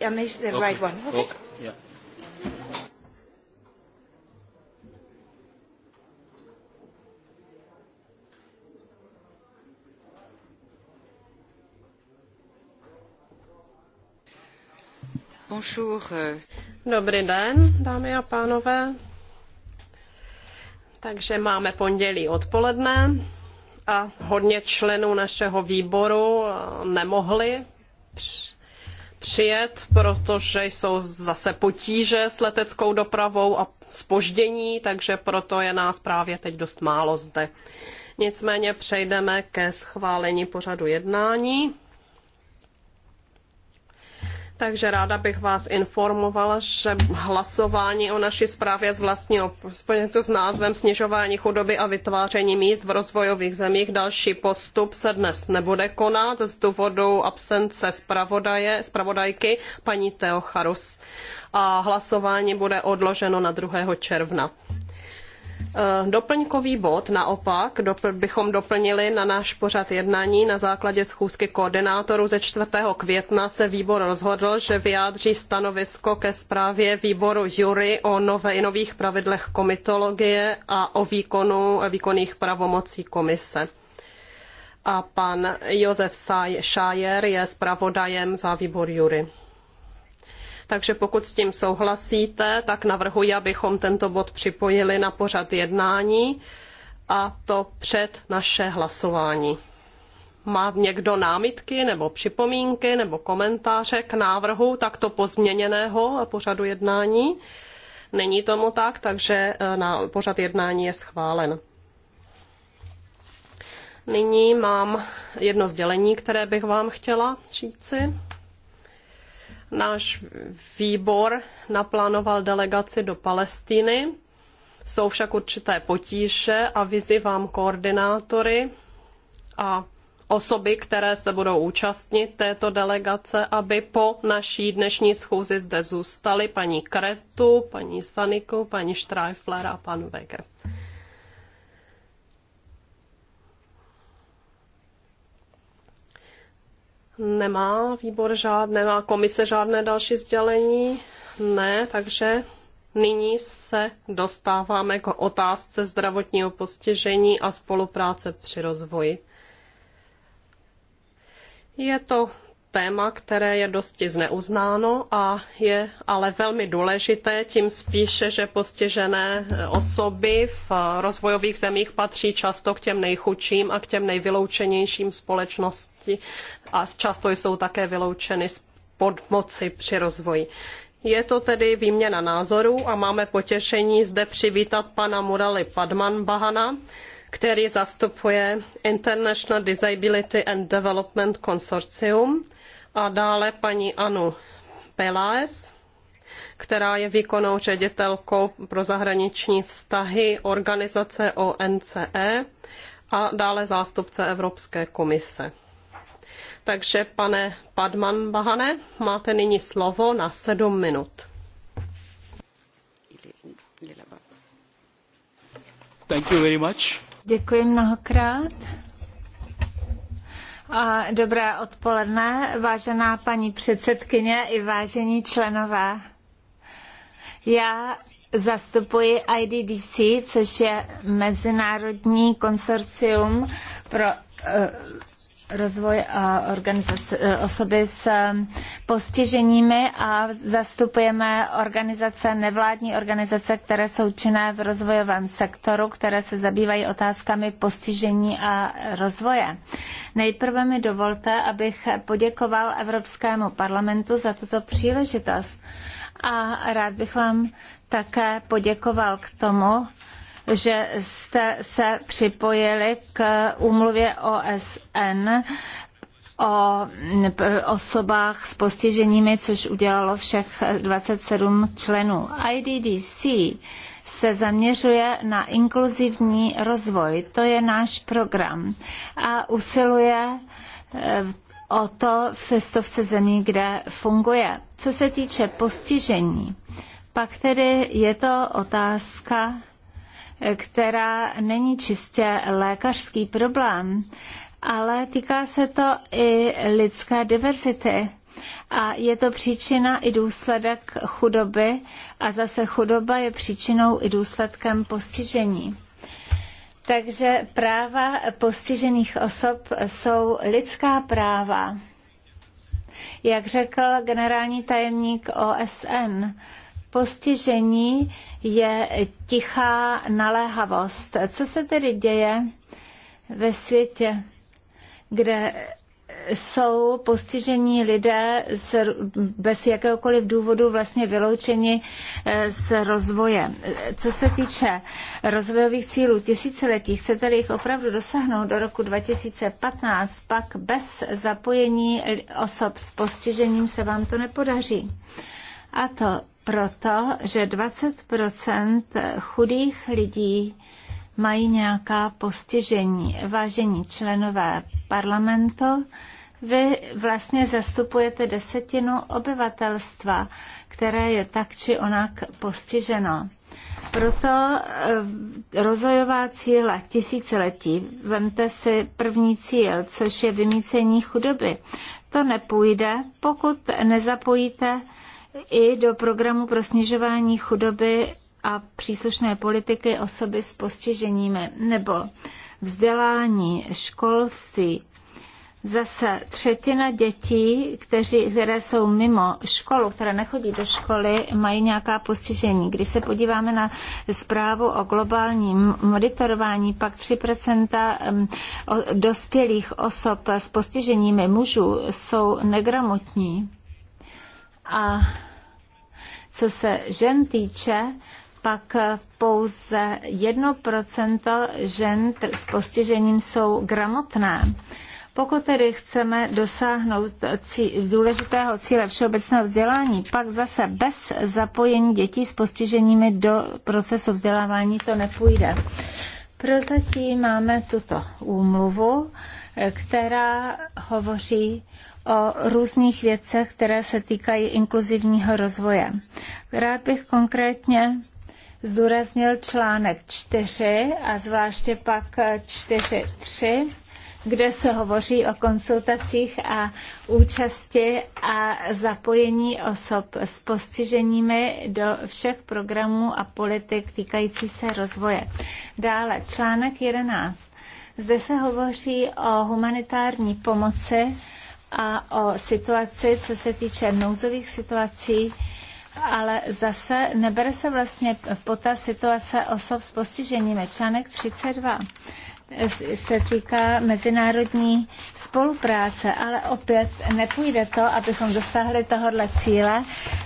I missed the okay. right one. Okay. okay. Euh. Dobrý den, dámy a pánové. Takže máme pondělí odpoledne a hodně členů našeho výboru nemohli přijet, protože jsou zase potíže s leteckou dopravou a spoždění, takže proto je nás právě teď dost málo zde. Nicméně přejdeme ke schválení pořadu jednání. Takže ráda bych vás informovala, že hlasování o naší zprávě z vlastního spojeného s názvem Snižování chudoby a vytváření míst v rozvojových zemích další postup se dnes nebude konat z důvodu absence zpravodaje, zpravodajky paní Teo Charus. A hlasování bude odloženo na 2. června. Eh, doplňkový bod naopak dopl- bychom doplnili na náš pořad jednání na základě schůzky koordinátorů ze 4. května se výbor rozhodl, že vyjádří stanovisko ke zprávě výboru Jury o nové, nových pravidlech komitologie a o výkonu výkonných pravomocí komise. A pan Josef Sájer je zpravodajem za výbor Jury. Takže pokud s tím souhlasíte, tak navrhuji, abychom tento bod připojili na pořad jednání a to před naše hlasování. Má někdo námitky nebo připomínky nebo komentáře k návrhu takto pozměněného a pořadu jednání? Není tomu tak, takže e, na pořad jednání je schválen. Nyní mám jedno sdělení, které bych vám chtěla říci. Náš výbor naplánoval delegaci do Palestiny. Jsou však určité potíže a vyzývám koordinátory a osoby, které se budou účastnit této delegace, aby po naší dnešní schůzi zde zůstali paní Kretu, paní Saniku, paní Štrajfler a pan Wege. Nemá výbor žádné, nemá komise žádné další sdělení? Ne, takže nyní se dostáváme k otázce zdravotního postižení a spolupráce při rozvoji. Je to téma, které je dosti zneuznáno a je ale velmi důležité, tím spíše, že postižené osoby v rozvojových zemích patří často k těm nejchudším a k těm nejvyloučenějším společnosti a často jsou také vyloučeny z podmoci při rozvoji. Je to tedy výměna názorů a máme potěšení zde přivítat pana Murali Padman Bahana, který zastupuje International Disability and Development Consortium a dále paní Anu Peláez, která je výkonnou ředitelkou pro zahraniční vztahy organizace ONCE a dále zástupce Evropské komise. Takže pane Padman Bahane, máte nyní slovo na sedm minut. Thank you very much. Děkuji mnohokrát. A dobré odpoledne, vážená paní předsedkyně i vážení členové. Já zastupuji IDDC, což je Mezinárodní konsorcium pro eh, rozvoj a organizace e, osoby s postiženími a zastupujeme organizace, nevládní organizace, které jsou činné v rozvojovém sektoru, které se zabývají otázkami postižení a rozvoje. Nejprve mi dovolte, abych poděkoval Evropskému parlamentu za tuto příležitost a rád bych vám také poděkoval k tomu, že jste se připojili k úmluvě OSN o osobách s postiženími, což udělalo všech 27 členů. IDDC se zaměřuje na inkluzivní rozvoj. To je náš program a usiluje eh, o to v stovce zemí, kde funguje. Co se týče postižení, pak tedy je to otázka která není čistě lékařský problém, ale týká se to i lidské diverzity. A je to příčina i důsledek chudoby a zase chudoba je příčinou i důsledkem postižení. Takže práva postižených osob jsou lidská práva. Jak řekl generální tajemník OSN, postižení je tichá naléhavost. Co se tedy děje ve světě, kde jsou postižení lidé z, bez jakéhokoliv důvodu vlastně vyloučeni eh, z rozvoje. Co se týče rozvojových cílů tisíciletí, chcete-li jich opravdu dosáhnout do roku 2015, pak bez zapojení osob s postižením se vám to nepodaří. A to proto, že 20 chudých lidí mají nějaká postižení. Vážení členové parlamentu, vy vlastně zastupujete desetinu obyvatelstva, které je tak či onak postiženo. Proto eh, rozvojová cíle tisíciletí, vemte si první cíl, což je vymícení chudoby. To nepůjde, pokud nezapojíte i do programu pro snižování chudoby a příslušné politiky osoby s postiženími nebo vzdělání, školství. Zase třetina dětí, kteří, které jsou mimo školu, které nechodí do školy, mají nějaká postižení. Když se podíváme na zprávu o globálním monitorování, pak 3% dospělých osob s postiženími mužů jsou negramotní. A co se žen týče, pak pouze 1% žen s postižením jsou gramotné. Pokud tedy chceme dosáhnout cí, důležitého cíle všeobecného vzdělání, pak zase bez zapojení dětí s postiženími do procesu vzdělávání to nepůjde. Prozatím máme tuto úmluvu, která hovoří o různých věcech, které se týkají inkluzivního rozvoje. Rád bych konkrétně zdůraznil článek 4 a zvláště pak 4.3, kde se hovoří o konsultacích a účasti a zapojení osob s postiženími do všech programů a politik týkající se rozvoje. Dále článek 11. Zde se hovoří o humanitární pomoci a o situaci, co se týče nouzových situací, ale zase nebere se vlastně pota situace osob s postižením. Článek 32 se týká mezinárodní spolupráce, ale opět nepůjde to, abychom dosáhli tohohle cíle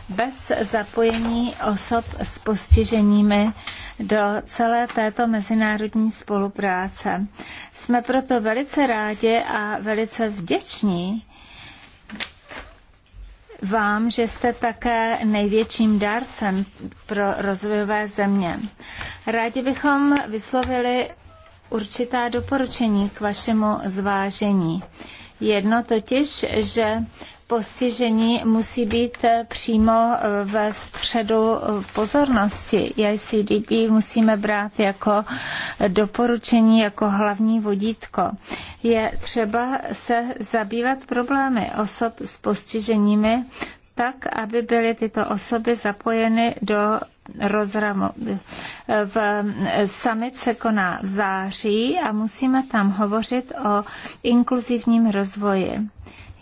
bez zapojení osob s postiženími do celé této mezinárodní spolupráce. Jsme proto velice rádi a velice vděční vám, že jste také největším dárcem pro rozvojové země. Rádi bychom vyslovili určitá doporučení k vašemu zvážení. Jedno totiž, že postižení musí být eh, přímo eh, ve středu eh, pozornosti. ICDB musíme brát jako doporučení, jako hlavní vodítko. Je třeba se zabývat problémy osob s postiženími tak, aby byly tyto osoby zapojeny do rozramu. V summit se koná v září a musíme tam hovořit o inkluzivním rozvoji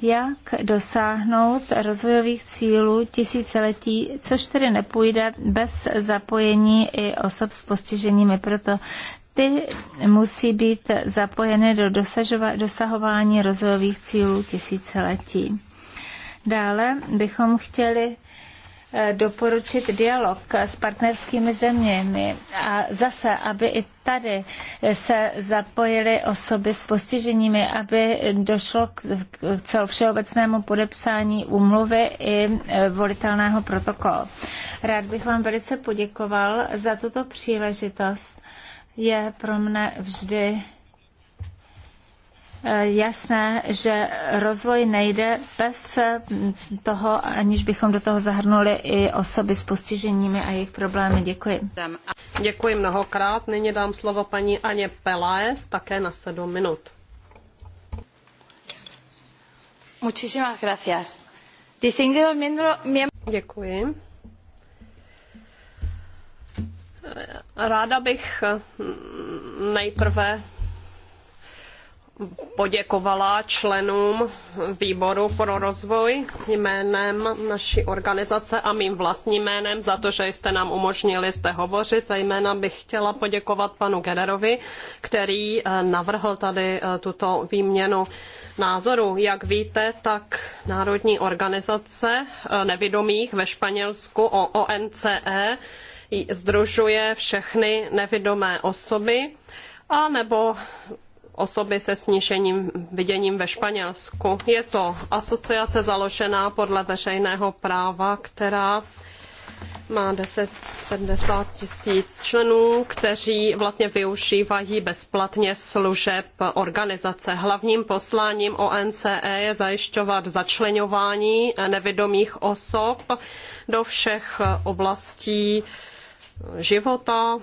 jak dosáhnout rozvojových cílů tisíciletí, což tedy nepůjde bez zapojení i osob s postiženími. Proto ty musí být zapojeny do dosahování rozvojových cílů tisíciletí. Dále bychom chtěli Eh, doporučit dialog s partnerskými zeměmi a zase, aby i tady se zapojily osoby s postiženími, aby došlo k, k celovšeobecnému podepsání úmluvy i eh, volitelného protokolu. Rád bych vám velice poděkoval za tuto příležitost. Je pro mne vždy jasné, že rozvoj nejde bez toho, aniž bychom do toho zahrnuli i osoby s postiženími a jejich problémy. Děkuji. Děkuji mnohokrát. Nyní dám slovo paní Aně Pelaes, také na sedm minut. Muchísimas gracias. Distinguido Děkuji. Ráda bych mm, nejprve poděkovala členům výboru pro rozvoj jménem naší organizace a mým vlastním jménem za to, že jste nám umožnili zde hovořit. Zejména bych chtěla poděkovat panu Gederovi, který eh, navrhl tady eh, tuto výměnu názorů. Jak víte, tak Národní organizace eh, nevidomých ve Španělsku o ONCE združuje všechny nevidomé osoby a nebo osoby se snížením viděním ve Španělsku. Je to asociace založená podle veřejného práva, která má 10, 70 tisíc členů, kteří vlastně využívají bezplatně služeb organizace. Hlavním posláním ONCE je zajišťovat začlenování nevidomých osob do všech oblastí života,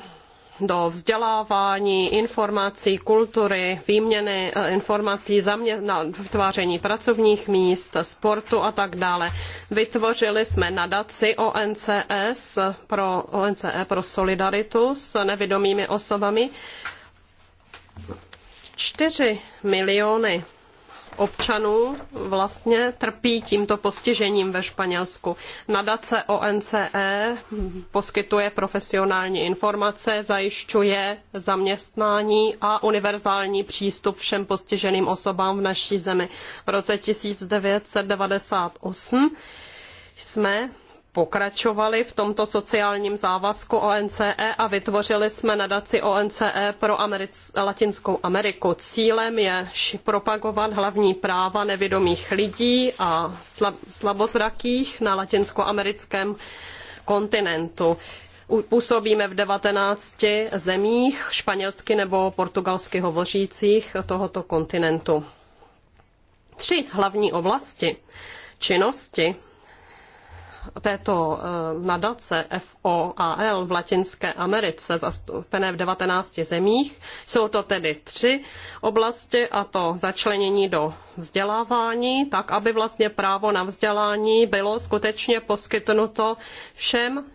do vzdělávání, informací, kultury, výměny eh, informací, zamě- na vytváření pracovních míst, sportu a tak dále. Vytvořili jsme nadaci ONCS pro, ONCE pro solidaritu s nevidomými osobami. 4 miliony občanů vlastně trpí tímto postižením ve Španělsku. Nadace ONCE poskytuje profesionální informace, zajišťuje zaměstnání a univerzální přístup všem postiženým osobám v naší zemi. V roce 1998 jsme pokračovali v tomto sociálním závazku ONCE a vytvořili jsme nadaci ONCE pro Americ- Latinskou Ameriku. Cílem je propagovat hlavní práva nevědomých lidí a slab- slabozrakých na latinskoamerickém kontinentu. Působíme v 19 zemích španělsky nebo portugalsky hovořících tohoto kontinentu. Tři hlavní oblasti činnosti této eh, nadace FOAL v Latinské Americe zastoupené v 19 zemích. Jsou to tedy tři oblasti a to začlenění do vzdělávání, tak aby vlastně právo na vzdělání bylo skutečně poskytnuto všem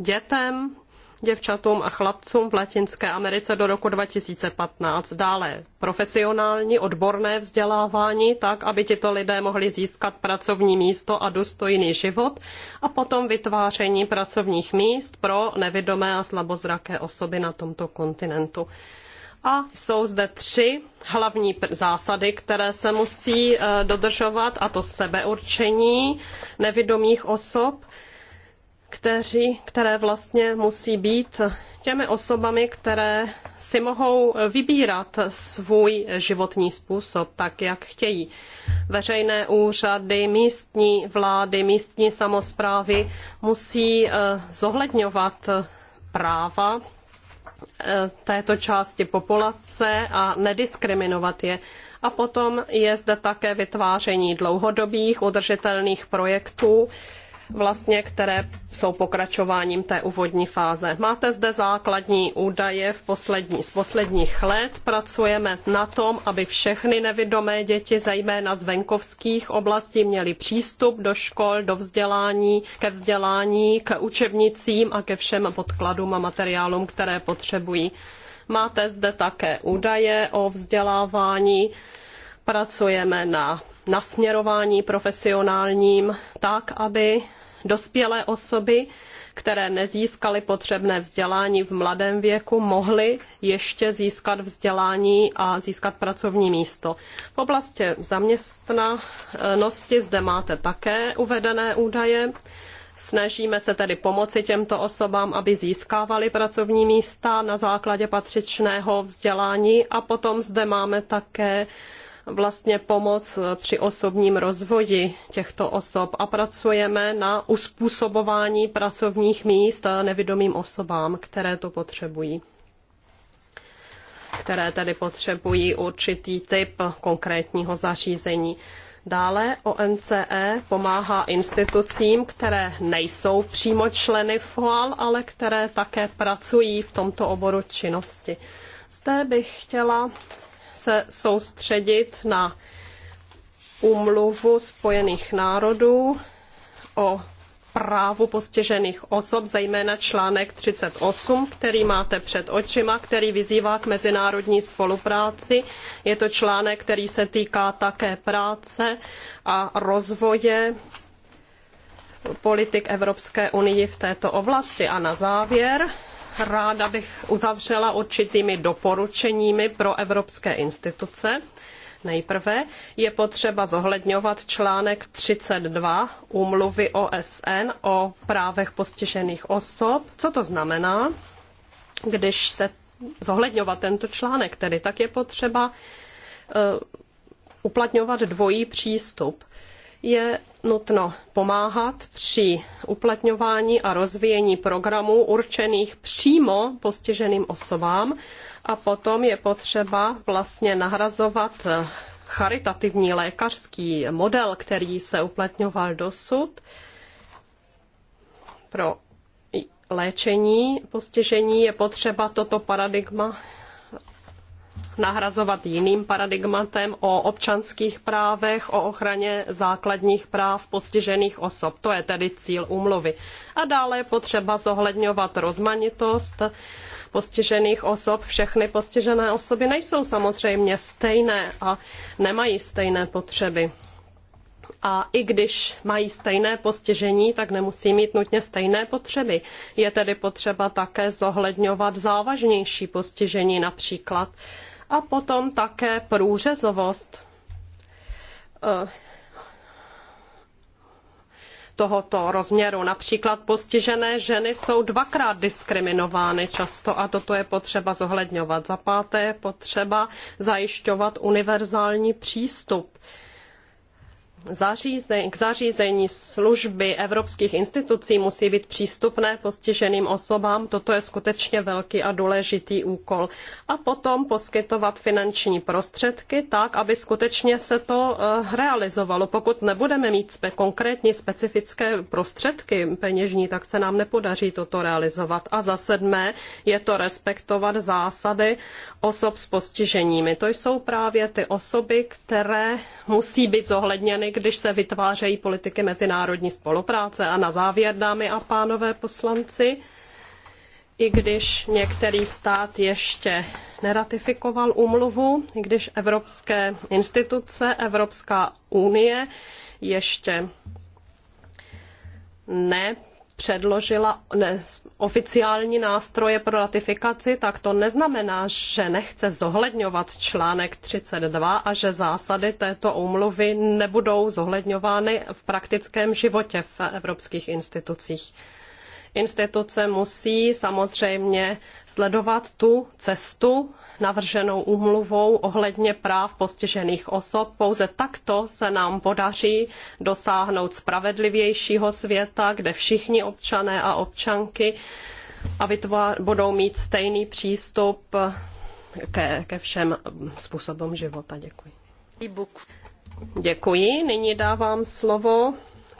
dětem, děvčatům a chlapcům v Latinské Americe do roku 2015. Dále profesionální, odborné vzdělávání, tak, aby tito lidé mohli získat pracovní místo a důstojný život a potom vytváření pracovních míst pro nevidomé a slabozraké osoby na tomto kontinentu. A jsou zde tři hlavní zásady, které se musí eh, dodržovat, a to sebeurčení nevidomých osob, kteří, které vlastně musí být těmi osobami, které si mohou vybírat svůj životní způsob tak, jak chtějí. Veřejné úřady, místní vlády, místní samosprávy musí eh, zohledňovat eh, práva eh, této části populace a nediskriminovat je. A potom je zde také vytváření dlouhodobých udržitelných projektů, vlastně, které jsou pokračováním té úvodní fáze. Máte zde základní údaje v poslední, z posledních let. Pracujeme na tom, aby všechny nevidomé děti, zejména z venkovských oblastí, měly přístup do škol, do vzdělání, ke vzdělání, k učebnicím a ke všem podkladům a materiálům, které potřebují. Máte zde také údaje o vzdělávání pracujeme na nasměrování profesionálním tak, aby dospělé osoby, které nezískaly potřebné vzdělání v mladém věku, mohly ještě získat vzdělání a získat pracovní místo. V oblasti zaměstnanosti zde máte také uvedené údaje. Snažíme se tedy pomoci těmto osobám, aby získávali pracovní místa na základě patřičného vzdělání a potom zde máme také vlastně pomoc eh, při osobním rozvoji těchto osob a pracujeme na uspůsobování pracovních míst nevidomým osobám, které to potřebují které tedy potřebují určitý typ konkrétního zařízení. Dále ONCE pomáhá institucím, které nejsou přímo členy FOAL, ale které také pracují v tomto oboru činnosti. Zde bych chtěla se soustředit na úmluvu Spojených národů o právu postižených osob, zejména článek 38, který máte před očima, který vyzývá k mezinárodní spolupráci. Je to článek, který se týká také práce a rozvoje politik Evropské unie v této oblasti. A na závěr ráda bych uzavřela určitými doporučeními pro evropské instituce. Nejprve je potřeba zohledňovat článek 32 úmluvy OSN o právech postižených osob. Co to znamená? Když se zohledňovat tento článek, tedy tak je potřeba eh, uplatňovat dvojí přístup je nutno pomáhat při uplatňování a rozvíjení programů určených přímo postiženým osobám a potom je potřeba vlastně nahrazovat charitativní lékařský model, který se uplatňoval dosud pro léčení postižení je potřeba toto paradigma nahrazovat jiným paradigmatem o občanských právech, o ochraně základních práv postižených osob. To je tedy cíl úmluvy. A dále je potřeba zohledňovat rozmanitost postižených osob. Všechny postižené osoby nejsou samozřejmě stejné a nemají stejné potřeby. A i když mají stejné postižení, tak nemusí mít nutně stejné potřeby. Je tedy potřeba také zohledňovat závažnější postižení, například a potom také průřezovost eh, tohoto rozměru. Například postižené ženy jsou dvakrát diskriminovány často a toto je potřeba zohledňovat. Za páté je potřeba zajišťovat univerzální přístup zařízení, k zařízení služby evropských institucí musí být přístupné postiženým osobám, toto je skutečně velký a důležitý úkol. A potom poskytovat finanční prostředky tak, aby skutečně se to eh, realizovalo. Pokud nebudeme mít spe, konkrétní specifické prostředky peněžní, tak se nám nepodaří toto realizovat. A za sedmé je to respektovat zásady osob s postiženími. To jsou právě ty osoby, které musí být zohledněny když se vytvářejí politiky mezinárodní spolupráce. A na závěr, dámy a pánové poslanci, i když některý stát ještě neratifikoval úmluvu, i když evropské instituce, Evropská unie ještě ne předložila oficiální nástroje pro ratifikaci, tak to neznamená, že nechce zohledňovat článek 32 a že zásady této úmluvy nebudou zohledňovány v praktickém životě v evropských institucích. Instituce musí samozřejmě sledovat tu cestu, navrženou úmluvou ohledně práv postižených osob. Pouze takto se nám podaří dosáhnout spravedlivějšího světa, kde všichni občané a občanky a vytvář, budou mít stejný přístup ke, ke všem způsobům života. Děkuji. Děkuji. Nyní dávám slovo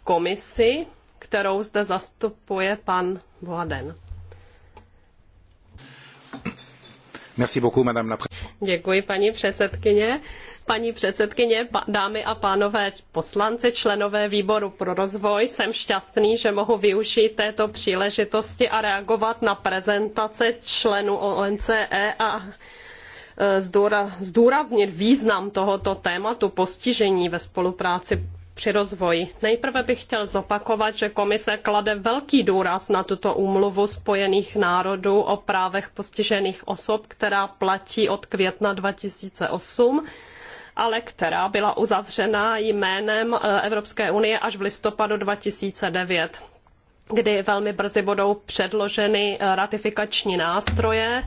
komisi, kterou zde zastupuje pan Boaden. Děkuji, paní předsedkyně. Paní předsedkyně, dámy a pánové poslanci, členové výboru pro rozvoj, jsem šťastný, že mohu využít této příležitosti a reagovat na prezentace členů ONCE a e, zdůraznit význam tohoto tématu postižení ve spolupráci při rozvoji. Nejprve bych chtěl zopakovat, že komise klade velký důraz na tuto úmluvu Spojených národů o právech postižených osob, která platí od května 2008 ale která byla uzavřena jménem eh, Evropské unie až v listopadu 2009 kdy velmi brzy budou předloženy eh, ratifikační nástroje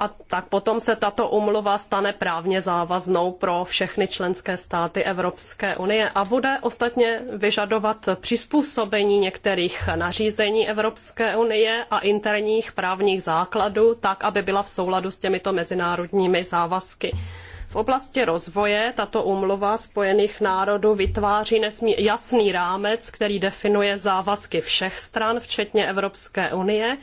a tak potom se tato umluva stane právně závaznou pro všechny členské státy Evropské unie a bude ostatně vyžadovat přizpůsobení některých nařízení Evropské unie a interních právních základů tak, aby byla v souladu s těmito mezinárodními závazky. V oblasti rozvoje tato umluva Spojených národů vytváří nesmí, jasný rámec, který definuje závazky všech stran, včetně Evropské unie,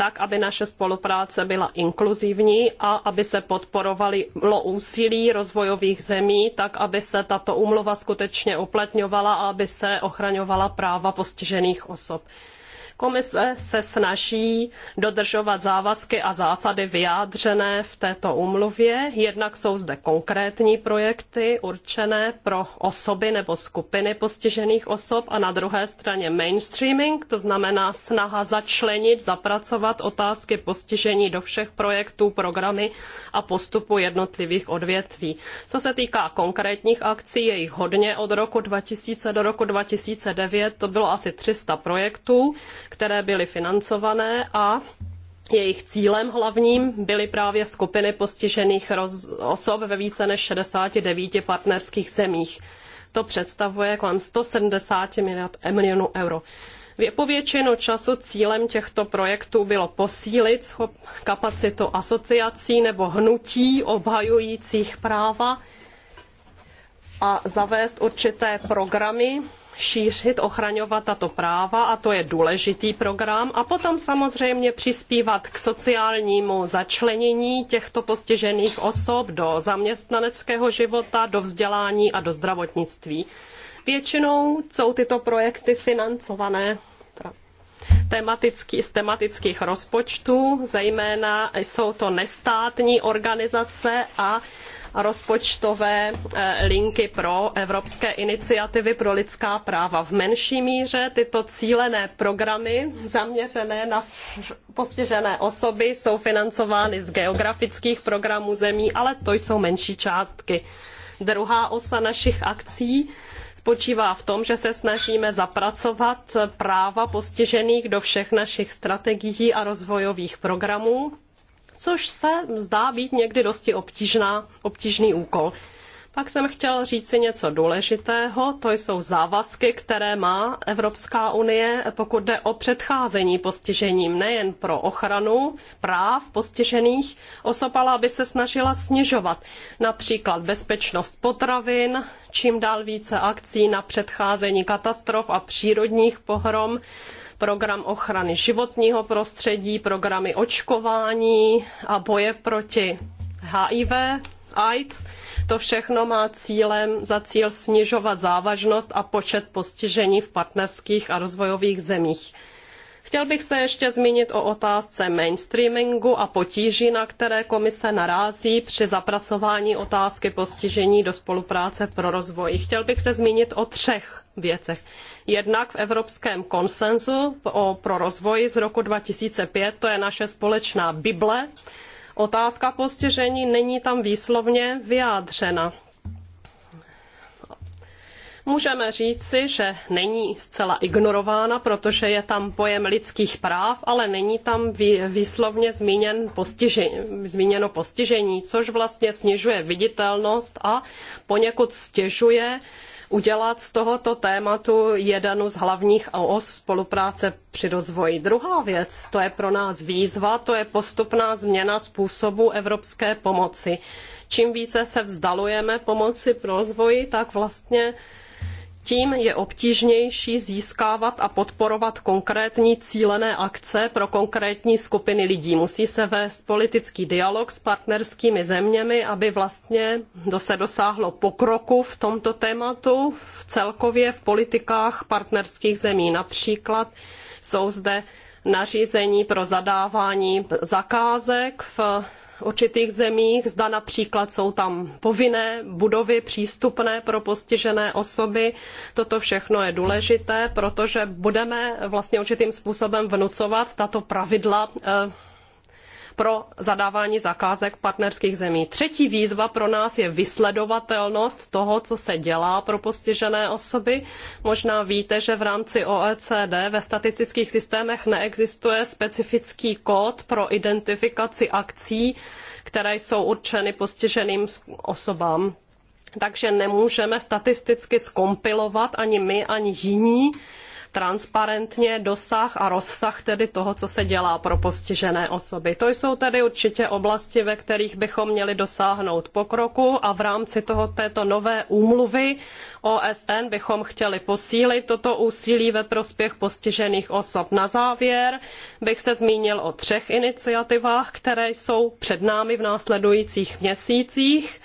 tak, aby naše spolupráce byla inkluzivní a aby se podporovalo úsilí rozvojových zemí, tak aby se tato úmluva skutečně uplatňovala a aby se ochraňovala práva postižených osob. Komise se snaží dodržovat závazky a zásady vyjádřené v této úmluvě. Jednak jsou zde konkrétní projekty určené pro osoby nebo skupiny postižených osob a na druhé straně mainstreaming, to znamená snaha začlenit, zapracovat otázky postižení do všech projektů, programy a postupu jednotlivých odvětví. Co se týká konkrétních akcí, je jich hodně od roku 2000 do roku 2009, to bylo asi 300 projektů, které byly financované a jejich cílem hlavním byly právě skupiny postižených osob ve více než 69 partnerských zemích. To představuje kolem 170 eh, milionů euro. Po většinu času cílem těchto projektů bylo posílit kapacitu asociací nebo hnutí obhajujících práva a zavést určité programy šířit, ochraňovat tato práva a to je důležitý program. A potom samozřejmě přispívat k sociálnímu začlenění těchto postižených osob do zaměstnaneckého života, do vzdělání a do zdravotnictví. Většinou jsou tyto projekty financované z tematických rozpočtů, zejména jsou to nestátní organizace a rozpočtové eh, linky pro evropské iniciativy pro lidská práva. V menší míře tyto cílené programy zaměřené na postižené osoby jsou financovány z geografických programů zemí, ale to jsou menší částky. Druhá osa našich akcí spočívá v tom, že se snažíme zapracovat práva postižených do všech našich strategií a rozvojových programů což se zdá být někdy dosti obtížná, obtížný úkol. Pak jsem chtěl říci něco důležitého, to jsou závazky, které má Evropská unie, pokud jde o předcházení postižením, nejen pro ochranu práv postižených osob, ale aby se snažila snižovat například bezpečnost potravin, čím dál více akcí na předcházení katastrof a přírodních pohrom, program ochrany životního prostředí, programy očkování a boje proti HIV, AIDS. To všechno má cílem, za cíl snižovat závažnost a počet postižení v partnerských a rozvojových zemích. Chtěl bych se ještě zmínit o otázce mainstreamingu a potíží, na které komise narazí při zapracování otázky postižení do spolupráce pro rozvoj. Chtěl bych se zmínit o třech věcech. Jednak v Evropském konsenzu pro rozvoj z roku 2005, to je naše společná Bible, otázka postižení není tam výslovně vyjádřena. Můžeme říci, že není zcela ignorována, protože je tam pojem lidských práv, ale není tam výslovně zmíněn postižení, zmíněno postižení, což vlastně snižuje viditelnost a poněkud stěžuje udělat z tohoto tématu jednu z hlavních os spolupráce při rozvoji. Druhá věc, to je pro nás výzva, to je postupná změna způsobu evropské pomoci. Čím více se vzdalujeme pomoci pro rozvoji, tak vlastně tím je obtížnější získávat a podporovat konkrétní cílené akce pro konkrétní skupiny lidí. Musí se vést politický dialog s partnerskými zeměmi, aby vlastně se dosáhlo pokroku v tomto tématu v celkově v politikách partnerských zemí. Například jsou zde nařízení pro zadávání zakázek v určitých zemích, zda například jsou tam povinné budovy přístupné pro postižené osoby. Toto všechno je důležité, protože budeme vlastně určitým způsobem vnucovat tato pravidla eh, pro zadávání zakázek partnerských zemí. Třetí výzva pro nás je vysledovatelnost toho, co se dělá pro postižené osoby. Možná víte, že v rámci OECD ve statistických systémech neexistuje specifický kód pro identifikaci akcí, které jsou určeny postiženým osobám. Takže nemůžeme statisticky skompilovat ani my, ani jiní transparentně dosah a rozsah tedy toho, co se dělá pro postižené osoby. To jsou tedy určitě oblasti, ve kterých bychom měli dosáhnout pokroku a v rámci toho, této nové úmluvy OSN bychom chtěli posílit toto úsilí ve prospěch postižených osob. Na závěr bych se zmínil o třech iniciativách, které jsou před námi v následujících měsících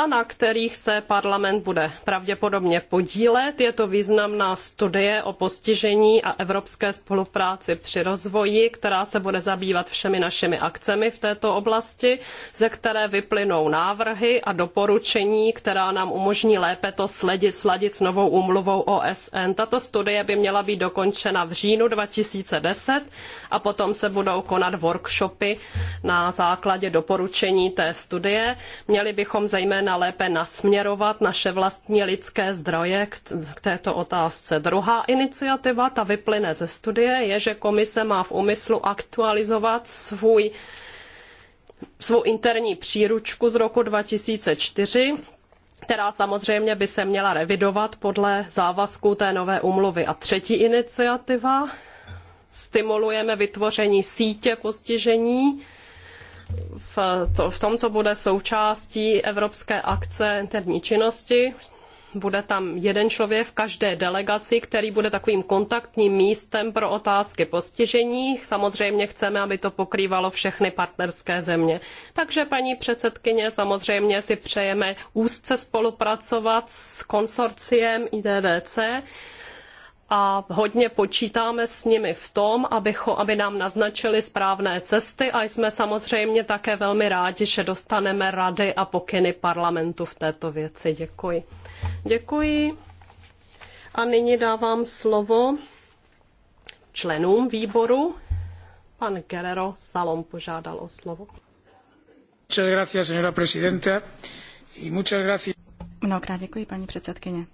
a na kterých se parlament bude pravděpodobně podílet. Je to významná studie o postižení a evropské spolupráci při rozvoji, která se bude zabývat všemi našimi akcemi v této oblasti, ze které vyplynou návrhy a doporučení, která nám umožní lépe to sledit, sladit s novou úmluvou OSN. Tato studie by měla být dokončena v říjnu 2010 a potom se budou konat workshopy na základě doporučení té studie. Měli bychom zejména možná lépe nasměrovat naše vlastní lidské zdroje k, k této otázce. Druhá iniciativa, ta vyplyne ze studie, je, že komise má v úmyslu aktualizovat svůj, svou interní příručku z roku 2004, která samozřejmě by se měla revidovat podle závazků té nové umluvy. A třetí iniciativa, stimulujeme vytvoření sítě postižení, v, to, v tom, co bude součástí evropské akce interní činnosti, bude tam jeden člověk v každé delegaci, který bude takovým kontaktním místem pro otázky postižení. Samozřejmě chceme, aby to pokrývalo všechny partnerské země. Takže paní předsedkyně, samozřejmě si přejeme úzce spolupracovat s konsorciem IDDC a hodně počítáme s nimi v tom, aby nám naznačili správné cesty a jsme samozřejmě také velmi rádi, že dostaneme rady a pokyny parlamentu v této věci. Děkuji. Děkuji. A nyní dávám slovo členům výboru. Pan Guerrero Salom požádal o slovo. Mnohokrát děkuji, paní předsedkyně.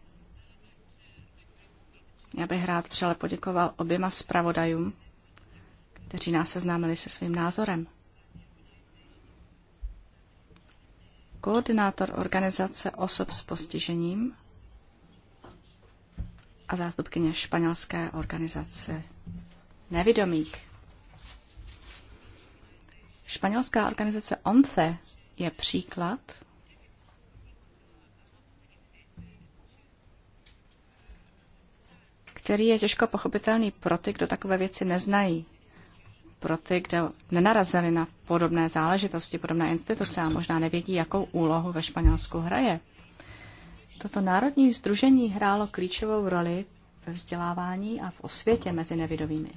Já bych rád přele poděkoval oběma zpravodajům, kteří nás seznámili se svým názorem. Koordinátor organizace osob s postižením a zástupkyně španělské organizace nevidomých. Španělská organizace ONCE je příklad který je těžko pochopitelný pro ty, kdo takové věci neznají, pro ty, kdo nenarazili na podobné záležitosti, podobné instituce a možná nevědí, jakou úlohu ve Španělsku hraje. Toto národní združení hrálo klíčovou roli ve vzdělávání a v osvětě mezi nevidovými.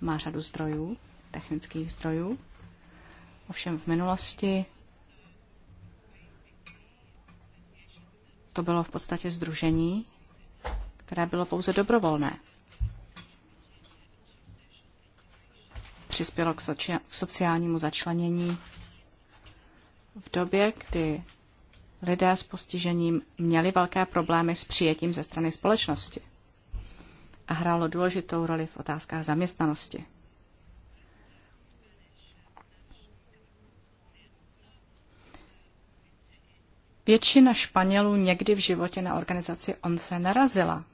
Má řadu zdrojů, technických zdrojů, ovšem v minulosti to bylo v podstatě združení, které bylo pouze dobrovolné. Přispělo k, soči- k sociálnímu začlenění v době, kdy lidé s postižením měli velké problémy s přijetím ze strany společnosti a hrálo důležitou roli v otázkách zaměstnanosti. Většina Španělů někdy v životě na organizaci ONCE narazila,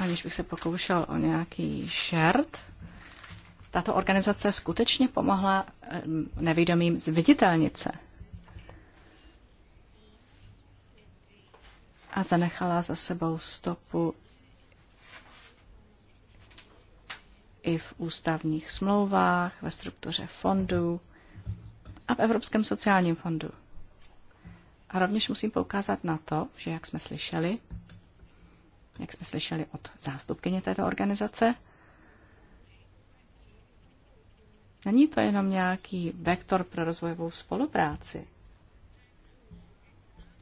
aniž bych se pokoušel o nějaký šert, tato organizace skutečně pomohla eh, nevědomým zviditelnit se. A zanechala za sebou stopu i v ústavních smlouvách, ve struktuře fondů a v Evropském sociálním fondu. A rovněž musím poukázat na to, že, jak jsme slyšeli, jak jsme slyšeli od zástupkyně této organizace. Není to jenom nějaký vektor pro rozvojovou spolupráci.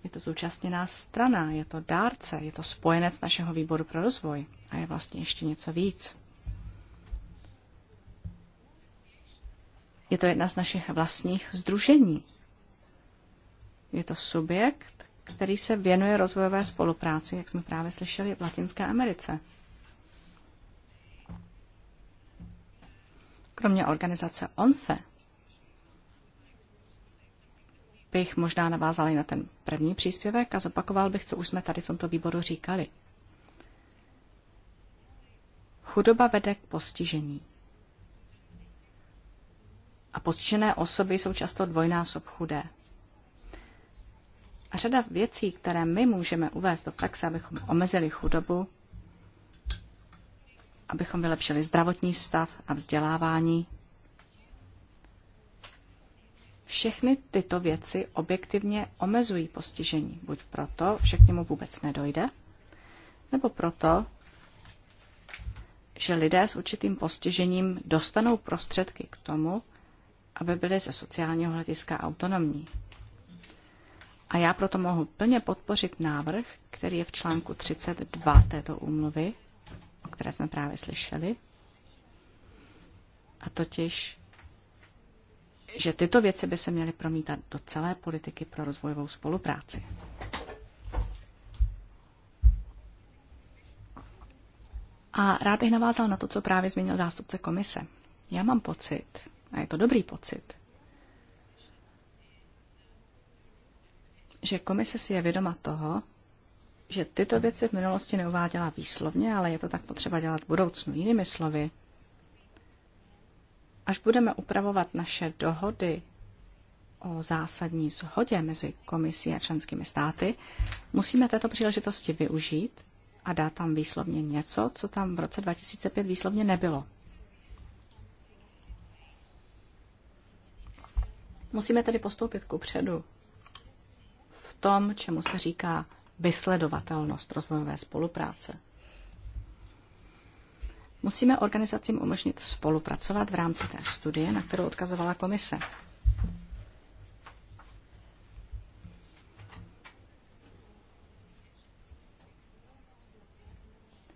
Je to zúčastněná strana, je to dárce, je to spojenec našeho výboru pro rozvoj a je vlastně ještě něco víc. Je to jedna z našich vlastních združení. Je to subjekt, který se věnuje rozvojové spolupráci, jak jsme právě slyšeli, v Latinské Americe. Kromě organizace ONFE bych možná navázal i na ten první příspěvek a zopakoval bych, co už jsme tady v tomto výboru říkali. Chudoba vede k postižení. A postižené osoby jsou často dvojnásob chudé. A řada věcí, které my můžeme uvést do praxe, abychom omezili chudobu, abychom vylepšili zdravotní stav a vzdělávání, všechny tyto věci objektivně omezují postižení. Buď proto, že k němu vůbec nedojde, nebo proto, že lidé s určitým postižením dostanou prostředky k tomu, aby byli ze sociálního hlediska autonomní. A já proto mohu plně podpořit návrh, který je v článku 32 této úmluvy, o které jsme právě slyšeli, a totiž, že tyto věci by se měly promítat do celé politiky pro rozvojovou spolupráci. A rád bych navázal na to, co právě zmínil zástupce komise. Já mám pocit, a je to dobrý pocit, že komise si je vědoma toho, že tyto věci v minulosti neuváděla výslovně, ale je to tak potřeba dělat v budoucnu. Jinými slovy, až budeme upravovat naše dohody o zásadní shodě mezi komisí a členskými státy, musíme této příležitosti využít a dát tam výslovně něco, co tam v roce 2005 výslovně nebylo. Musíme tedy postoupit ku předu tom, čemu se říká vysledovatelnost rozvojové spolupráce. Musíme organizacím umožnit spolupracovat v rámci té studie, na kterou odkazovala komise.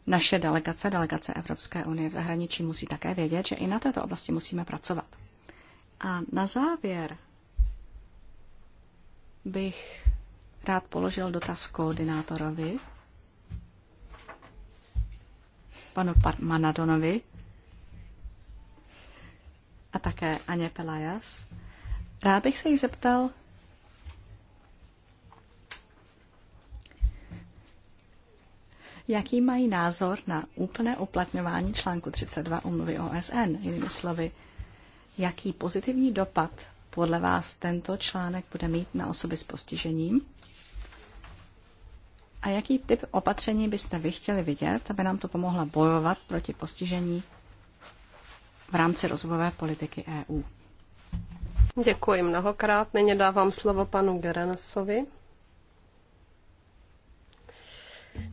Naše delegace, delegace Evropské unie v zahraničí musí také vědět, že i na této oblasti musíme pracovat. A na závěr bych rád položil dotaz koordinátorovi, panu Manadonovi a také Aně Pelajas. Rád bych se jí zeptal, jaký mají názor na úplné uplatňování článku 32 umluvy OSN. Jinými slovy, jaký pozitivní dopad podle vás tento článek bude mít na osoby s postižením a jaký typ opatření byste vy chtěli vidět, aby nám to pomohla bojovat proti postižení v rámci rozvojové politiky EU? Děkuji mnohokrát. Nyní dávám slovo panu Gerenesovi.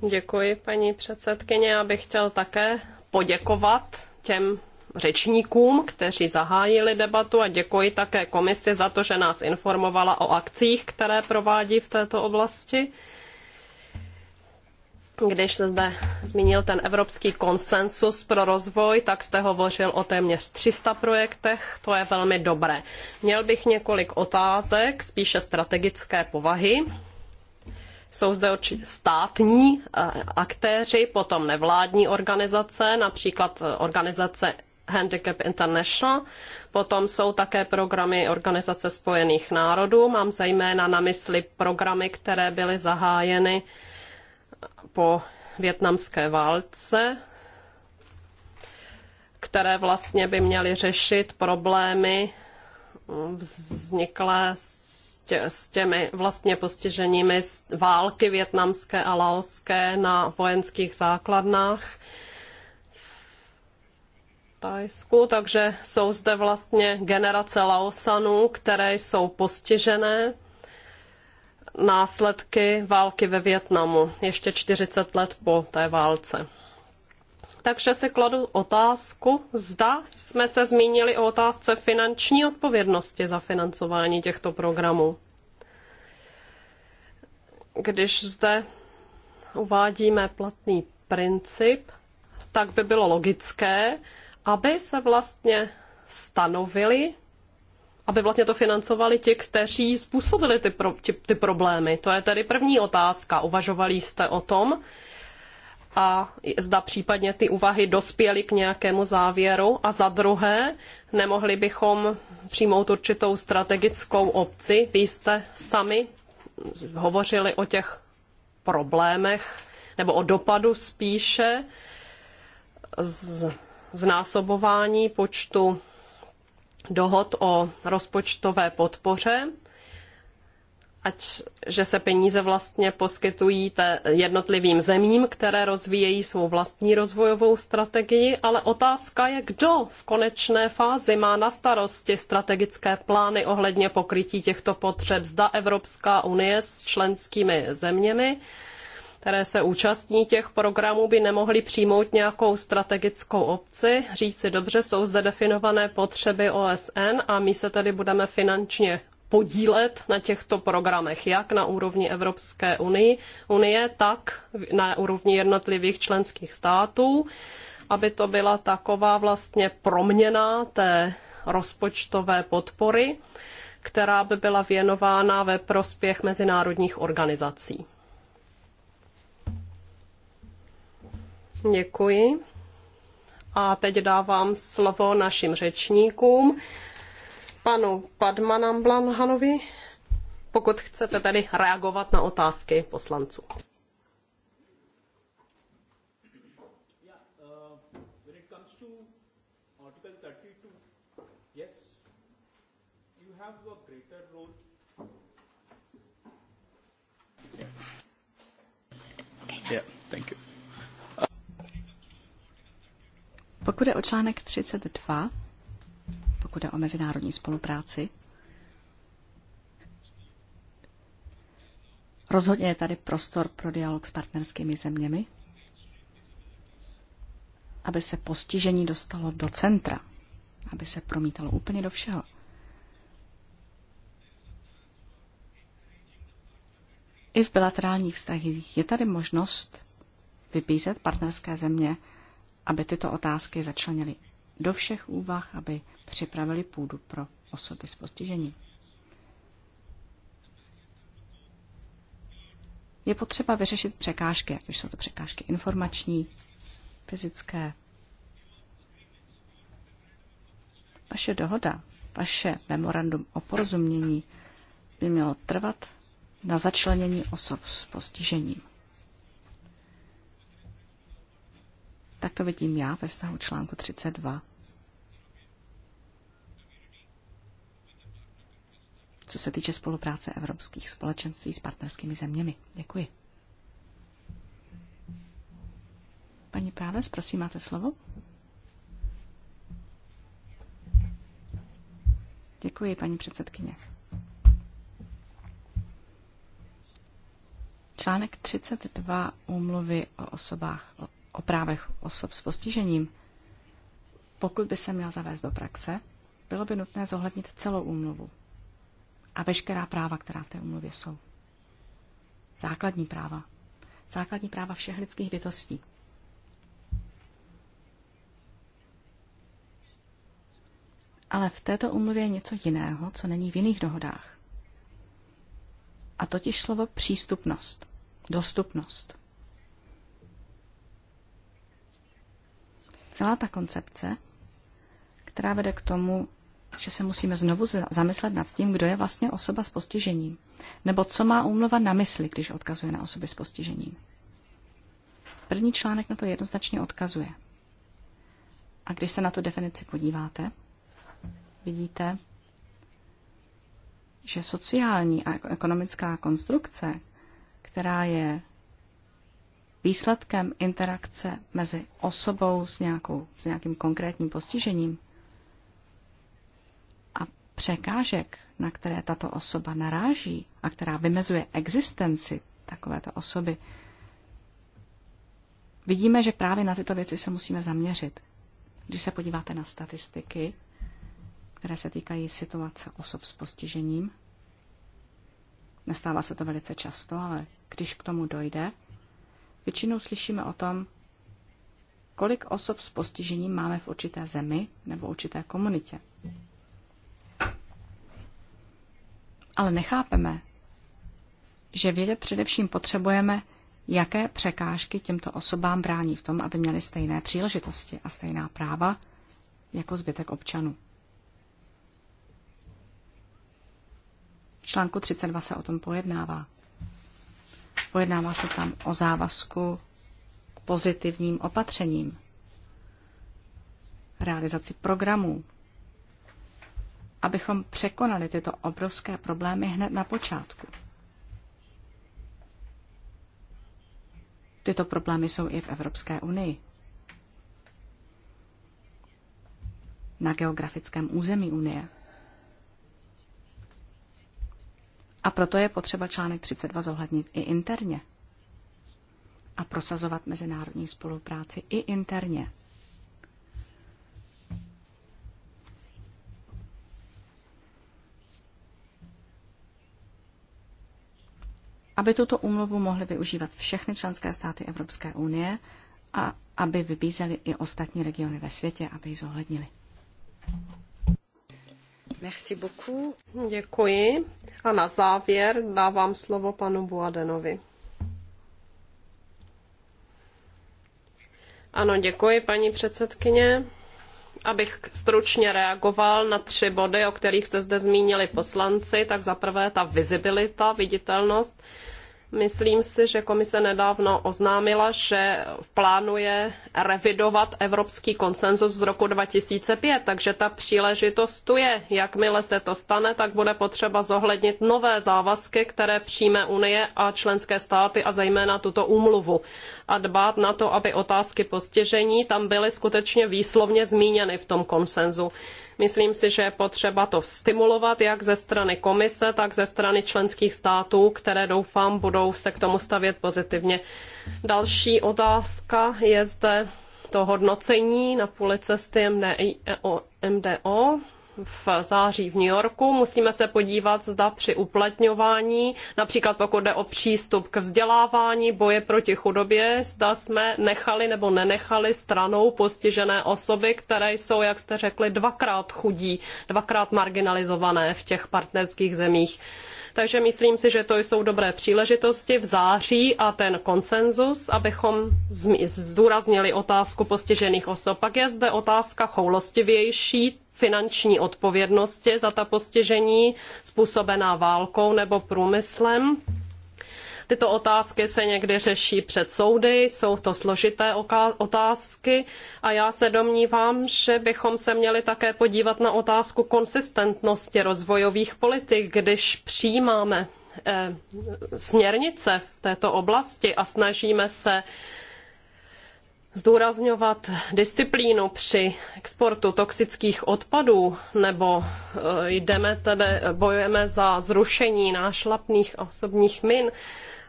Děkuji, paní předsedkyně. Já bych chtěl také poděkovat těm řečníkům, kteří zahájili debatu a děkuji také komisi za to, že nás informovala o akcích, které provádí v této oblasti. Když se zde zmínil ten evropský konsensus pro rozvoj, tak jste hovořil o téměř 300 projektech, to je velmi dobré. Měl bych několik otázek, spíše strategické povahy. Jsou zde státní eh, aktéři, potom nevládní organizace, například eh, organizace Handicap International. Potom jsou také programy Organizace spojených národů. Mám zejména na mysli programy, které byly zahájeny po větnamské válce, které vlastně by měly řešit problémy mm, vzniklé s těmi vlastně postiženími z války větnamské a laoské na vojenských základnách v Tajsku. Takže jsou zde vlastně generace Laosanů, které jsou postižené následky války ve Vietnamu, ještě 40 let po té válce. Takže si kladu otázku, zda jsme se zmínili o otázce finanční odpovědnosti za financování těchto programů. Když zde uvádíme platný princip, tak by bylo logické, aby se vlastně stanovily aby vlastně to financovali ti, kteří způsobili ty, pro, ty, ty problémy. To je tedy první otázka. Uvažovali jste o tom a zda případně ty úvahy dospěly k nějakému závěru. A za druhé, nemohli bychom přijmout určitou strategickou obci. Vy jste sami hovořili o těch problémech nebo o dopadu spíše z, znásobování počtu dohod o rozpočtové podpoře, ať že se peníze vlastně poskytují jednotlivým zemím, které rozvíjejí svou vlastní rozvojovou strategii, ale otázka je, kdo v konečné fázi má na starosti strategické plány ohledně pokrytí těchto potřeb, zda Evropská unie s členskými zeměmi, které se účastní těch programů, by nemohly přijmout nějakou strategickou obci, Říci dobře, jsou zde definované potřeby OSN a my se tedy budeme finančně podílet na těchto programech, jak na úrovni Evropské unie, unie tak na úrovni jednotlivých členských států, aby to byla taková vlastně proměna té rozpočtové podpory, která by byla věnována ve prospěch mezinárodních organizací. Děkuji. A teď dávám slovo našim řečníkům, panu Padmanam Blanhanovi, pokud chcete tady reagovat na otázky poslanců. Yeah. Pokud je o článek 32, pokud je o mezinárodní spolupráci, rozhodně je tady prostor pro dialog s partnerskými zeměmi, aby se postižení dostalo do centra, aby se promítalo úplně do všeho. I v bilaterálních vztazích je tady možnost vybízet partnerské země, aby tyto otázky začlenili do všech úvah, aby připravili půdu pro osoby s postižením. Je potřeba vyřešit překážky, ať už jsou to překážky informační, fyzické. Vaše dohoda, vaše memorandum o porozumění by mělo trvat na začlenění osob s postižením. Tak to vidím já ve vztahu článku 32. Co se týče spolupráce evropských společenství s partnerskými zeměmi. Děkuji. Paní Páles, prosím, máte slovo. Děkuji, paní předsedkyně. Článek 32 úmluvy o osobách, o o právech osob s postižením, pokud by se měl zavést do praxe, bylo by nutné zohlednit celou úmluvu a veškerá práva, která v té úmluvě jsou. Základní práva. Základní práva všech lidských bytostí. Ale v této úmluvě je něco jiného, co není v jiných dohodách. A totiž slovo přístupnost, dostupnost. Celá ta koncepce, která vede k tomu, že se musíme znovu zamyslet nad tím, kdo je vlastně osoba s postižením, nebo co má úmluva na mysli, když odkazuje na osoby s postižením. První článek na to jednoznačně odkazuje. A když se na tu definici podíváte, vidíte, že sociální a ekonomická konstrukce, která je výsledkem interakce mezi osobou s, nějakou, s nějakým konkrétním postižením a překážek, na které tato osoba naráží a která vymezuje existenci takovéto osoby, vidíme, že právě na tyto věci se musíme zaměřit. Když se podíváte na statistiky, které se týkají situace osob s postižením, nestává se to velice často, ale když k tomu dojde, většinou slyšíme o tom, kolik osob s postižením máme v určité zemi nebo určité komunitě. Ale nechápeme, že vědět především potřebujeme, jaké překážky těmto osobám brání v tom, aby měly stejné příležitosti a stejná práva jako zbytek občanů. V článku 32 se o tom pojednává. Pojednává se tam o závazku k pozitivním opatřením, realizaci programů, abychom překonali tyto obrovské problémy hned na počátku. Tyto problémy jsou i v Evropské unii. Na geografickém území Unie. A proto je potřeba článek 32 zohlednit i interně a prosazovat mezinárodní spolupráci i interně. Aby tuto úmluvu mohly využívat všechny členské státy Evropské unie a aby vybízeli i ostatní regiony ve světě, aby ji zohlednili. Merci beaucoup. Děkuji. A na závěr dávám slovo panu Buadenovi. Ano, děkuji, paní předsedkyně. Abych stručně reagoval na tři body, o kterých se zde zmínili poslanci, tak zaprvé ta vizibilita, viditelnost. Myslím si, že komise nedávno oznámila, že plánuje revidovat evropský konsenzus z roku 2005, takže ta příležitost tu je. Jakmile se to stane, tak bude potřeba zohlednit nové závazky, které přijme Unie a členské státy a zejména tuto úmluvu a dbát na to, aby otázky postižení tam byly skutečně výslovně zmíněny v tom konsenzu. Myslím si, že je potřeba to stimulovat jak ze strany komise, tak ze strany členských států, které doufám budou se k tomu stavět pozitivně. Další otázka je zde to hodnocení na půli cesty MDO v září v New Yorku. Musíme se podívat, zda při uplatňování, například pokud jde o přístup k vzdělávání, boje proti chudobě, zda jsme nechali nebo nenechali stranou postižené osoby, které jsou, jak jste řekli, dvakrát chudí, dvakrát marginalizované v těch partnerských zemích. Takže myslím si, že to jsou dobré příležitosti v září a ten konsenzus, abychom zdůraznili otázku postižených osob. Pak je zde otázka choulostivější, finanční odpovědnosti za ta postižení způsobená válkou nebo průmyslem. Tyto otázky se někdy řeší před soudy, jsou to složité otázky a já se domnívám, že bychom se měli také podívat na otázku konsistentnosti rozvojových politik, když přijímáme eh, směrnice v této oblasti a snažíme se zdůrazňovat disciplínu při exportu toxických odpadů, nebo eh, jdeme tedy, bojujeme za zrušení nášlapných osobních min,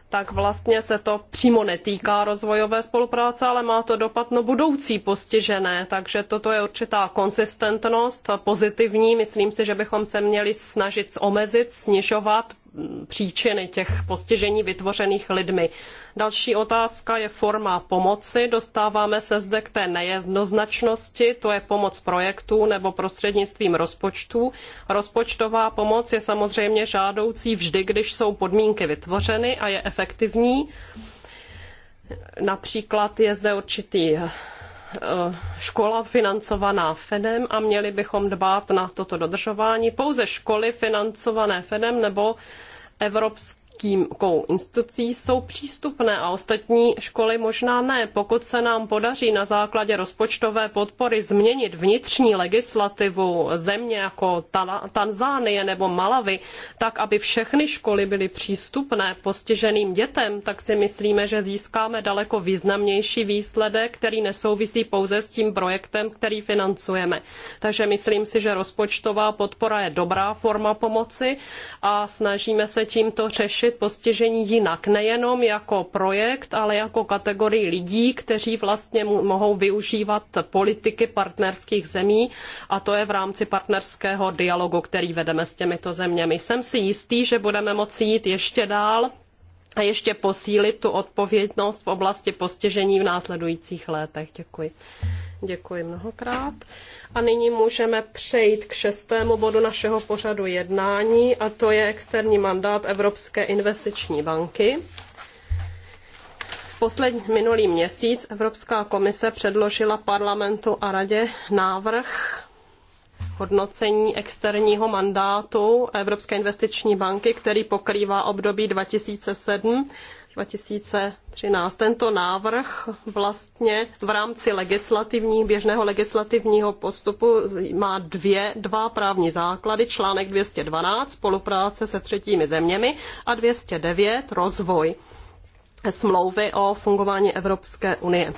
tak vlastně se to přímo netýká rozvojové spolupráce, ale má to dopad na budoucí postižené. Takže toto je určitá konsistentnost pozitivní. Myslím si, že bychom se měli snažit omezit, snižovat příčiny těch postižení vytvořených lidmi. Další otázka je forma pomoci. Dostáváme se zde k té nejednoznačnosti, to je pomoc projektů nebo prostřednictvím rozpočtů. Rozpočtová pomoc je samozřejmě žádoucí vždy, když jsou podmínky vytvořeny a je efektivní. Například je zde určitý Eh, škola financovaná FEDem a měli bychom dbát na toto dodržování. Pouze školy financované FEDem nebo Evropské kýmkou institucí jsou přístupné a ostatní školy možná ne. Pokud se nám podaří na základě rozpočtové podpory změnit vnitřní legislativu země jako Tanzánie nebo Malavy, tak aby všechny školy byly přístupné postiženým dětem, tak si myslíme, že získáme daleko významnější výsledek, který nesouvisí pouze s tím projektem, který financujeme. Takže myslím si, že rozpočtová podpora je dobrá forma pomoci a snažíme se tímto řešit řešit postižení jinak, nejenom jako projekt, ale jako kategorii lidí, kteří vlastně mohou využívat politiky partnerských zemí a to je v rámci partnerského dialogu, který vedeme s těmito zeměmi. Jsem si jistý, že budeme moci jít ještě dál a ještě posílit tu odpovědnost v oblasti postižení v následujících letech. Děkuji. Děkuji mnohokrát. A nyní můžeme přejít k šestému bodu našeho pořadu jednání, a to je externí mandát Evropské investiční banky. V poslední minulý měsíc Evropská komise předložila parlamentu a radě návrh hodnocení externího mandátu Evropské investiční banky, který pokrývá období 2007 2013. Tento návrh vlastně v rámci legislativní, běžného legislativního postupu má dvě, dva právní základy. Článek 212 spolupráce se třetími zeměmi a 209 rozvoj smlouvy o fungování Evropské unie.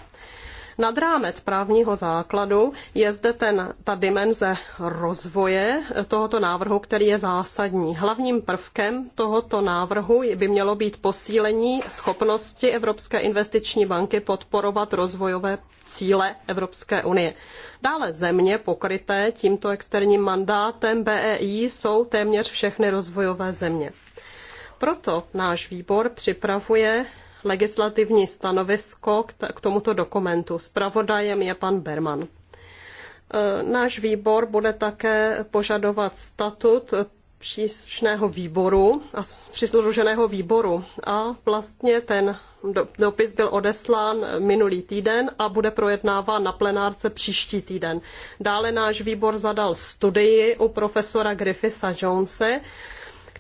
Nad rámec právního základu je zde ten, ta dimenze rozvoje tohoto návrhu, který je zásadní. Hlavním prvkem tohoto návrhu by mělo být posílení schopnosti Evropské investiční banky podporovat rozvojové cíle Evropské unie. Dále země pokryté tímto externím mandátem BEI jsou téměř všechny rozvojové země. Proto náš výbor připravuje legislativní stanovisko k tomuto dokumentu. Spravodajem je pan Berman. E, náš výbor bude také požadovat statut příslušného výboru a přisluženého výboru. A vlastně ten dopis byl odeslán minulý týden a bude projednáván na plenárce příští týden. Dále náš výbor zadal studii u profesora Griffisa Jonese,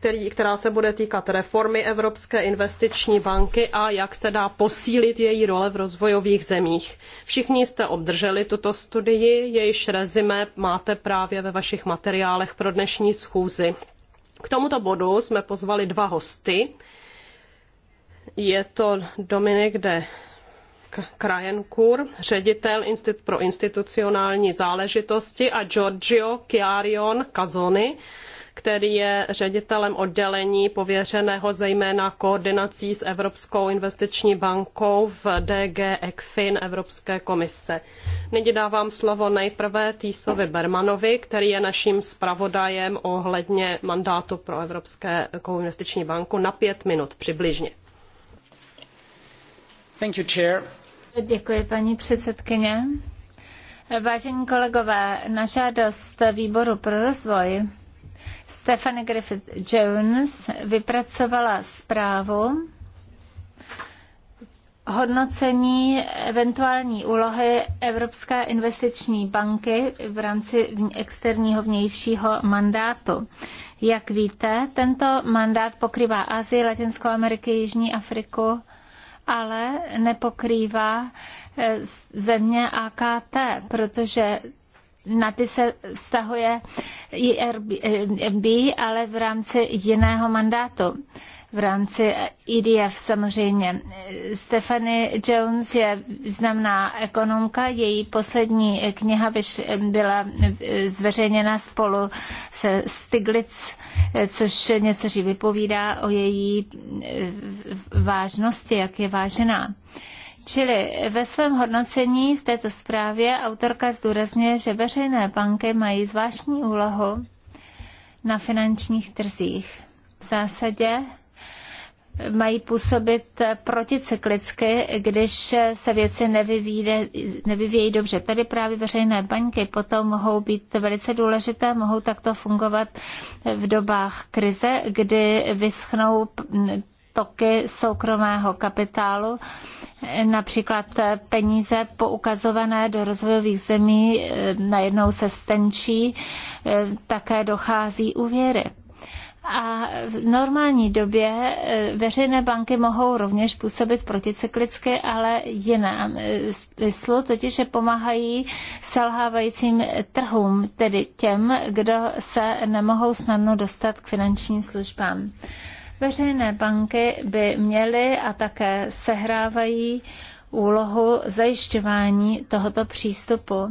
který, která se bude týkat reformy Evropské investiční banky a jak se dá posílit její role v rozvojových zemích. Všichni jste obdrželi tuto studii, jejíž rezime máte právě ve vašich materiálech pro dnešní schůzi. K tomuto bodu jsme pozvali dva hosty. Je to Dominik de Krajenkur, ředitel pro institucionální záležitosti a Giorgio Chiarion Cazoni, který je ředitelem oddělení pověřeného zejména koordinací s Evropskou investiční bankou v DG ECFIN Evropské komise. Nyní dávám slovo nejprve Týsovi Bermanovi, který je naším zpravodajem ohledně mandátu pro Evropskou investiční banku na pět minut přibližně. Thank you, chair. Děkuji, paní předsedkyně. Vážení kolegové, na žádost Výboru pro rozvoj Stephanie Griffith Jones vypracovala zprávu hodnocení eventuální úlohy Evropské investiční banky v rámci externího vnějšího mandátu. Jak víte, tento mandát pokrývá Asii, Latinskou Ameriku, Jižní Afriku, ale nepokrývá eh, země AKT, protože na ty se vztahuje IRB, eh, ale v rámci jiného mandátu v rámci IDF e samozřejmě. Eh, Stephanie Jones je významná ekonomka, její poslední kniha byla eh, zveřejněna spolu se Stiglitz, což něco vypovídá o její vážnosti, jak je vážená. Čili ve svém hodnocení v této zprávě autorka zdůrazňuje, že veřejné banky mají zvláštní úlohu na finančních trzích. V zásadě mají působit proticyklicky, když se věci nevyvíjí dobře. Tady právě veřejné banky potom mohou být velice důležité, mohou takto fungovat v dobách krize, kdy vyschnou toky soukromého kapitálu, například peníze poukazované do rozvojových zemí eh, najednou se stenčí, eh, také dochází úvěry. A v normální době eh, veřejné banky mohou rovněž působit proticyklicky, ale jiná smyslu, totiž že pomáhají selhávajícím trhům, tedy těm, kdo se nemohou snadno dostat k finančním službám. Veřejné banky by měly a také sehrávají úlohu zajišťování tohoto přístupu.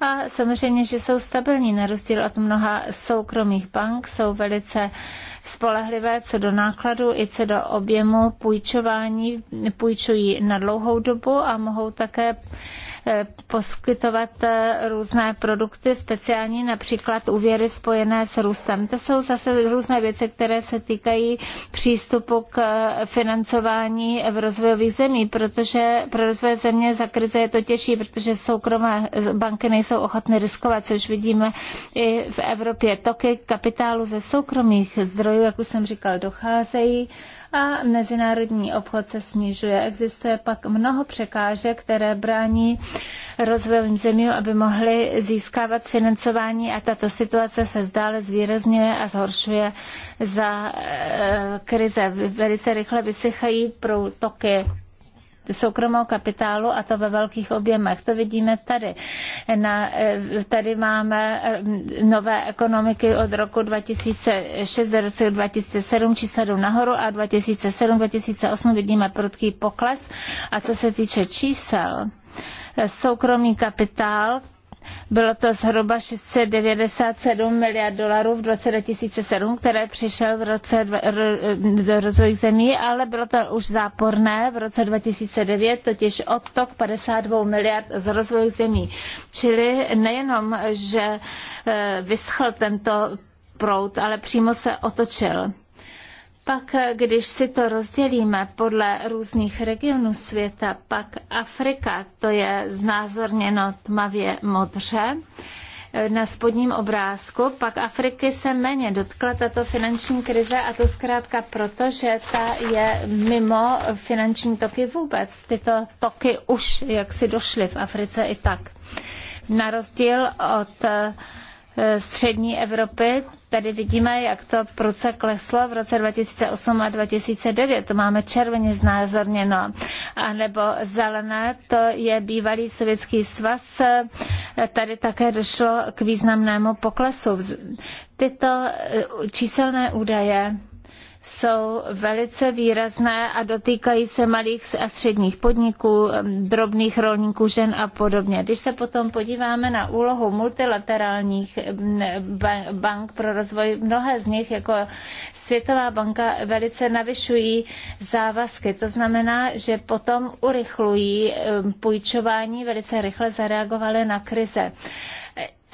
A samozřejmě, že jsou stabilní, na rozdíl od mnoha soukromých bank, jsou velice spolehlivé co do nákladu i co do objemu půjčování, půjčují na dlouhou dobu a mohou také Eh, poskytovat eh, různé produkty, speciální například úvěry spojené s růstem. To jsou zase různé věci, které se týkají přístupu k eh, financování v rozvojových zemí, protože pro rozvoje země za krize je to těžší, protože soukromé banky nejsou ochotny riskovat, což vidíme i v Evropě. Toky kapitálu ze soukromých zdrojů, jak už jsem říkal, docházejí a mezinárodní obchod se snižuje. Existuje pak mnoho překážek, které brání rozvojovým zemím, aby mohly získávat financování a tato situace se zdále zvýrazňuje a zhoršuje za eh, krize. Velice rychle vysychají průtoky soukromého kapitálu a to ve velkých objemech. To vidíme tady. Na, eh, tady máme eh, nové ekonomiky od roku 2006 do roku 2007 či 7 nahoru a 2007-2008 vidíme prudký pokles. A co se týče čísel, eh, soukromý kapitál, bylo to zhruba 697 miliard dolarů v roce 2007, které přišel v roce do rozvojových zemí, ale bylo to už záporné v roce 2009, totiž odtok 52 miliard z rozvojových zemí. Čili nejenom, že eh, vyschl tento proud, ale přímo se otočil. Pak, když si to rozdělíme podle různých regionů světa, pak Afrika, to je znázorněno tmavě modře, na spodním obrázku, pak Afriky se méně dotkla tato finanční krize a to zkrátka proto, že ta je mimo finanční toky vůbec. Tyto toky už jaksi došly v Africe i tak. Na rozdíl od eh, Eh, střední Evropy. Tady vidíme, jak to pruce kleslo v roce 2008 a 2009. To máme červeně znázorněno. A nebo zelené, to je bývalý sovětský svaz. Eh, tady také došlo k významnému poklesu. Tyto eh, číselné údaje jsou velice výrazné a dotýkají se malých a středních podniků, drobných rolníků, žen a podobně. Když se potom podíváme na úlohu multilaterálních bank pro rozvoj, mnohé z nich, jako Světová banka, velice navyšují závazky. To znamená, že potom urychlují půjčování, velice rychle zareagovaly na krize.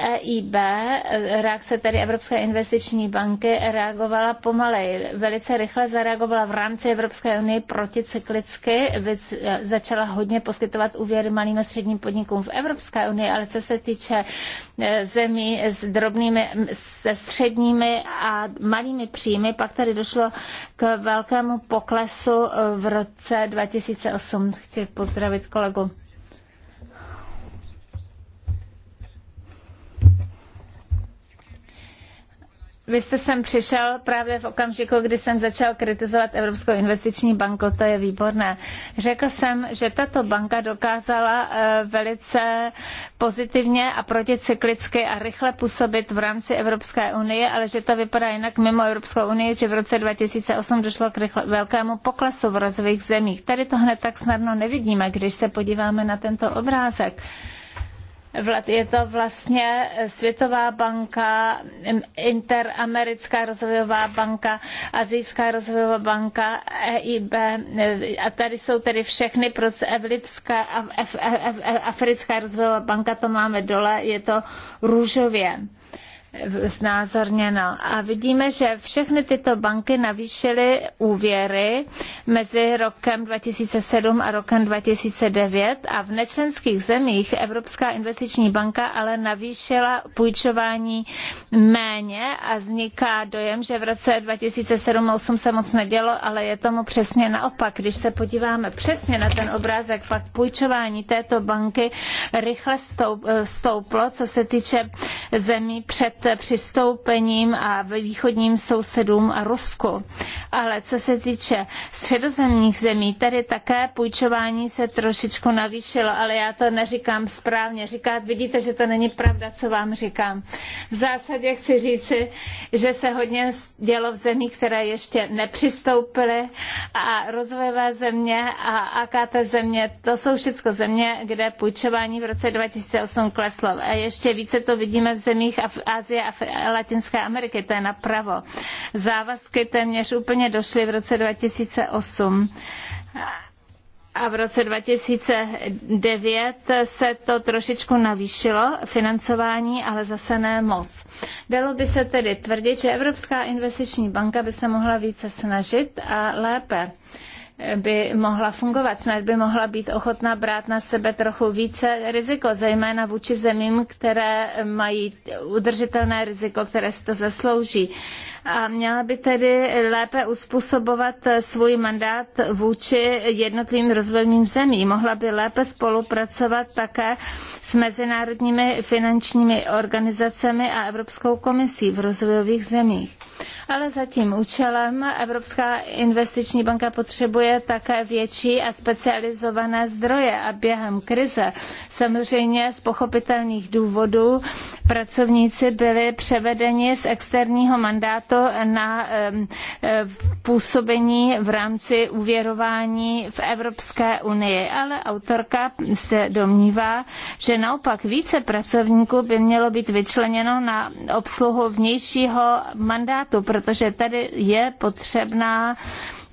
EIB, e, reakce tedy Evropské investiční banky, reagovala pomaleji. Velice rychle zareagovala v rámci Evropské unie proticyklicky, e, začala hodně poskytovat úvěry malým a středním podnikům v Evropské unii, ale co se týče e, zemí s drobnými, se středními a malými příjmy, pak tady došlo k velkému poklesu v roce 2008. Chci pozdravit kolegu. Vy jste sem přišel právě v okamžiku, kdy jsem začal kritizovat Evropskou investiční banku, to je výborné. Řekl jsem, že tato banka dokázala eh, velice pozitivně a proticyklicky a rychle působit v rámci Evropské unie, ale že to vypadá jinak mimo Evropskou unii, že v roce 2008 došlo k rychle, velkému poklesu v rozvojových zemích. Tady to hned tak snadno nevidíme, když se podíváme na tento obrázek. Je to vlastně Světová banka, Interamerická rozvojová banka, Azijská rozvojová banka, EIB a tady jsou tedy všechny, proč a Africká rozvojová banka, to máme dole, je to růžově znázorněno. A vidíme, že všechny tyto banky navýšily úvěry mezi rokem 2007 a rokem 2009 a v nečlenských zemích Evropská investiční banka ale navýšila půjčování méně a vzniká dojem, že v roce 2007-2008 se moc nedělo, ale je tomu přesně naopak. Když se podíváme přesně na ten obrázek, pak půjčování této banky rychle stouplo, co se týče zemí před přistoupením a východním sousedům a Rusku. Ale co se týče středozemních zemí, tady také půjčování se trošičku navýšilo, ale já to neříkám správně. Říkat, vidíte, že to není pravda, co vám říkám. V zásadě chci říci, že se hodně dělo v zemích, které ještě nepřistoupily a rozvojové země a AKT země, to jsou všechno země, kde půjčování v roce 2008 kleslo. A ještě více to vidíme v zemích Af- Asie a Latinské Ameriky, to je napravo. Závazky téměř úplně došly v roce 2008. A v roce 2009 se to trošičku navýšilo, financování, ale zase ne moc. Dalo by se tedy tvrdit, že Evropská investiční banka by se mohla více snažit a lépe. Uh, by mohla fungovat. Snad by mohla být ochotná brát na sebe trochu více riziko, zejména vůči zemím, které mají udržitelné riziko, které si to zaslouží. A měla by tedy lépe uspůsobovat svůj mandát vůči jednotlivým rozvojovým zemím. Mohla by lépe spolupracovat také s mezinárodními finančními organizacemi a Evropskou komisí v rozvojových zemích. Ale za tím účelem Evropská investiční banka potřebuje potřebuje také větší a specializované zdroje a během krize samozřejmě z pochopitelných důvodů pracovníci byli převedeni z externího mandátu na působení v rámci uvěrování v Evropské unii, ale autorka se domnívá, že naopak více pracovníků by mělo být vyčleněno na obsluhu vnějšího mandátu, protože tady je potřebná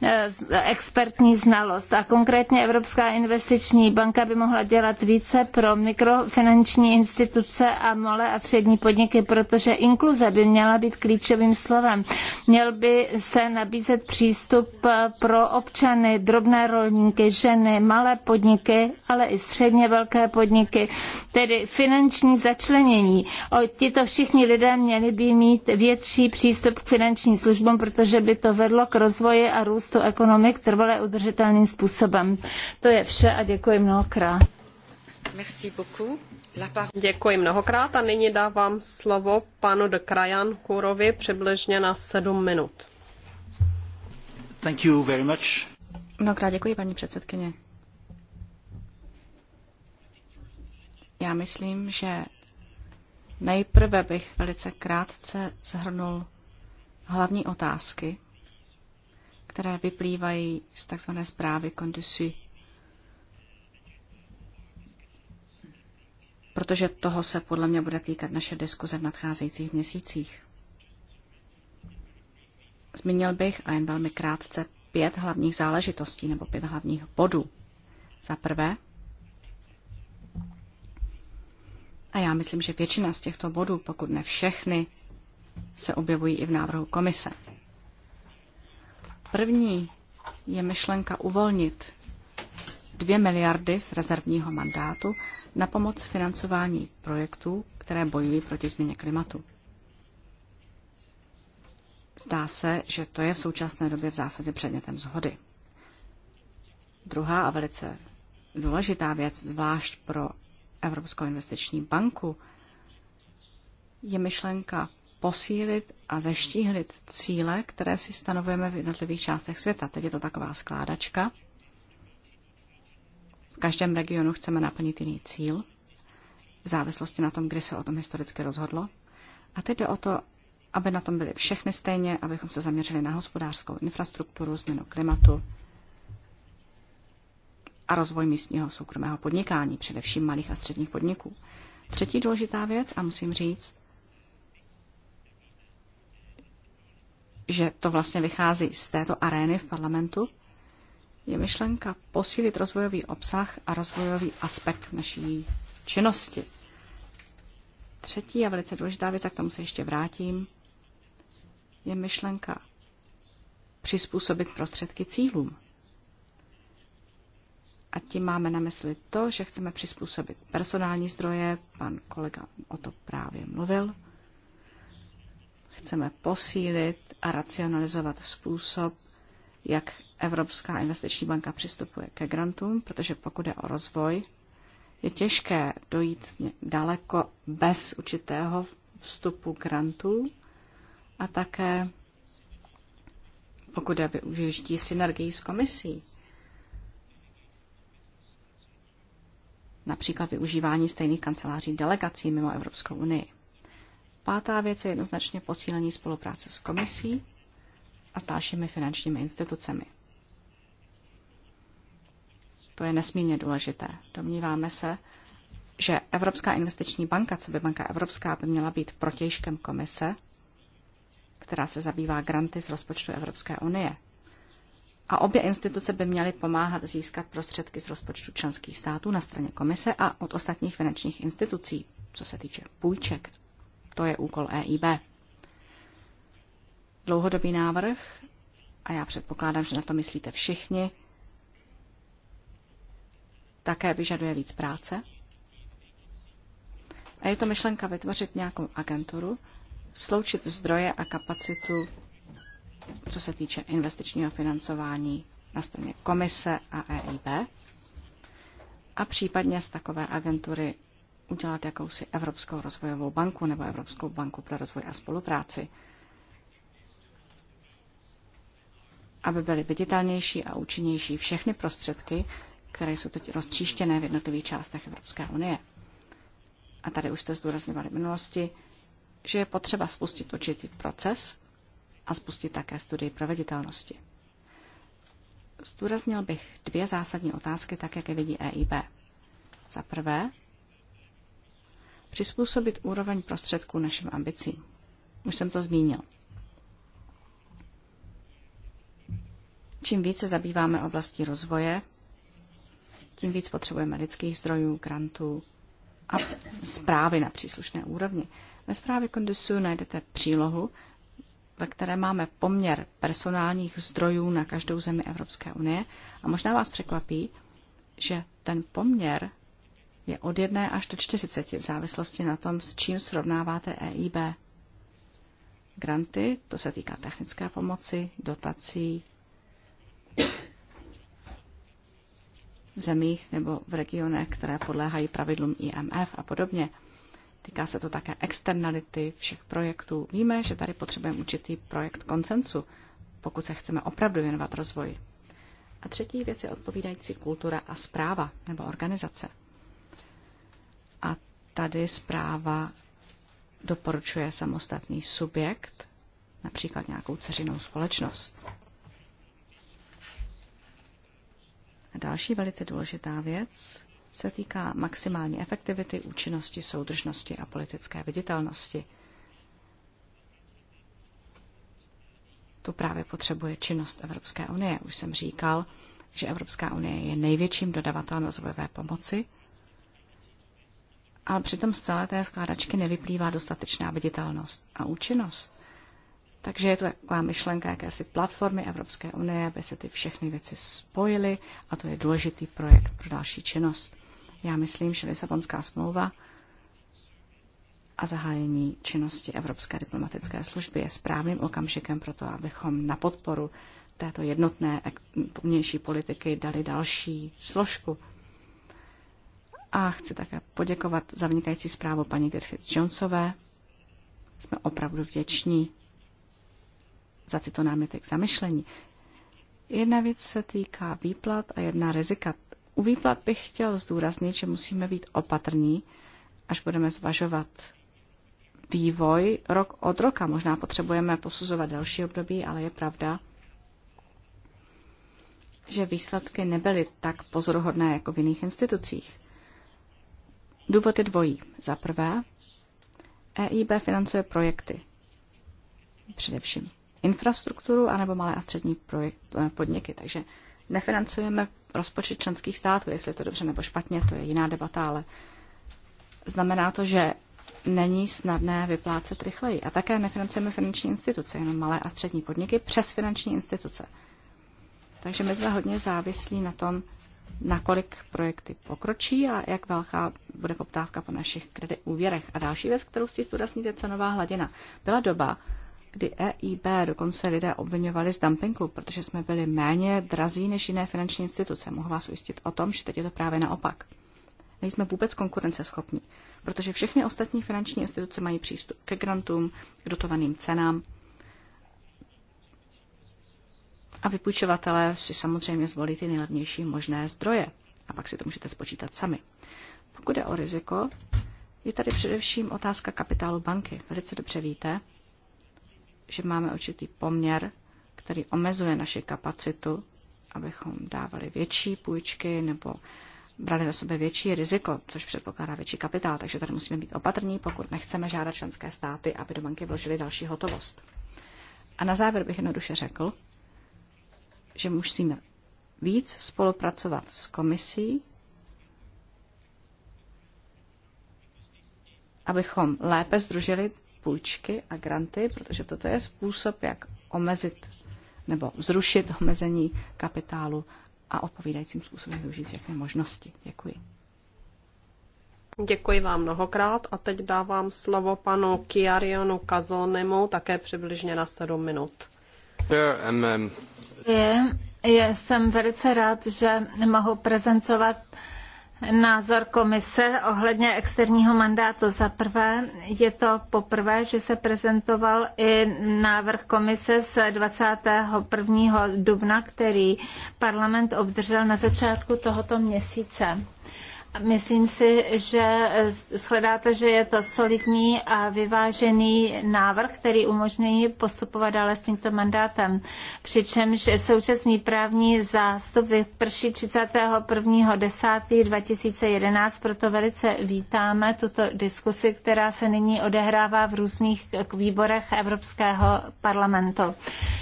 Eh, expertní znalost. A konkrétně Evropská investiční banka by mohla dělat více pro mikrofinanční instituce a malé a střední podniky, protože inkluze by měla být klíčovým slovem. Měl by se nabízet přístup eh, pro občany, drobné rolníky, ženy, malé podniky, ale i středně velké podniky, tedy finanční začlenění. O, tito všichni lidé měli by mít větší přístup k finančním službám, protože by to vedlo k rozvoji a růstu růstu ekonomik trvale udržitelným způsobem. To je vše a děkuji mnohokrát. Merci beaucoup. Děkuji mnohokrát a nyní dávám slovo panu de Krajan Kurovi přibližně na sedm minut. Thank you very much. Mnohokrát děkuji, paní předsedkyně. Já myslím, že nejprve bych velice krátce zhrnul hlavní otázky, které vyplývají z tzv. zprávy kondusu. Protože toho se podle mě bude týkat naše diskuze v nadcházejících měsících. Zmínil bych a jen velmi krátce pět hlavních záležitostí nebo pět hlavních bodů. Za prvé, a já myslím, že většina z těchto bodů, pokud ne všechny, se objevují i v návrhu komise. První je myšlenka uvolnit 2 miliardy z rezervního mandátu na pomoc financování projektů, které bojují proti změně klimatu. Zdá se, že to je v současné době v zásadě předmětem zhody. Druhá a velice důležitá věc, zvlášť pro Evropskou investiční banku, je myšlenka posílit a zeštíhlit cíle, které si stanovujeme v jednotlivých částech světa. Teď je to taková skládačka. V každém regionu chceme naplnit jiný cíl, v závislosti na tom, kdy se o tom historicky rozhodlo. A teď jde o to, aby na tom byly všechny stejně, abychom se zaměřili na hospodářskou infrastrukturu, změnu klimatu a rozvoj místního soukromého podnikání, především malých a středních podniků. Třetí důležitá věc, a musím říct, že to vlastně vychází z této arény v parlamentu, je myšlenka posílit rozvojový obsah a rozvojový aspekt naší činnosti. Třetí a velice důležitá věc, a k tomu se ještě vrátím, je myšlenka přizpůsobit prostředky cílům. A tím máme na mysli to, že chceme přizpůsobit personální zdroje, pan kolega o to právě mluvil, Chceme posílit a racionalizovat způsob, jak Evropská investiční banka přistupuje ke grantům, protože pokud je o rozvoj, je těžké dojít daleko bez určitého vstupu grantů a také pokud je využití synergii s komisí. Například využívání stejných kanceláří delegací mimo Evropskou unii. Pátá věc je jednoznačně posílení spolupráce s komisí a s dalšími finančními institucemi. To je nesmírně důležité. Domníváme se, že Evropská investiční banka, co by banka Evropská, by měla být protějškem komise, která se zabývá granty z rozpočtu Evropské unie. A obě instituce by měly pomáhat získat prostředky z rozpočtu členských států na straně komise a od ostatních finančních institucí, co se týče půjček to je úkol EIB. Dlouhodobý návrh, a já předpokládám, že na to myslíte všichni, také vyžaduje víc práce. A je to myšlenka vytvořit nějakou agenturu, sloučit zdroje a kapacitu, co se týče investičního financování na straně komise a EIB a případně z takové agentury udělat jakousi Evropskou rozvojovou banku nebo Evropskou banku pro rozvoj a spolupráci, aby byly viditelnější a účinnější všechny prostředky, které jsou teď roztříštěné v jednotlivých částech Evropské unie. A tady už jste zdůrazňovali v minulosti, že je potřeba spustit určitý proces a spustit také studii proveditelnosti. Zdůraznil bych dvě zásadní otázky, tak jak je vidí EIB. Za prvé, přizpůsobit úroveň prostředků našim ambicím. Už jsem to zmínil. Čím více zabýváme oblastí rozvoje, tím víc potřebujeme lidských zdrojů, grantů a zprávy na příslušné úrovni. Ve zprávě kondisu najdete přílohu, ve které máme poměr personálních zdrojů na každou zemi Evropské unie. A možná vás překvapí, že ten poměr je od 1 až do 40 v závislosti na tom, s čím srovnáváte EIB. Granty, to se týká technické pomoci, dotací, v zemích nebo v regionech, které podléhají pravidlům IMF a podobně. Týká se to také externality všech projektů. Víme, že tady potřebujeme určitý projekt koncensu, pokud se chceme opravdu věnovat rozvoji. A třetí věc je odpovídající kultura a zpráva nebo organizace. Tady zpráva doporučuje samostatný subjekt, například nějakou ceřinou společnost. A další velice důležitá věc se týká maximální efektivity, účinnosti, soudržnosti a politické viditelnosti. To právě potřebuje činnost Evropské unie. Už jsem říkal, že Evropská unie je největším dodavatelem rozvojové pomoci – a přitom z celé té skládačky nevyplývá dostatečná viditelnost a účinnost. Takže je to taková myšlenka jakési platformy Evropské unie, aby se ty všechny věci spojily a to je důležitý projekt pro další činnost. Já myslím, že Lisabonská smlouva a zahájení činnosti Evropské diplomatické služby je správným okamžikem pro to, abychom na podporu této jednotné vnější politiky dali další složku. A chci také poděkovat za vynikající zprávu paní Griffith Jonesové. Jsme opravdu vděční za tyto náměty k zamyšlení. Jedna věc se týká výplat a jedna rizika. U výplat bych chtěl zdůraznit, že musíme být opatrní, až budeme zvažovat vývoj rok od roka. Možná potřebujeme posuzovat další období, ale je pravda, že výsledky nebyly tak pozoruhodné jako v jiných institucích. Důvod je dvojí. Za prvé, EIB financuje projekty, především infrastrukturu anebo malé a střední projekt, eh, podniky, takže nefinancujeme rozpočet členských států, jestli je to dobře nebo špatně, to je jiná debata, ale znamená to, že není snadné vyplácet rychleji. A také nefinancujeme finanční instituce, jenom malé a střední podniky přes finanční instituce. Takže my jsme hodně závislí na tom, nakolik projekty pokročí a jak velká bude poptávka po našich kredit úvěrech. A další věc, kterou si zdůraznit, je cenová hladina. Byla doba, kdy EIB dokonce lidé obvinovali z dumpingu, protože jsme byli méně drazí než jiné finanční instituce. Mohu vás ujistit o tom, že teď je to právě naopak. Nejsme vůbec konkurenceschopní, protože všechny ostatní finanční instituce mají přístup ke grantům, k dotovaným cenám a vypůjčovatelé si samozřejmě zvolí ty nejlevnější možné zdroje. A pak si to můžete spočítat sami. Pokud je o riziko, je tady především otázka kapitálu banky. Velice dobře víte, že máme určitý poměr, který omezuje naši kapacitu, abychom dávali větší půjčky nebo brali na sebe větší riziko, což předpokládá větší kapitál. Takže tady musíme být opatrní, pokud nechceme žádat členské státy, aby do banky vložili další hotovost. A na závěr bych jednoduše řekl, že musíme víc spolupracovat s komisí, abychom lépe združili půjčky a granty, protože toto je způsob, jak omezit nebo zrušit omezení kapitálu a odpovídajícím způsobem využít všechny možnosti. Děkuji. Děkuji vám mnohokrát a teď dávám slovo panu Kiarionu Kazonemu také přibližně na 7 minut. Je, jsem velice rád, že mohu prezentovat názor komise ohledně externího mandátu. Za prvé, je to poprvé, že se prezentoval i návrh komise z 21. dubna, který parlament obdržel na začátku tohoto měsíce. Myslím si, že shledáte, že je to solidní a vyvážený návrh, který umožní postupovat dále s tímto mandátem. Přičemž současný právní zástup vyprší 31.10.2011, proto velice vítáme tuto diskusi, která se nyní odehrává v různých výborech Evropského parlamentu.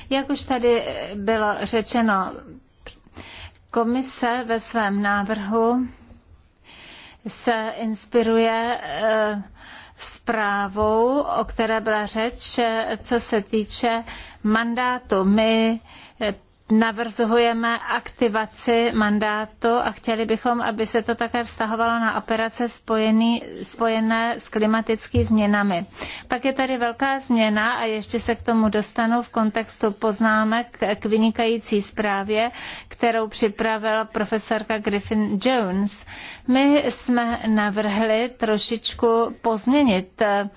Jak už tady bylo řečeno, komise ve svém návrhu se inspiruje eh, zprávou, o které byla řeč, eh, co se týče mandátu. My eh, navrzujeme aktivaci mandátu a chtěli bychom, aby se to také vztahovalo na operace spojený, spojené s klimatickými změnami. Pak je tady velká změna a ještě se k tomu dostanu v kontextu poznámek k vynikající zprávě, kterou připravila profesorka Griffin Jones. My jsme navrhli trošičku pozměnit uh,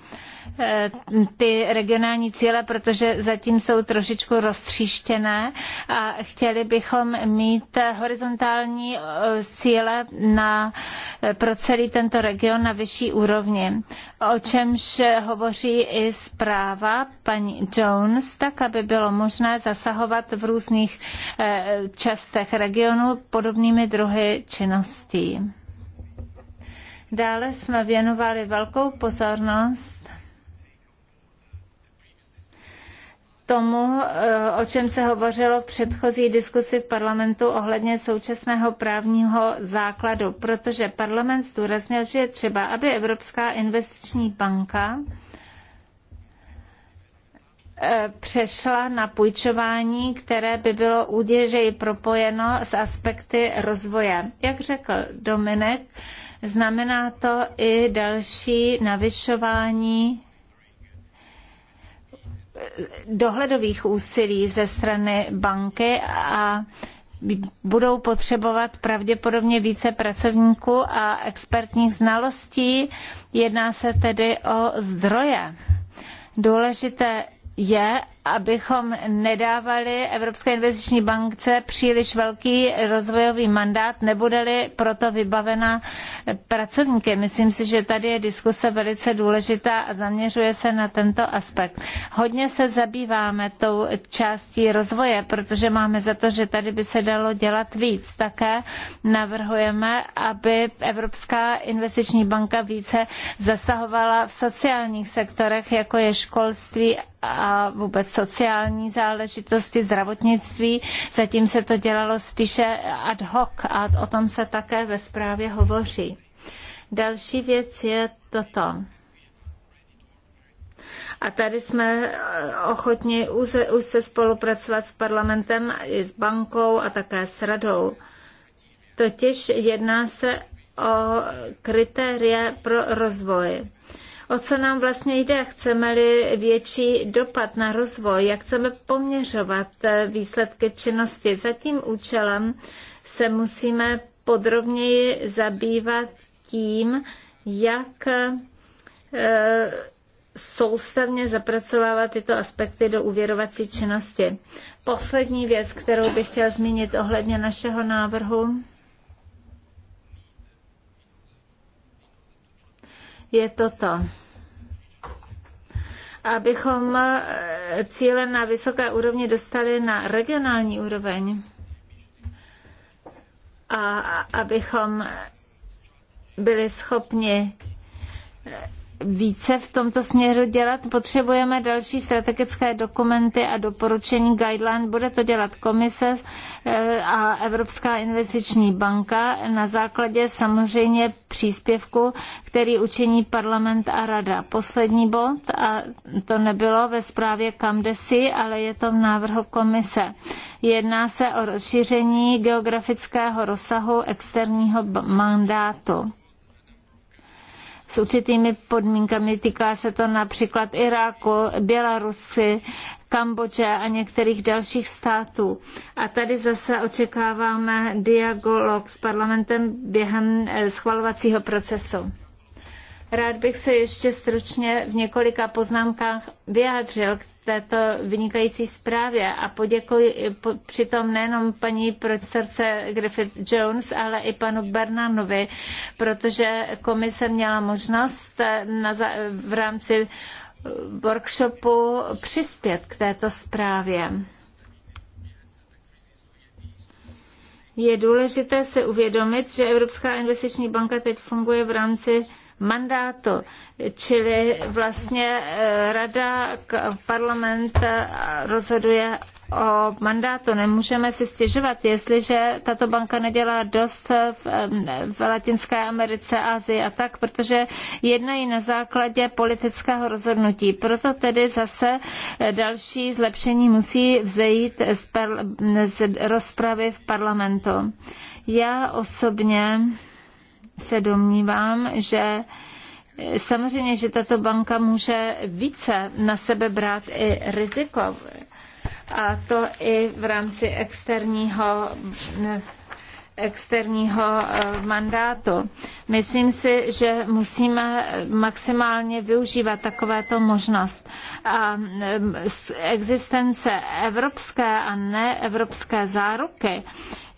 Eh, ty regionální cíle, protože zatím jsou trošičku roztříštěné a chtěli bychom mít horizontální eh, cíle na, eh, pro celý tento region na vyšší úrovni, o čemž hovoří i zpráva paní Jones, tak aby bylo možné zasahovat v různých částech regionu podobnými druhy činností. Dále jsme věnovali velkou pozornost tomu, eh, o čem se hovořilo v předchozí diskusi v parlamentu ohledně současného právního základu, protože parlament zdůraznil, že je třeba, aby Evropská investiční banka eh, přešla na půjčování, které by bylo úděžeji propojeno s aspekty rozvoje. Jak řekl Dominik, znamená to i další navyšování dohledových úsilí ze strany banky a budou potřebovat pravděpodobně více pracovníků a expertních znalostí. Jedná se tedy o zdroje. Důležité je, abychom nedávali Evropské investiční bance příliš velký rozvojový mandát, nebude-li proto vybavena pracovníky. Myslím si, že tady je diskuse velice důležitá a zaměřuje se na tento aspekt. Hodně se zabýváme tou částí rozvoje, protože máme za to, že tady by se dalo dělat víc. Také navrhujeme, aby Evropská investiční banka více zasahovala v sociálních sektorech, jako je školství a vůbec sociální záležitosti, zdravotnictví. Zatím se to dělalo spíše ad hoc a o tom se také ve zprávě hovoří. Další věc je toto. A tady jsme eh, ochotni už se spolupracovat s parlamentem, i s bankou a také s radou. Totiž jedná se o kritéria pro rozvoj o co nám vlastně jde. Chceme-li větší dopad na rozvoj, jak chceme poměřovat eh, výsledky činnosti. Za tím účelem se musíme podrobněji zabývat tím, jak eh, soustavně zapracovávat tyto aspekty do uvěrovací činnosti. Poslední věc, kterou bych chtěla zmínit ohledně našeho návrhu, je toto abychom eh, cíle na vysoké úrovni dostali na regionální úroveň a abychom byli schopni eh, více v tomto směru dělat. Potřebujeme další strategické dokumenty a doporučení guideline. Bude to dělat komise eh, a Evropská investiční banka na základě samozřejmě příspěvku, který učiní parlament a rada. Poslední bod, a to nebylo ve zprávě desi, ale je to v návrhu komise. Jedná se o rozšíření geografického rozsahu externího mandátu s určitými podmínkami. Týká se to například Iráku, Bělarusy, Kambodže a některých dalších států. A tady zase očekáváme dialog s parlamentem během eh, schvalovacího procesu. Rád bych se ještě stručně v několika poznámkách vyjádřil k této vynikající zprávě a poděkuji po, přitom nejenom paní profesorce Griffith Jones, ale i panu Bernanovi, protože komise měla možnost eh, na, v rámci eh, workshopu přispět k této zprávě. Je důležité si uvědomit, že Evropská investiční banka teď funguje v rámci mandátu. Čili vlastně eh, rada, parlament eh, rozhoduje o mandátu. Nemůžeme si stěžovat, jestliže tato banka nedělá dost v, eh, v Latinské Americe, Asii a tak, protože jednají na základě politického rozhodnutí. Proto tedy zase další zlepšení musí vzejít z, par, z rozpravy v parlamentu. Já osobně se domnívám, že eh, samozřejmě, že tato banka může více na sebe brát i riziko. A to i v rámci externího eh, externího eh, mandátu. Myslím si, že musíme maximálně využívat takovéto možnost. A mm, existence evropské a neevropské záruky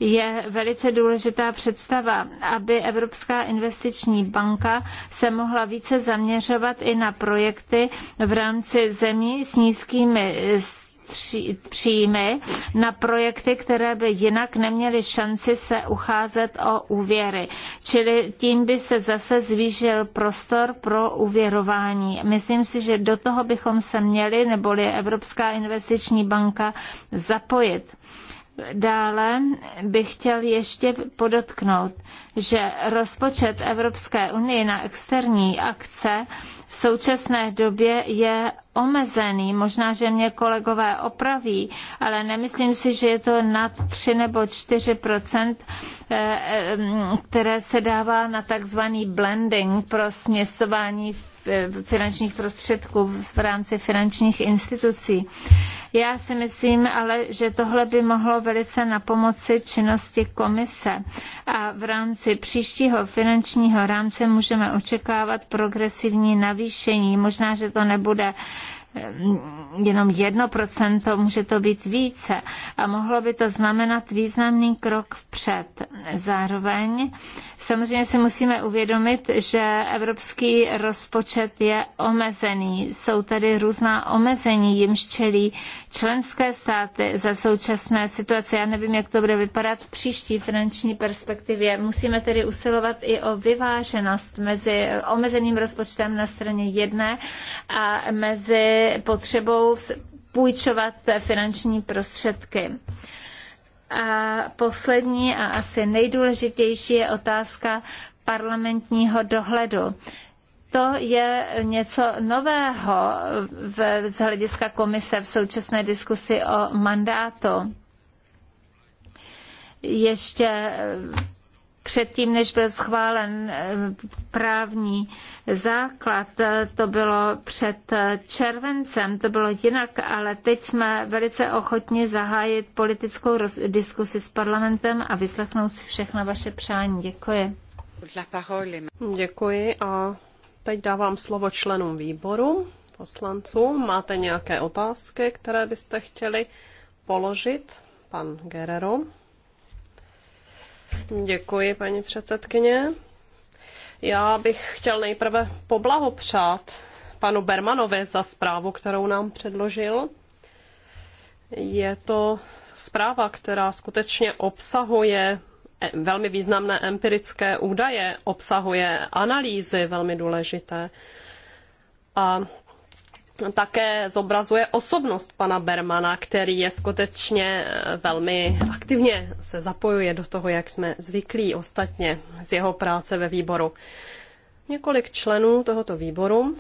je velice důležitá představa, aby Evropská investiční banka se mohla více zaměřovat i na projekty v rámci zemí s nízkými eh, příjmy na projekty, které by jinak neměly šanci se ucházet o úvěry. Čili tím by se zase zvýšil prostor pro uvěrování. Myslím si, že do toho bychom se měli, neboli Evropská investiční banka, zapojit. Dále bych chtěl ještě podotknout, že rozpočet Evropské unie na externí akce v současné době je omezený. Možná, že mě kolegové opraví, ale nemyslím si, že je to nad 3 nebo 4 eh, eh, které se dává na takzvaný blending pro směsování finančních prostředků v rámci finančních institucí. Já si myslím ale, že tohle by mohlo velice na pomoci činnosti komise a v rámci příštího finančního rámce můžeme očekávat progresivní navýšení. Možná, že to nebude jenom jedno procento, může to být více a mohlo by to znamenat významný krok vpřed. Zároveň samozřejmě si musíme uvědomit, že evropský rozpočet je omezený. Jsou tady různá omezení, jimž čelí členské státy za současné situace. Já nevím, jak to bude vypadat v příští finanční perspektivě. Musíme tedy usilovat i o vyváženost mezi omezeným rozpočtem na straně jedné a mezi potřebou půjčovat finanční prostředky. A poslední a asi nejdůležitější je otázka parlamentního dohledu to je něco nového v, z hlediska komise v současné diskusi o mandátu. Ještě předtím, než byl schválen eh, právní základ, eh, to bylo před eh, červencem, to bylo jinak, ale teď jsme velice ochotni zahájit politickou diskusi s parlamentem a vyslechnout si všechna vaše přání. Děkuji. Děkuji a teď dávám slovo členům výboru, poslancům. Máte nějaké otázky, které byste chtěli položit? Pan Guerrero. Děkuji, paní předsedkyně. Já bych chtěl nejprve poblahopřát panu Bermanovi za zprávu, kterou nám předložil. Je to zpráva, která skutečně obsahuje e, velmi významné empirické údaje, obsahuje analýzy velmi důležité. A také zobrazuje osobnost pana Bermana, který je skutečně eh, velmi aktivně se zapojuje do toho, jak jsme zvyklí ostatně z jeho práce ve výboru. Několik členů tohoto výboru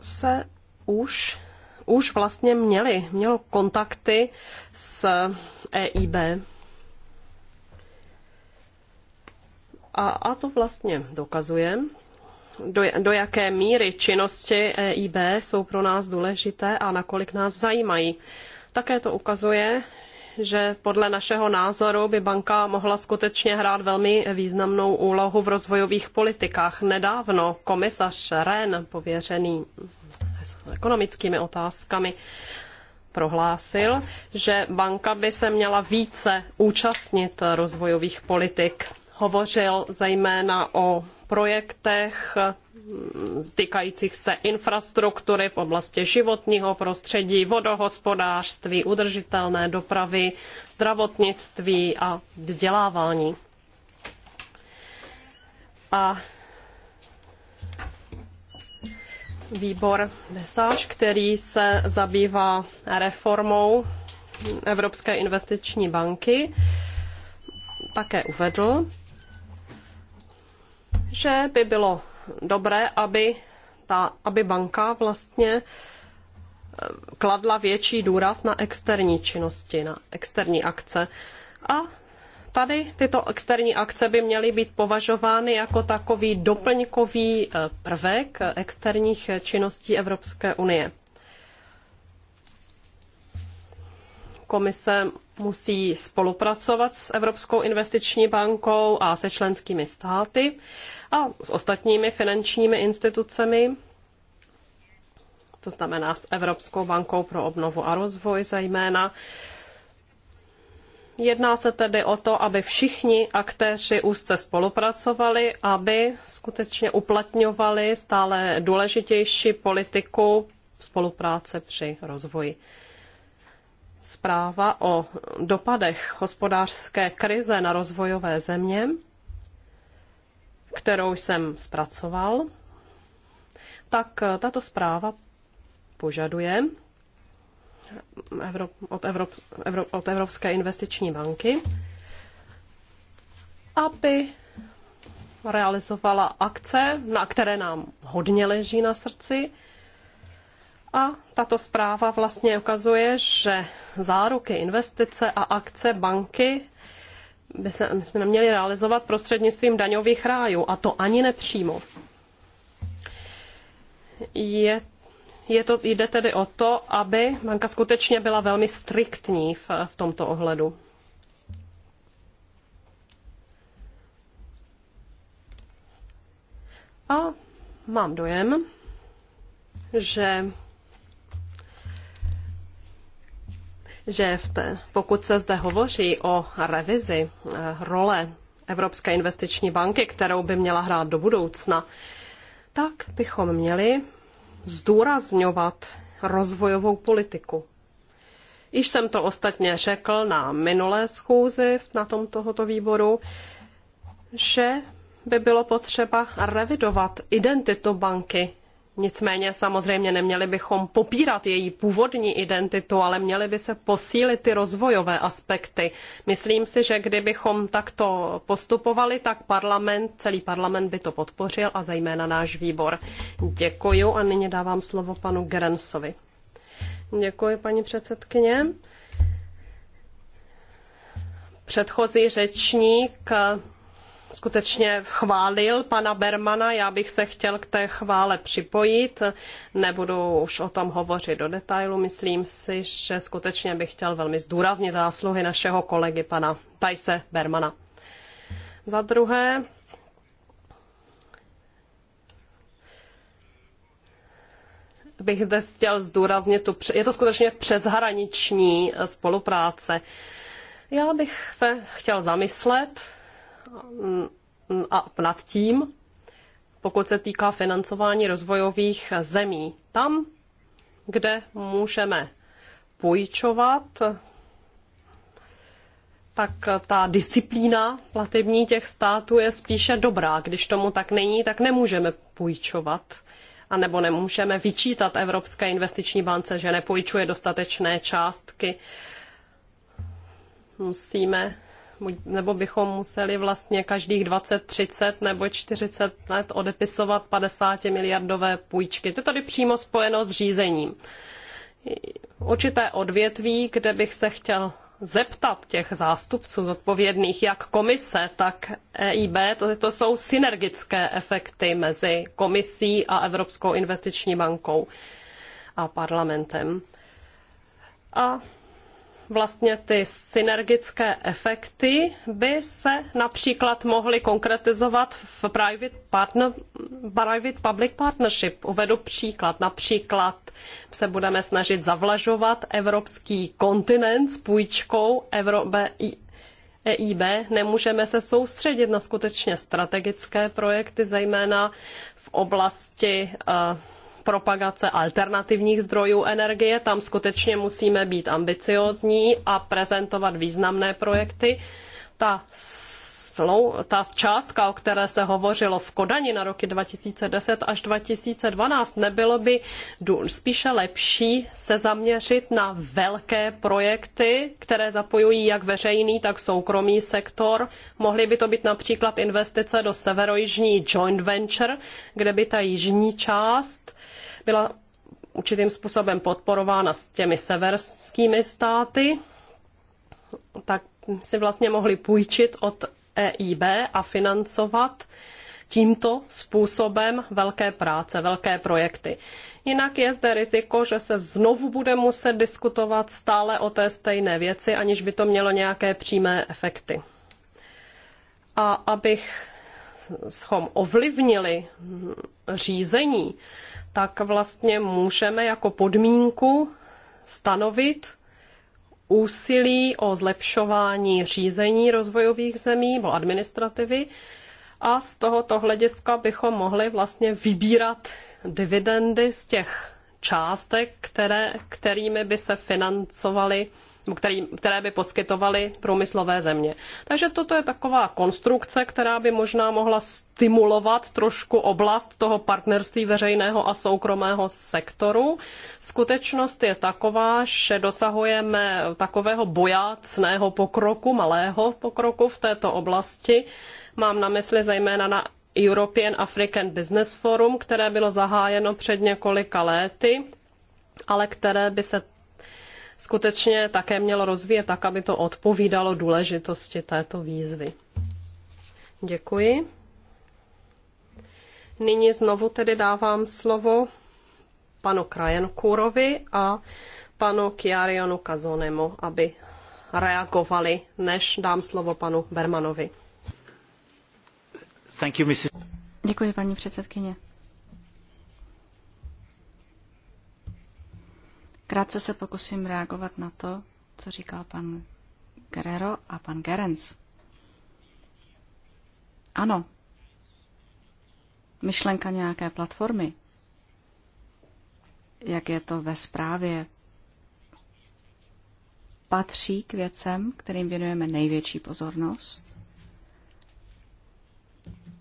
se už, už vlastně měli, mělo kontakty s EIB. A, a to vlastně dokazuje, do, do jaké míry činnosti EIB jsou pro nás důležité a nakolik nás zajímají. Také to ukazuje, že podle našeho názoru by banka mohla skutečně hrát velmi významnou úlohu v rozvojových politikách. Nedávno komisař Ren, pověřený ekonomickými otázkami, prohlásil, že banka by se měla více účastnit rozvojových politik. Hovořil zejména o projektech týkajících se infrastruktury v oblasti životního prostředí, vodohospodářství, udržitelné dopravy, zdravotnictví a vzdělávání. A výbor Desáž, který se zabývá reformou Evropské investiční banky, také uvedl, že by bylo dobré, aby, ta, aby banka vlastně eh, kladla větší důraz na externí činnosti, na externí akce. A tady tyto externí akce by měly být považovány jako takový doplňkový eh, prvek externích eh, činností Evropské unie. komise musí spolupracovat s Evropskou investiční bankou a se členskými státy a s ostatními finančními institucemi, to znamená s Evropskou bankou pro obnovu a rozvoj zejména. Jedná se tedy o to, aby všichni aktéři úzce spolupracovali, aby skutečně uplatňovali stále důležitější politiku spolupráce při rozvoji zpráva o dopadech hospodářské krize na rozvojové země, kterou jsem zpracoval, tak tato zpráva požaduje od, Evrop, od Evropské investiční banky, aby realizovala akce, na které nám hodně leží na srdci, a tato zpráva vlastně ukazuje, že záruky, investice a akce banky by se, my jsme neměli realizovat prostřednictvím daňových rájů, a to ani nepřímo. Je, je to, jde tedy o to, aby banka skutečně byla velmi striktní v, v tomto ohledu. A mám dojem, že že v té, pokud se zde hovoří o revizi eh, role Evropské investiční banky, kterou by měla hrát do budoucna, tak bychom měli zdůrazňovat rozvojovou politiku. Již jsem to ostatně řekl na minulé schůzi na tom tohoto výboru, že by bylo potřeba revidovat identitu banky Nicméně samozřejmě neměli bychom popírat její původní identitu, ale měly by se posílit ty rozvojové aspekty. Myslím si, že kdybychom takto postupovali, tak parlament, celý parlament by to podpořil a zejména náš výbor. Děkuji a nyní dávám slovo panu Gerensovi. Děkuji, paní předsedkyně. Předchozí řečník skutečně chválil pana Bermana. Já bych se chtěl k té chvále připojit. Nebudu už o tom hovořit do detailu. Myslím si, že skutečně bych chtěl velmi zdůraznit zásluhy našeho kolegy pana Tajse Bermana. Za druhé, bych zde chtěl zdůraznit, tu, je to skutečně přeshraniční eh, spolupráce. Já bych se chtěl zamyslet a nad tím, pokud se týká financování rozvojových zemí, tam, kde můžeme půjčovat, tak ta disciplína platební těch států je spíše dobrá. Když tomu tak není, tak nemůžeme půjčovat. A nebo nemůžeme vyčítat Evropské investiční bance, že nepůjčuje dostatečné částky. Musíme nebo bychom museli vlastně každých 20, 30 nebo 40 let odepisovat 50 miliardové půjčky. To je tady přímo spojeno s řízením. Určité odvětví, kde bych se chtěl zeptat těch zástupců odpovědných, jak komise, tak EIB, to, to jsou synergické efekty mezi komisí a Evropskou investiční bankou a parlamentem. A vlastně ty synergické efekty by se například mohly konkretizovat v private, partner, private public partnership. Uvedu příklad. Například se budeme snažit zavlažovat evropský kontinent s půjčkou EIB. E Nemůžeme se soustředit na skutečně strategické projekty, zejména v oblasti uh, propagace alternativních zdrojů energie. Tam skutečně musíme být ambiciózní a prezentovat významné projekty. Ta ta částka, o které se hovořilo v Kodani na roky 2010 až 2012, nebylo by spíše lepší se zaměřit na velké projekty, které zapojují jak veřejný, tak soukromý sektor. Mohly by to být například investice do severojižní joint venture, kde by ta jižní část byla určitým způsobem podporována s těmi severskými státy, tak si vlastně mohli půjčit od EIB a financovat tímto způsobem velké práce, velké projekty. Jinak je zde riziko, že se znovu bude muset diskutovat stále o té stejné věci, aniž by to mělo nějaké přímé efekty. A abych schom ovlivnili hm, řízení, tak vlastně můžeme jako podmínku stanovit úsilí o zlepšování řízení rozvojových zemí nebo administrativy a z tohoto hlediska bychom mohli vlastně vybírat dividendy z těch částek, které, kterými by se financovaly který, které by poskytovaly průmyslové země. Takže toto je taková konstrukce, která by možná mohla stimulovat trošku oblast toho partnerství veřejného a soukromého sektoru. Skutečnost je taková, že dosahujeme takového bojácného pokroku, malého pokroku v této oblasti. Mám na mysli zejména na European African Business Forum, které bylo zahájeno před několika léty ale které by se skutečně také mělo rozvíjet tak, aby to odpovídalo důležitosti této výzvy. Děkuji. Nyní znovu tedy dávám slovo panu Krajenkurovi a panu Kiarionu Kazonemu, aby reagovali, než dám slovo panu Bermanovi. Děkuji, paní předsedkyně. Krátce se pokusím reagovat na to, co říkal pan Guerrero a pan Gerenc. Ano, myšlenka nějaké platformy, jak je to ve zprávě, patří k věcem, kterým věnujeme největší pozornost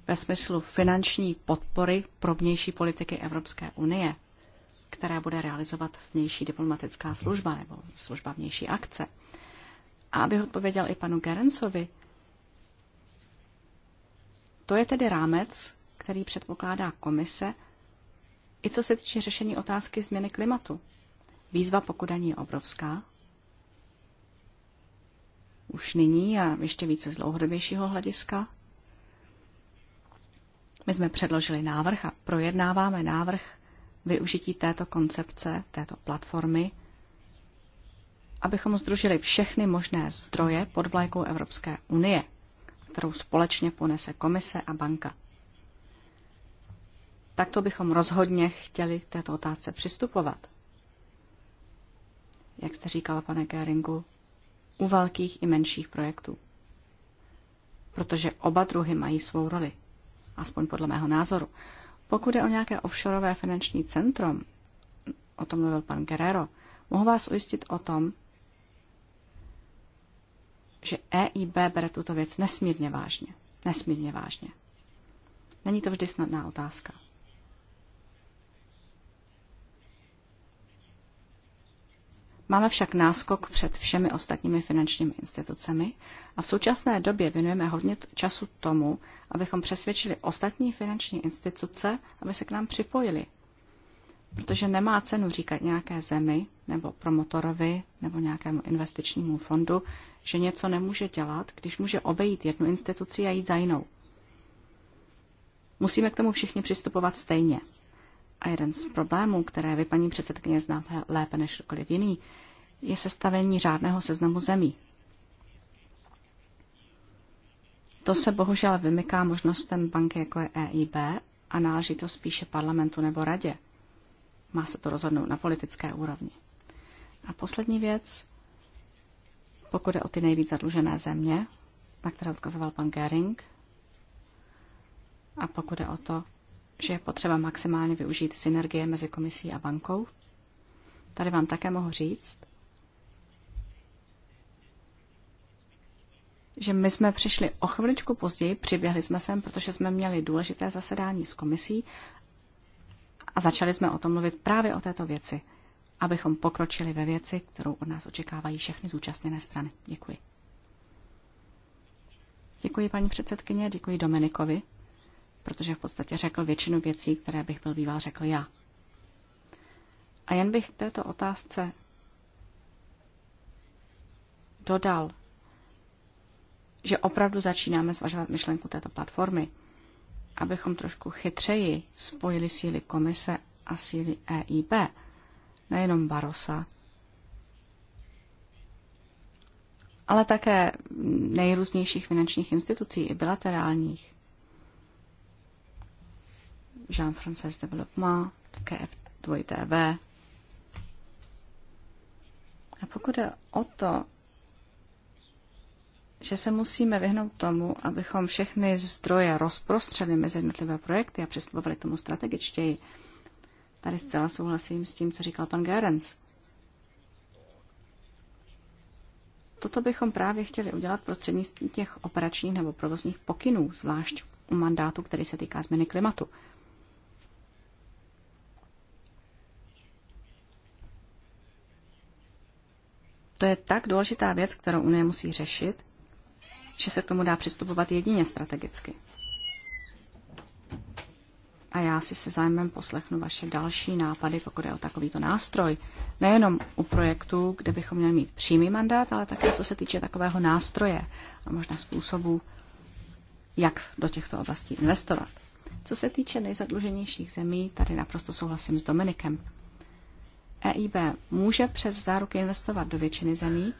ve smyslu finanční podpory pro vnější politiky Evropské unie – které bude realizovat vnější diplomatická služba nebo služba vnější akce. A abych odpověděl i panu Gerencovi, to je tedy rámec, který předpokládá komise, i co se týče řešení otázky změny klimatu. Výzva ani je obrovská. Už nyní a ještě více z dlouhodobějšího hlediska. My jsme předložili návrh a projednáváme návrh využití této koncepce, této platformy, abychom združili všechny možné zdroje pod vlajkou Evropské unie, kterou společně ponese komise a banka. Takto bychom rozhodně chtěli k této otázce přistupovat. Jak jste říkala, pane Keringu, u velkých i menších projektů. Protože oba druhy mají svou roli, aspoň podle mého názoru. Pokud je o nějaké offshoreové finanční centrum, o tom mluvil pan Guerrero, mohu vás ujistit o tom, že EIB bere tuto věc nesmírně vážně. Nesmírně vážně. Není to vždy snadná otázka. Máme však náskok před všemi ostatními finančními institucemi a v současné době věnujeme hodně času tomu, abychom přesvědčili ostatní finanční instituce, aby se k nám připojili. Protože nemá cenu říkat nějaké zemi nebo promotorovi nebo nějakému investičnímu fondu, že něco nemůže dělat, když může obejít jednu instituci a jít za jinou. Musíme k tomu všichni přistupovat stejně. A jeden z problémů, které vy, paní předsedkyně, znáte lépe než kdokoliv jiný, je sestavení řádného seznamu zemí. To se bohužel vymyká možnostem banky, jako je EIB, a náleží to spíše parlamentu nebo radě. Má se to rozhodnout na politické úrovni. A poslední věc, pokud je o ty nejvíc zadlužené země, na které odkazoval pan Gering, a pokud je o to, že je potřeba maximálně využít synergie mezi komisí a bankou. Tady vám také mohu říct, že my jsme přišli o chviličku později, přiběhli jsme sem, protože jsme měli důležité zasedání s komisí a začali jsme o tom mluvit právě o této věci, abychom pokročili ve věci, kterou od nás očekávají všechny zúčastněné strany. Děkuji. Děkuji paní předsedkyně, děkuji Dominikovi protože v podstatě řekl většinu věcí, které bych byl býval řekl já. A jen bych k této otázce dodal, že opravdu začínáme zvažovat myšlenku této platformy, abychom trošku chytřeji spojili síly komise a síly EIB, nejenom Barosa, ale také nejrůznějších finančních institucí i bilaterálních. Jean-Frances Development, také F2TV. A pokud je o to, že se musíme vyhnout tomu, abychom všechny zdroje rozprostřeli mezi jednotlivé projekty a přistupovali k tomu strategičtěji. Tady zcela souhlasím s tím, co říkal pan Gerens. Toto bychom právě chtěli udělat prostřednictvím těch operačních nebo provozních pokynů, zvlášť u mandátu, který se týká změny klimatu. To je tak důležitá věc, kterou Unie musí řešit, že se k tomu dá přistupovat jedině strategicky. A já si se zájmem poslechnu vaše další nápady, pokud je o takovýto nástroj. Nejenom u projektu, kde bychom měli mít přímý mandát, ale také co se týče takového nástroje a možná způsobu, jak do těchto oblastí investovat. Co se týče nejzadluženějších zemí, tady naprosto souhlasím s Dominikem. EIB může přes záruky investovat do většiny zemí,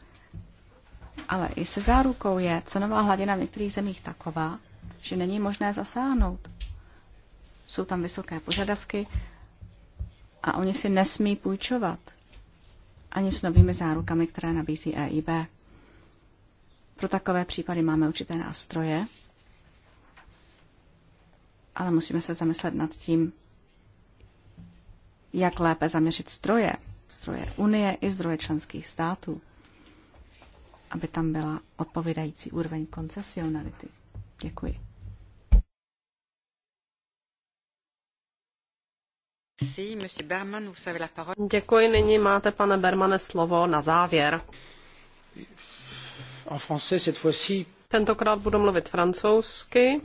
ale i se zárukou je cenová hladina v některých zemích taková, že není možné zasáhnout. Jsou tam vysoké požadavky a oni si nesmí půjčovat ani s novými zárukami, které nabízí EIB. Pro takové případy máme určité nástroje, ale musíme se zamyslet nad tím, jak lépe zaměřit stroje, stroje Unie i zdroje členských států, aby tam byla odpovídající úroveň koncesionality. Děkuji. Děkuji, nyní máte, pane Bermane, slovo na závěr. Tentokrát budu mluvit francouzsky.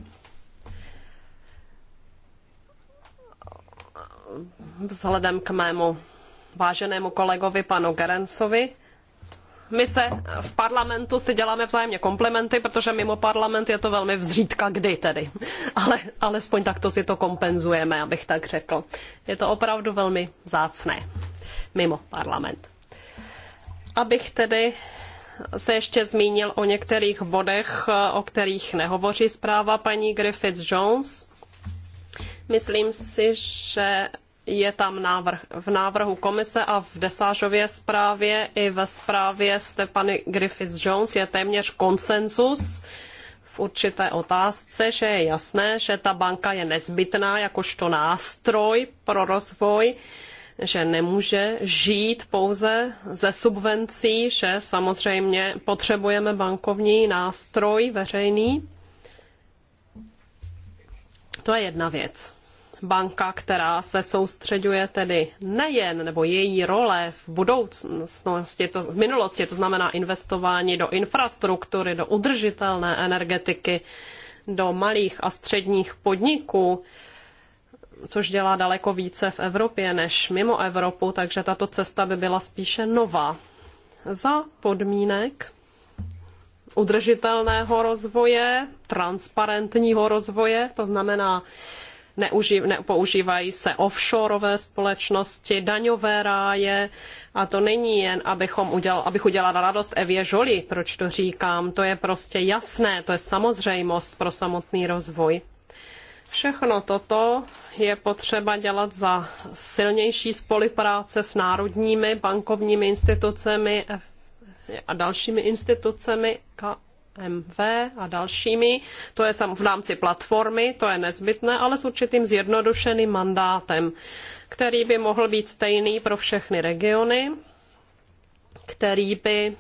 vzhledem k mému váženému kolegovi panu Gerencovi. My se v parlamentu si děláme vzájemně komplimenty, protože mimo parlament je to velmi vzřídka kdy tedy. Ale alespoň takto si to kompenzujeme, abych tak řekl. Je to opravdu velmi zácné mimo parlament. Abych tedy se ještě zmínil o některých bodech, o kterých nehovoří zpráva paní Griffith Jones. Myslím si, že je tam návrh, v návrhu komise a v Desážově zprávě i ve zprávě Stepany Griffith-Jones je téměř konsensus v určité otázce, že je jasné, že ta banka je nezbytná jakožto nástroj pro rozvoj, že nemůže žít pouze ze subvencí, že samozřejmě potřebujeme bankovní nástroj veřejný. To je jedna věc banka, která se soustředuje tedy nejen, nebo její role v budoucnosti, to, v minulosti, to znamená investování do infrastruktury, do udržitelné energetiky, do malých a středních podniků, což dělá daleko více v Evropě než mimo Evropu, takže tato cesta by byla spíše nová. Za podmínek udržitelného rozvoje, transparentního rozvoje, to znamená neužív, používají se offshoreové společnosti, daňové ráje a to není jen, abychom udělal, abych udělala radost Evě Žoli, proč to říkám, to je prostě jasné, to je samozřejmost pro samotný rozvoj. Všechno toto je potřeba dělat za silnější spolupráce s národními bankovními institucemi a dalšími institucemi MV a dalšími. To je sam v rámci platformy, to je nezbytné, ale s určitým zjednodušeným mandátem, který by mohl být stejný pro všechny regiony, který by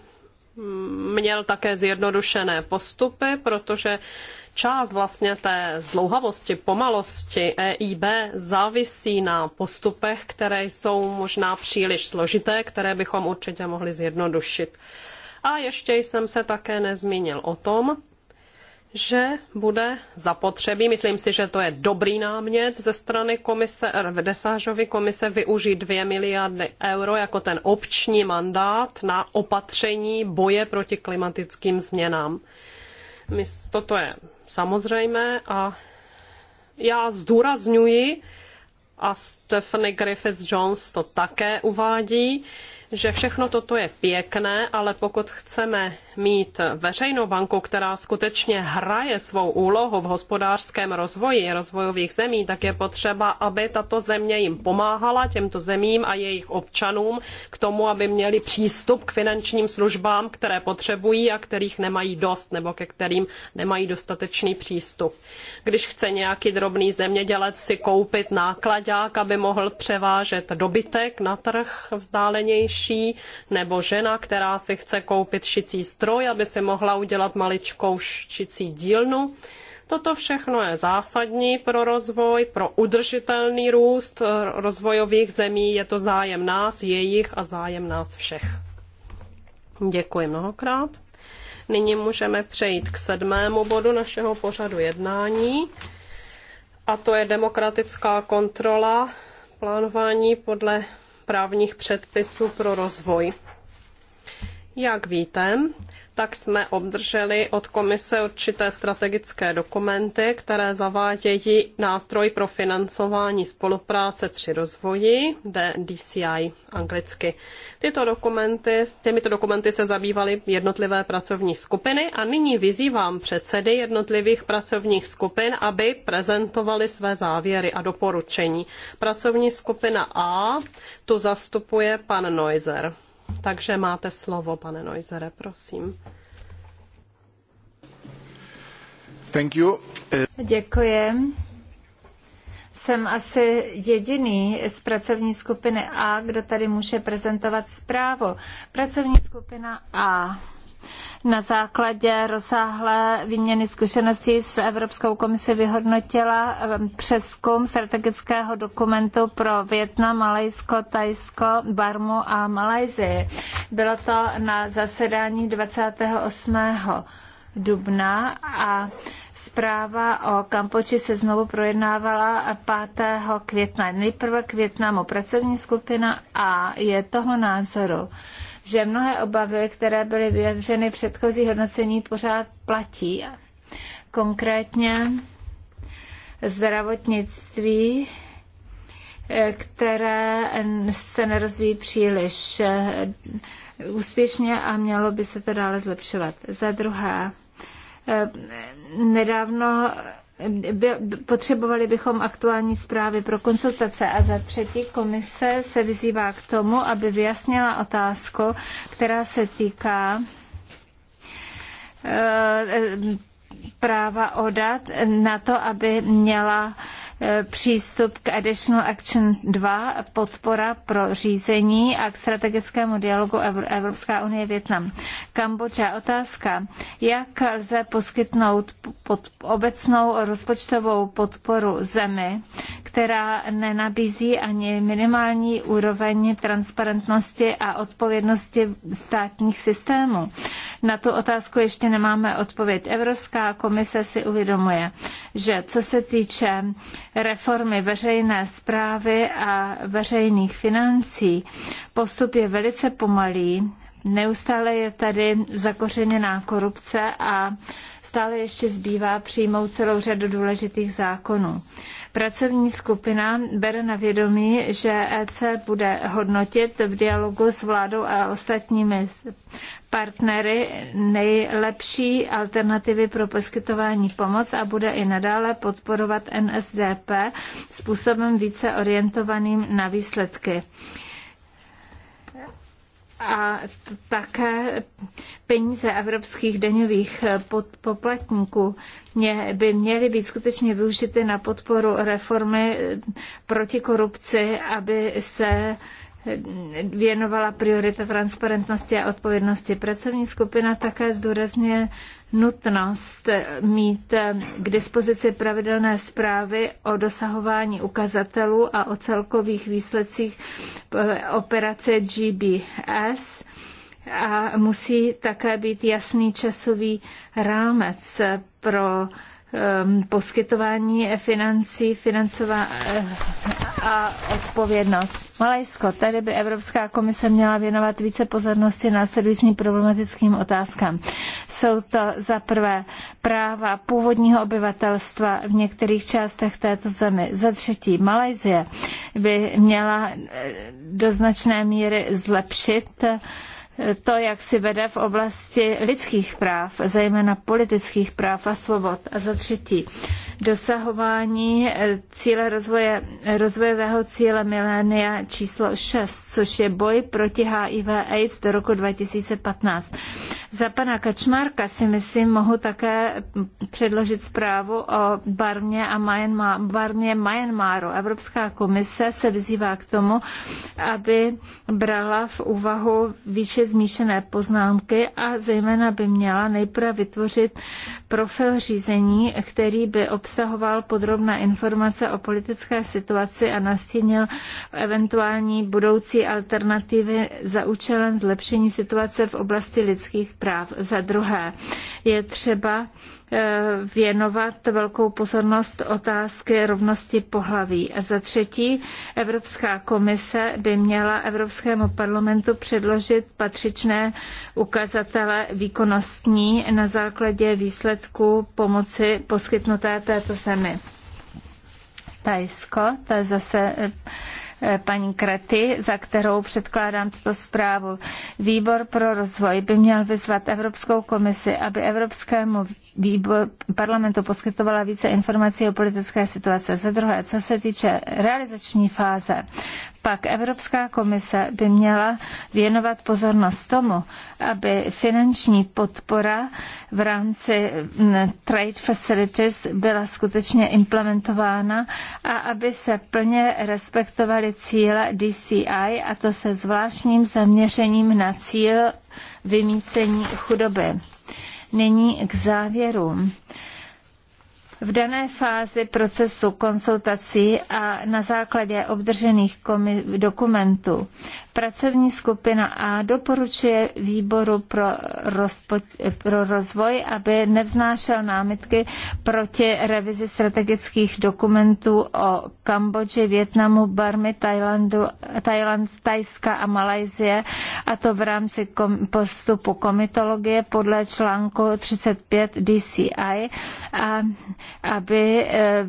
mm, měl také zjednodušené postupy, protože část vlastně té zlouhavosti, pomalosti EIB závisí na postupech, které jsou možná příliš složité, které bychom určitě mohli zjednodušit. A ještě jsem se také nezmínil o tom, že bude zapotřebí, myslím si, že to je dobrý námět ze strany komise, eh, desážovy komise využít 2 miliardy euro jako ten obční mandát na opatření boje proti klimatickým změnám. Toto je samozřejmé a já zdůrazňuji, a Stephanie griffiths Jones to také uvádí, že všechno toto je pěkné, ale pokud chceme mít veřejnou banku, která skutečně hraje svou úlohu v hospodářském rozvoji rozvojových zemí, tak je potřeba, aby tato země jim pomáhala, těmto zemím a jejich občanům, k tomu, aby měli přístup k finančním službám, které potřebují a kterých nemají dost nebo ke kterým nemají dostatečný přístup. Když chce nějaký drobný zemědělec si koupit nákladák, aby mohl převážet dobytek na trh vzdálenější, šší, nebo žena, která si chce koupit šicí stroj, aby si mohla udělat maličkou šicí dílnu. Toto všechno je zásadní pro rozvoj, pro udržitelný růst rozvojových zemí. Je to zájem nás, jejich a zájem nás všech. Děkuji mnohokrát. Nyní můžeme přejít k sedmému bodu našeho pořadu jednání, a to je demokratická kontrola plánování podle právních předpisů pro rozvoj. Jak víte, tak jsme obdrželi od komise určité strategické dokumenty, které zavádějí nástroj pro financování spolupráce při rozvoji, DCI anglicky. Tyto dokumenty, těmito dokumenty se zabývaly jednotlivé pracovní skupiny a nyní vyzývám předsedy jednotlivých pracovních skupin, aby prezentovali své závěry a doporučení. Pracovní skupina A tu zastupuje pan Neuser. Takže máte slovo, pane Noizere, prosím. Thank you. Děkuji jsem asi jediný z pracovní skupiny A, kdo tady může prezentovat zprávu. Pracovní skupina A na základě rozsáhlé výměny zkušeností s Evropskou komisí vyhodnotila ehm, přeskum strategického dokumentu pro Větnam, Malajsko, Tajsko, Barmu a Malajzii. Bylo to na zasedání 28. dubna a Zpráva o Kampoči se znovu projednávala 5. května. Nejprve k Větnamu pracovní skupina a je toho názoru, že mnohé obavy, které byly vyjadřeny v předchozí hodnocení, pořád platí. Konkrétně zdravotnictví, které se nerozvíjí příliš eh, úspěšně a mělo by se to dále zlepšovat. Za druhé, eh, nedávno potřebovali bychom aktuální zprávy pro konsultace a za třetí komise se vyzývá k tomu, aby vyjasnila otázku, která se týká eh, práva odat na to, aby měla Eh, přístup k Additional Action 2, podpora pro řízení a k strategickému dialogu Evropská unie Větnam. Kambodža, otázka, jak lze poskytnout pod obecnou rozpočtovou podporu zemi, která nenabízí ani minimální úroveň transparentnosti a odpovědnosti státních systémů. Na tu otázku ještě nemáme odpověď. Evropská komise si uvědomuje, že co se týče reformy veřejné zprávy a veřejných financí. Postup je velice pomalý, neustále je tady zakořeněná korupce a stále ještě zbývá přijmout celou řadu důležitých zákonů. Pracovní skupina bere na vědomí, že EC bude hodnotit v dialogu s vládou a ostatními partnery nejlepší alternativy pro poskytování pomoc a bude i nadále podporovat NSDP způsobem více orientovaným na výsledky a také peníze evropských daňových eh, poplatníků mě by měly být skutečně využity na podporu reformy eh, proti korupci, aby se eh, věnovala priorita transparentnosti a odpovědnosti. Pracovní skupina také zdůrazňuje nutnost mít k dispozici pravidelné zprávy o dosahování ukazatelů a o celkových výsledcích eh, operace GBS a musí také být jasný časový rámec pro Ehm, poskytování financí, financová eh, a odpovědnost. Malajsko, tady by Evropská komise měla věnovat více pozornosti následujícím problematickým otázkám. Jsou to za prvé práva původního obyvatelstva v některých částech této zemi. Za třetí, Malajzie by měla eh, do značné míry zlepšit uh, to, jak si vede v oblasti lidských práv, zejména politických práv a svobod. A za třetí, dosahování eh, cíle rozvoje, rozvojového cíle milénia číslo 6, což je boj proti HIV AIDS do roku 2015. Za pana Kačmárka si myslím, mohu také předložit zprávu o Barmě a Myanmar, Barmě Myanmaru. Evropská komise se vyzývá k tomu, aby brala v úvahu výše ještě zmíšené poznámky a zejména by měla nejprve vytvořit profil řízení, který by obsahoval podrobná informace o politické situaci a nastínil eventuální budoucí alternativy za účelem zlepšení situace v oblasti lidských práv. Za druhé je třeba Eh, věnovat velkou pozornost otázky rovnosti pohlaví. A za třetí, Evropská komise by měla Evropskému parlamentu předložit patřičné ukazatele výkonnostní na základě výsledků pomoci poskytnuté této zemi. Tajsko, to je zase eh, Eh, paní Krety, za kterou předkládám tuto zprávu. Výbor pro rozvoj by měl vyzvat Evropskou komisi, aby Evropskému výbor, parlamentu poskytovala více informací o politické situaci. Za druhé, co se týče realizační fáze, pak Evropská komise by měla věnovat pozornost tomu, aby finanční podpora v rámci Trade Facilities byla skutečně implementována a aby se plně respektovaly cíle DCI a to se zvláštním zaměřením na cíl vymícení chudoby. Nyní k závěru. V dané fázi procesu konsultací a na základě obdržených dokumentů pracovní skupina A doporučuje výboru pro, pro rozvoj, aby nevznášel námitky proti revizi strategických dokumentů o Kambodži, Větnamu, Barmy, Tajlandu, Tajland, Tajska a Malajzie, a to v rámci kom, postupu komitologie podle článku 35 DCI a aby eh,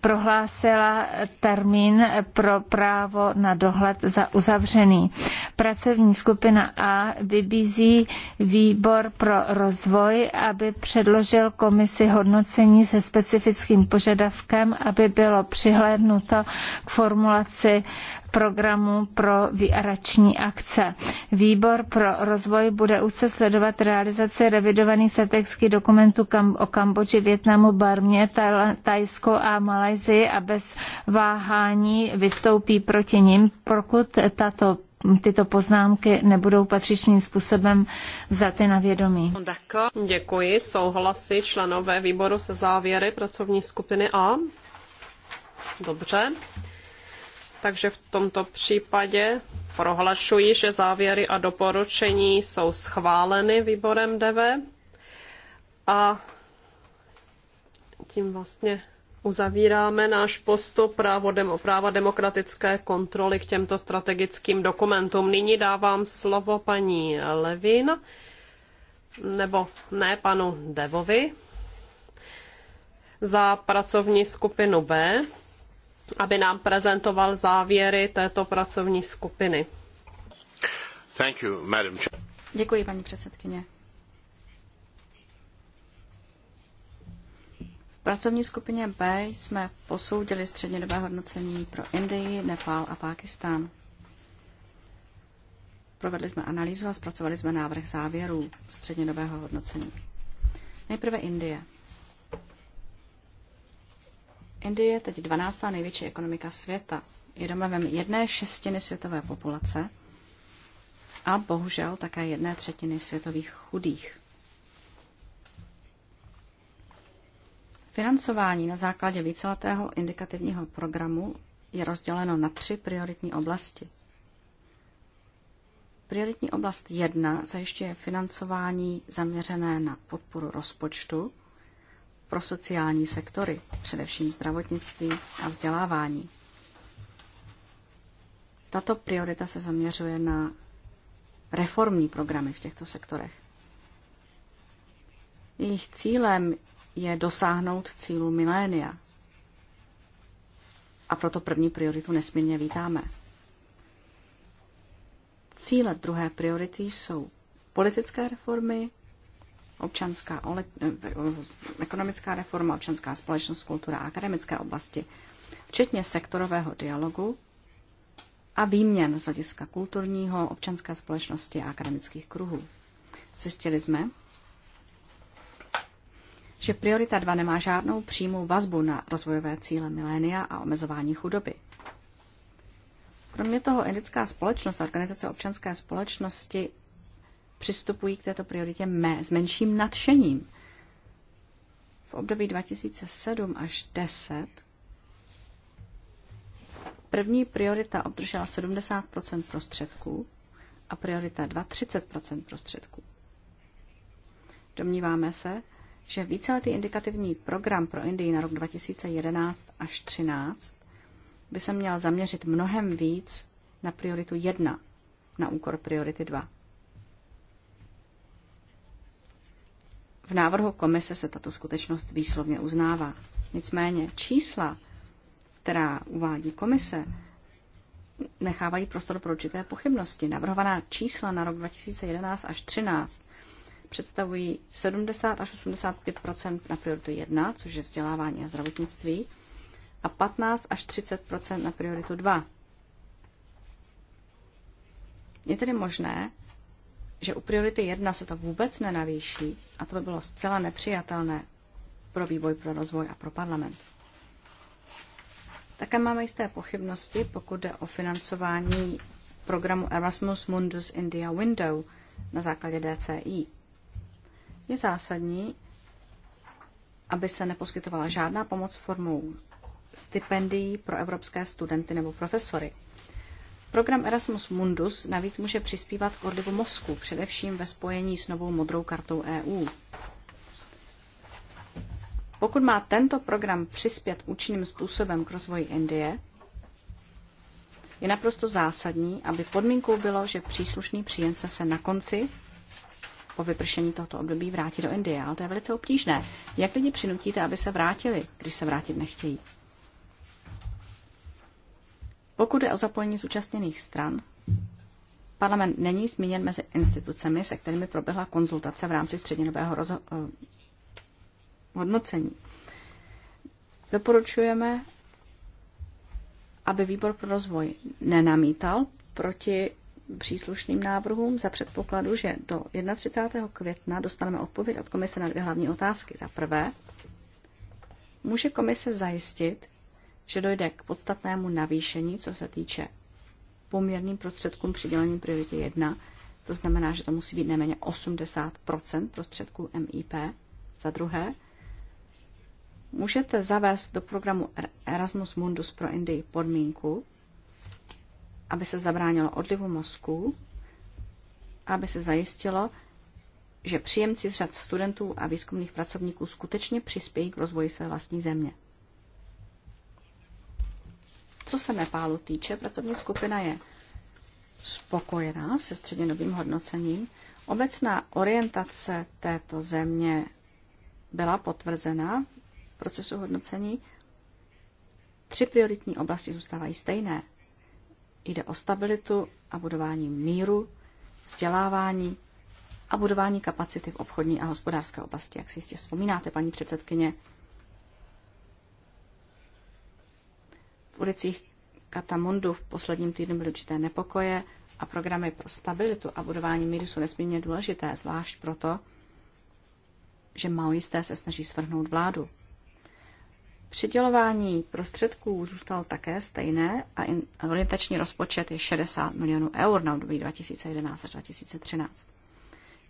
prohlásila termín pro právo na dohled za uzavřený. Pracovní skupina A vybízí výbor pro rozvoj, aby předložil komisi hodnocení se specifickým požadavkem, aby bylo přihlédnuto k formulaci Programu pro výrační akce. Výbor pro rozvoj bude úzce sledovat realizaci revidovaných strategických dokumentů o Kambodži, Větnamu, Barmě, Tajsku a Malajzii a bez váhání vystoupí proti nim, pokud tato tyto poznámky nebudou patřičným způsobem vzaty na vědomí. Děkuji. Souhlasí členové výboru se závěry pracovní skupiny A? Dobře. Takže v tomto případě prohlašuji, že závěry a doporučení jsou schváleny výborem DV a tím vlastně uzavíráme náš postup právo, demo, práva demokratické kontroly k těmto strategickým dokumentům. Nyní dávám slovo paní Levin, nebo ne panu Devovi, za pracovní skupinu B aby nám prezentoval závěry této pracovní skupiny. Thank you, madam. Děkuji, paní předsedkyně. V pracovní skupině B jsme posoudili střednědobé hodnocení pro Indii, Nepál a Pákistán. Provedli jsme analýzu a zpracovali jsme návrh závěrů střednědobého hodnocení. Nejprve Indie. Indie je teď 12. největší ekonomika světa. Je domovem jedné šestiny světové populace a bohužel také jedné třetiny světových chudých. Financování na základě víceletého indikativního programu je rozděleno na tři prioritní oblasti. Prioritní oblast 1 zajišťuje financování zaměřené na podporu rozpočtu, pro sociální sektory, především zdravotnictví a vzdělávání. Tato priorita se zaměřuje na reformní programy v těchto sektorech. Jejich cílem je dosáhnout cílu milénia. A proto první prioritu nesmírně vítáme. Cíle druhé priority jsou politické reformy, občanská, eh, ekonomická reforma, občanská společnost, kultura a akademické oblasti, včetně sektorového dialogu a výměn z hlediska kulturního, občanské společnosti a akademických kruhů. Zjistili jsme, že priorita 2 nemá žádnou přímou vazbu na rozvojové cíle milénia a omezování chudoby. Kromě toho, indická společnost a organizace občanské společnosti přistupují k této prioritě mé s menším nadšením. V období 2007 až 10 první priorita obdržela 70 prostředků a priorita 2 30 prostředků. Domníváme se, že víceletý indikativní program pro Indii na rok 2011 až 2013 by se měl zaměřit mnohem víc na prioritu 1 na úkor priority 2. V návrhu komise se tato skutečnost výslovně uznává. Nicméně čísla, která uvádí komise, nechávají prostor pro určité pochybnosti. Navrhovaná čísla na rok 2011 až 2013 představují 70 až 85 na prioritu 1, což je vzdělávání a zdravotnictví, a 15 až 30 na prioritu 2. Je tedy možné, že u priority jedna se to vůbec nenavýší a to by bylo zcela nepřijatelné pro vývoj, pro rozvoj a pro parlament. Také máme jisté pochybnosti, pokud jde o financování programu Erasmus Mundus India Window na základě DCI. Je zásadní, aby se neposkytovala žádná pomoc formou stipendií pro evropské studenty nebo profesory. Program Erasmus Mundus navíc může přispívat k odlivu mozku, především ve spojení s novou modrou kartou EU. Pokud má tento program přispět účinným způsobem k rozvoji Indie, je naprosto zásadní, aby podmínkou bylo, že příslušný příjemce se na konci po vypršení tohoto období vrátí do Indie. Ale to je velice obtížné. Jak lidi přinutíte, aby se vrátili, když se vrátit nechtějí? Pokud je o zapojení zúčastněných stran, parlament není zmíněn mezi institucemi, se kterými proběhla konzultace v rámci střednědobého rozho- eh, hodnocení. Doporučujeme, aby výbor pro rozvoj nenamítal proti příslušným návrhům za předpokladu, že do 31. května dostaneme odpověď od komise na dvě hlavní otázky. Za prvé, může komise zajistit, že dojde k podstatnému navýšení, co se týče poměrným prostředkům přiděleným prioritě 1. To znamená, že to musí být nejméně 80 prostředků MIP. Za druhé, můžete zavést do programu er- Erasmus Mundus pro Indii podmínku, aby se zabránilo odlivu mozků, aby se zajistilo, že příjemci z řad studentů a výzkumných pracovníků skutečně přispějí k rozvoji své vlastní země. Co se Nepálu týče, pracovní skupina je spokojená se střednědobým hodnocením. Obecná orientace této země byla potvrzena v procesu hodnocení. Tři prioritní oblasti zůstávají stejné. Jde o stabilitu a budování míru, vzdělávání a budování kapacity v obchodní a hospodářské oblasti. Jak si jistě vzpomínáte, paní předsedkyně, ulicích Katamundu v posledním týdnu byly určité nepokoje a programy pro stabilitu a budování míru jsou nesmírně důležité, zvlášť proto, že maoisté se snaží svrhnout vládu. Přidělování prostředků zůstalo také stejné a orientační rozpočet je 60 milionů eur na období 2011 až 2013.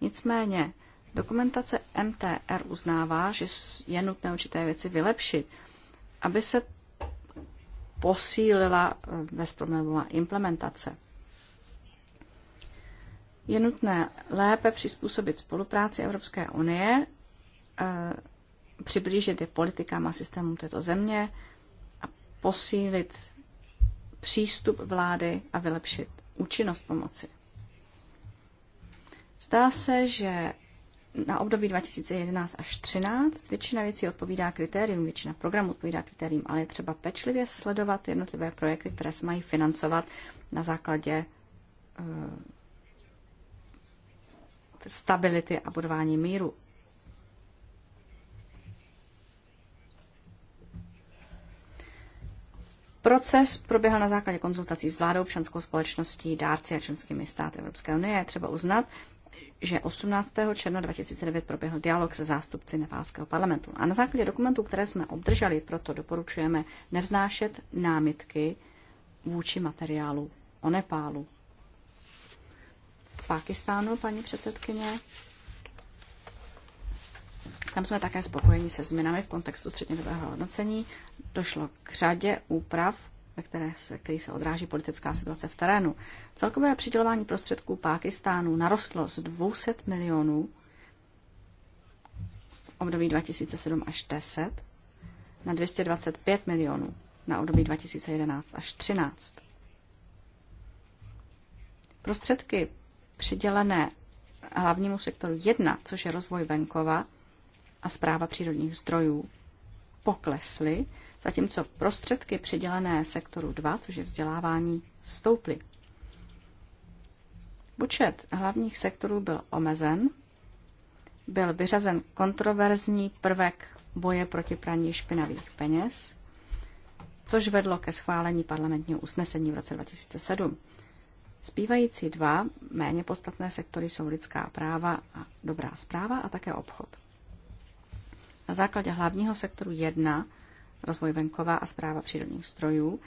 Nicméně dokumentace MTR uznává, že je nutné určité věci vylepšit, aby se posílila eh, bezproblémová implementace. Je nutné lépe přizpůsobit spolupráci Evropské unie, eh, přiblížit je politikám a systémům této země a posílit přístup vlády a vylepšit účinnost pomoci. Zdá se, že na období 2011 až 2013 většina věcí odpovídá kritérium, většina programů odpovídá kritériím, ale je třeba pečlivě sledovat jednotlivé projekty, které se mají financovat na základě uh, stability a budování míru. Proces proběhl na základě konzultací s vládou, občanskou společností, dárci a členskými státy Evropské unie. Je třeba uznat, že 18. června 2009 proběhl dialog se zástupci nepálského parlamentu. A na základě dokumentů, které jsme obdrželi, proto doporučujeme nevznášet námitky vůči materiálu o Nepálu. V Pákistánu, paní předsedkyně, tam jsme také spokojeni se změnami v kontextu střednědobého hodnocení. Došlo k řadě úprav ve které se, který se odráží politická situace v terénu. Celkové přidělování prostředků Pákistánu narostlo z 200 milionů v období 2007 až 10 na 225 milionů na období 2011 až 13. Prostředky přidělené hlavnímu sektoru 1, což je rozvoj venkova a zpráva přírodních zdrojů, poklesly zatímco prostředky přidělené sektoru 2, což je vzdělávání, stouply. Počet hlavních sektorů byl omezen, byl vyřazen kontroverzní prvek boje proti praní špinavých peněz, což vedlo ke schválení parlamentního usnesení v roce 2007. Zpívající dva méně podstatné sektory jsou lidská práva a dobrá zpráva a také obchod. Na základě hlavního sektoru 1 rozvoj venkova a zpráva přírodních strojů,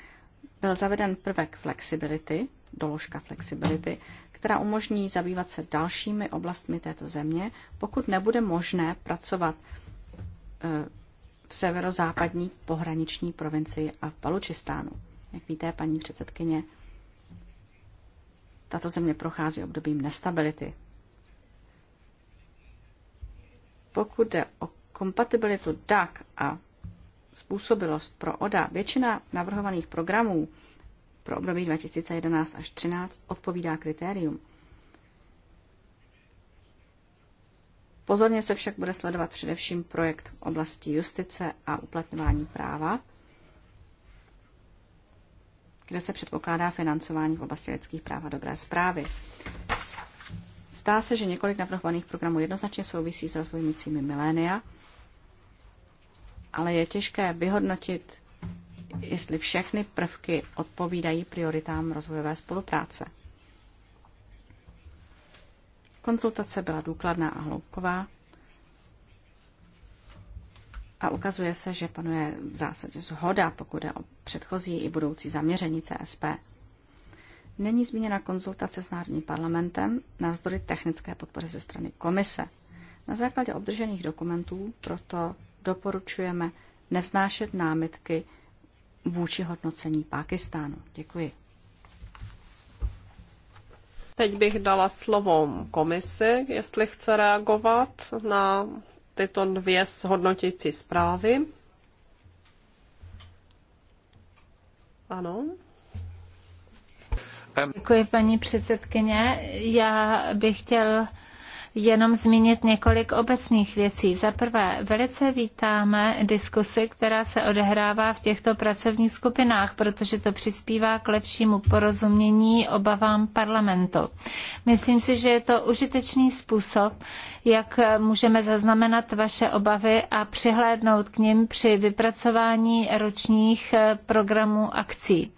byl zaveden prvek flexibility, doložka flexibility, která umožní zabývat se dalšími oblastmi této země, pokud nebude možné pracovat eh, v severozápadní pohraniční provincii a v Balučistánu. Jak víte, paní předsedkyně, tato země prochází obdobím nestability. Pokud jde o kompatibilitu DAC a způsobilost pro ODA, většina navrhovaných programů pro období 2011 až 2013 odpovídá kritérium. Pozorně se však bude sledovat především projekt v oblasti justice a uplatňování práva, kde se předpokládá financování v oblasti lidských práv a dobré zprávy. Zdá se, že několik navrhovaných programů jednoznačně souvisí s rozvojícími milénia, ale je těžké vyhodnotit, jestli všechny prvky odpovídají prioritám rozvojové spolupráce. Konzultace byla důkladná a hloubková a ukazuje se, že panuje v zásadě zhoda, pokud je o předchozí i budoucí zaměření CSP. Není zmíněna konzultace s Národním parlamentem navzdory technické podpory ze strany komise. Na základě obdržených dokumentů proto doporučujeme nevznášet námitky vůči hodnocení Pákistánu. Děkuji. Teď bych dala slovo komisi, jestli chce reagovat na tyto dvě hodnotící zprávy. Ano. Děkuji, paní předsedkyně. Já bych chtěl jenom zmínit několik obecných věcí. Za prvé, velice vítáme diskusy, která se odehrává v těchto pracovních skupinách, protože to přispívá k lepšímu porozumění obavám parlamentu. Myslím si, že je to užitečný způsob, jak můžeme zaznamenat vaše obavy a přihlédnout k nim při vypracování ročních eh, programů akcí.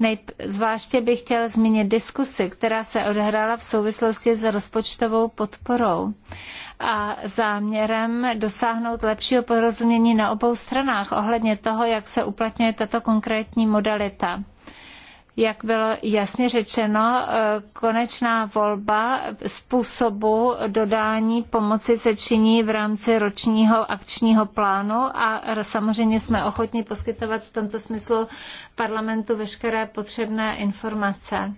Nejp- zvláště bych chtěl zmínit diskusy, která se odehrála v souvislosti s rozpočtovou podporou podporou a záměrem dosáhnout lepšího porozumění na obou stranách ohledně toho, jak se uplatňuje tato konkrétní modalita jak bylo jasně řečeno, konečná volba způsobu dodání pomoci se činí v rámci ročního akčního plánu a samozřejmě jsme ochotni poskytovat v tomto smyslu parlamentu veškeré potřebné informace.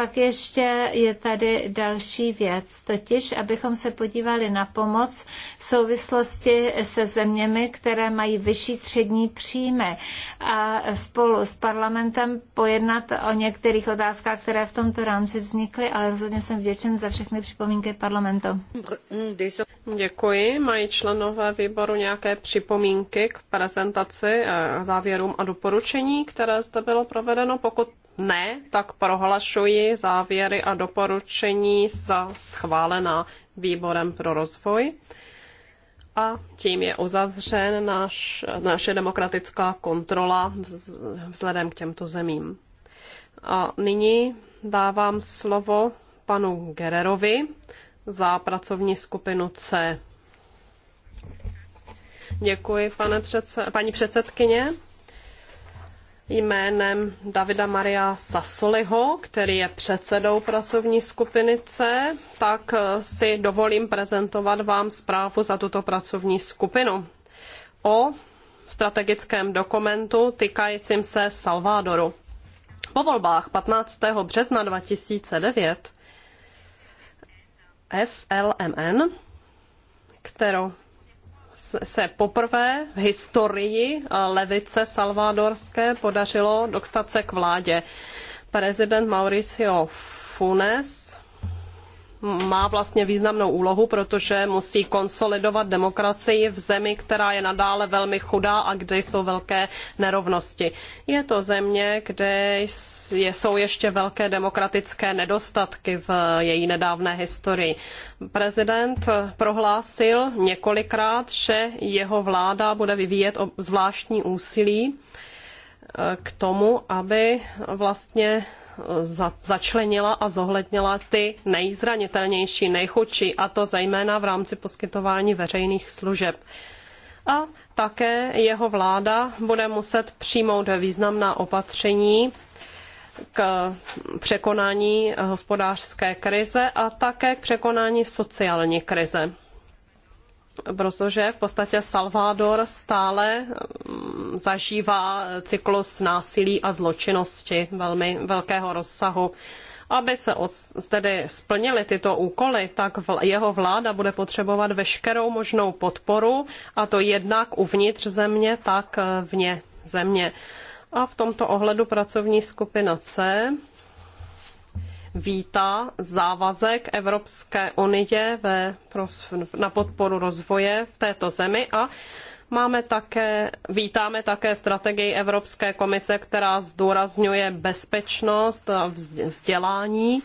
Pak ještě je tady další věc, totiž abychom se podívali na pomoc v souvislosti se zeměmi, které mají vyšší střední příjmy a spolu s parlamentem pojednat o některých otázkách, které v tomto rámci vznikly, ale rozhodně jsem vděčen za všechny připomínky parlamentu. Děkuji. Mají členové výboru nějaké připomínky k prezentaci, eh, závěrům a doporučení, které zde bylo provedeno? Pokud ne, tak prohlašuji závěry a doporučení za schválená výborem pro rozvoj. A tím je uzavřen naš naše demokratická kontrola vzhledem k těmto zemím. A nyní dávám slovo panu Gererovi, za pracovní skupinu C. Děkuji, pane předse, paní předsedkyně. Jménem Davida Maria Sasoliho, který je předsedou pracovní skupiny C, tak si dovolím prezentovat vám zprávu za tuto pracovní skupinu o strategickém dokumentu týkajícím se Salvadoru. Po volbách 15. března 2009 FLMN, kterou se poprvé v historii eh, levice salvadorské podařilo dostat se k vládě. Prezident Mauricio Funes má vlastně významnou úlohu, protože musí konsolidovat demokracii v zemi, která je nadále velmi chudá a kde jsou velké nerovnosti. Je to země, kde jsou ještě velké demokratické nedostatky v její nedávné historii. Prezident prohlásil několikrát, že jeho vláda bude vyvíjet zvláštní úsilí k tomu, aby vlastně za, začlenila a zohlednila ty nejzranitelnější, nejchudší, a to zejména v rámci poskytování veřejných služeb. A také jeho vláda bude muset přijmout významná opatření k překonání hospodářské krize a také k překonání sociální krize protože v podstatě Salvador stále mm, zažívá cyklus násilí a zločinnosti velmi velkého rozsahu. Aby se tedy splnily tyto úkoly, tak jeho vláda bude potřebovat veškerou možnou podporu, a to jednak uvnitř země, tak vně země. A v tomto ohledu pracovní skupina C vítá závazek Evropské unie ve, na podporu rozvoje v této zemi a máme také, vítáme také strategii Evropské komise, která zdůrazňuje bezpečnost a vzdělání.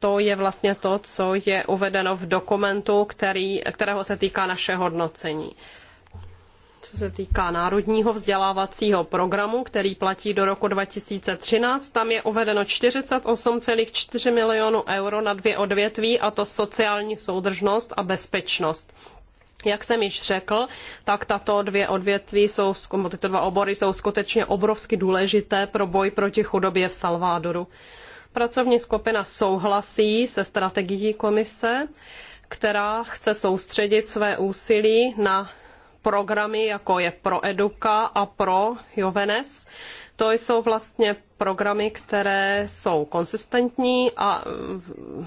To je vlastně to, co je uvedeno v dokumentu, který, kterého se týká naše hodnocení co se týká národního vzdělávacího programu, který platí do roku 2013, tam je uvedeno 48,4 milionů euro na dvě odvětví, a to sociální soudržnost a bezpečnost. Jak jsem již řekl, tak tato dvě odvětví jsou, tyto dva obory jsou skutečně obrovsky důležité pro boj proti chudobě v Salvadoru. Pracovní skupina souhlasí se strategií komise, která chce soustředit své úsilí na programy, jako je Pro Eduka a Pro Jovenes. To jsou vlastně programy, které jsou konsistentní a eh,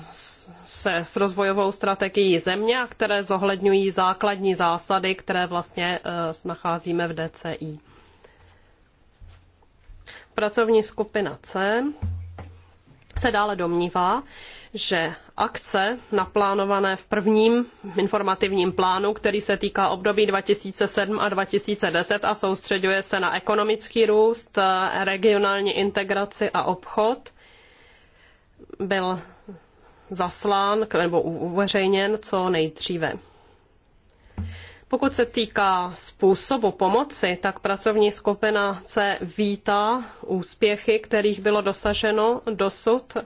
se s rozvojovou strategií země a které zohledňují základní zásady, které vlastně eh, nacházíme v DCI. Pracovní skupina C se dále domnívá, že akce naplánované v prvním informativním plánu, který se týká období 2007 a 2010 a soustředuje se na ekonomický růst, regionální integraci a obchod, byl zaslán nebo uveřejněn co nejdříve. Pokud se týká způsobu pomoci, tak pracovní skupina C vítá úspěchy, kterých bylo dosaženo dosud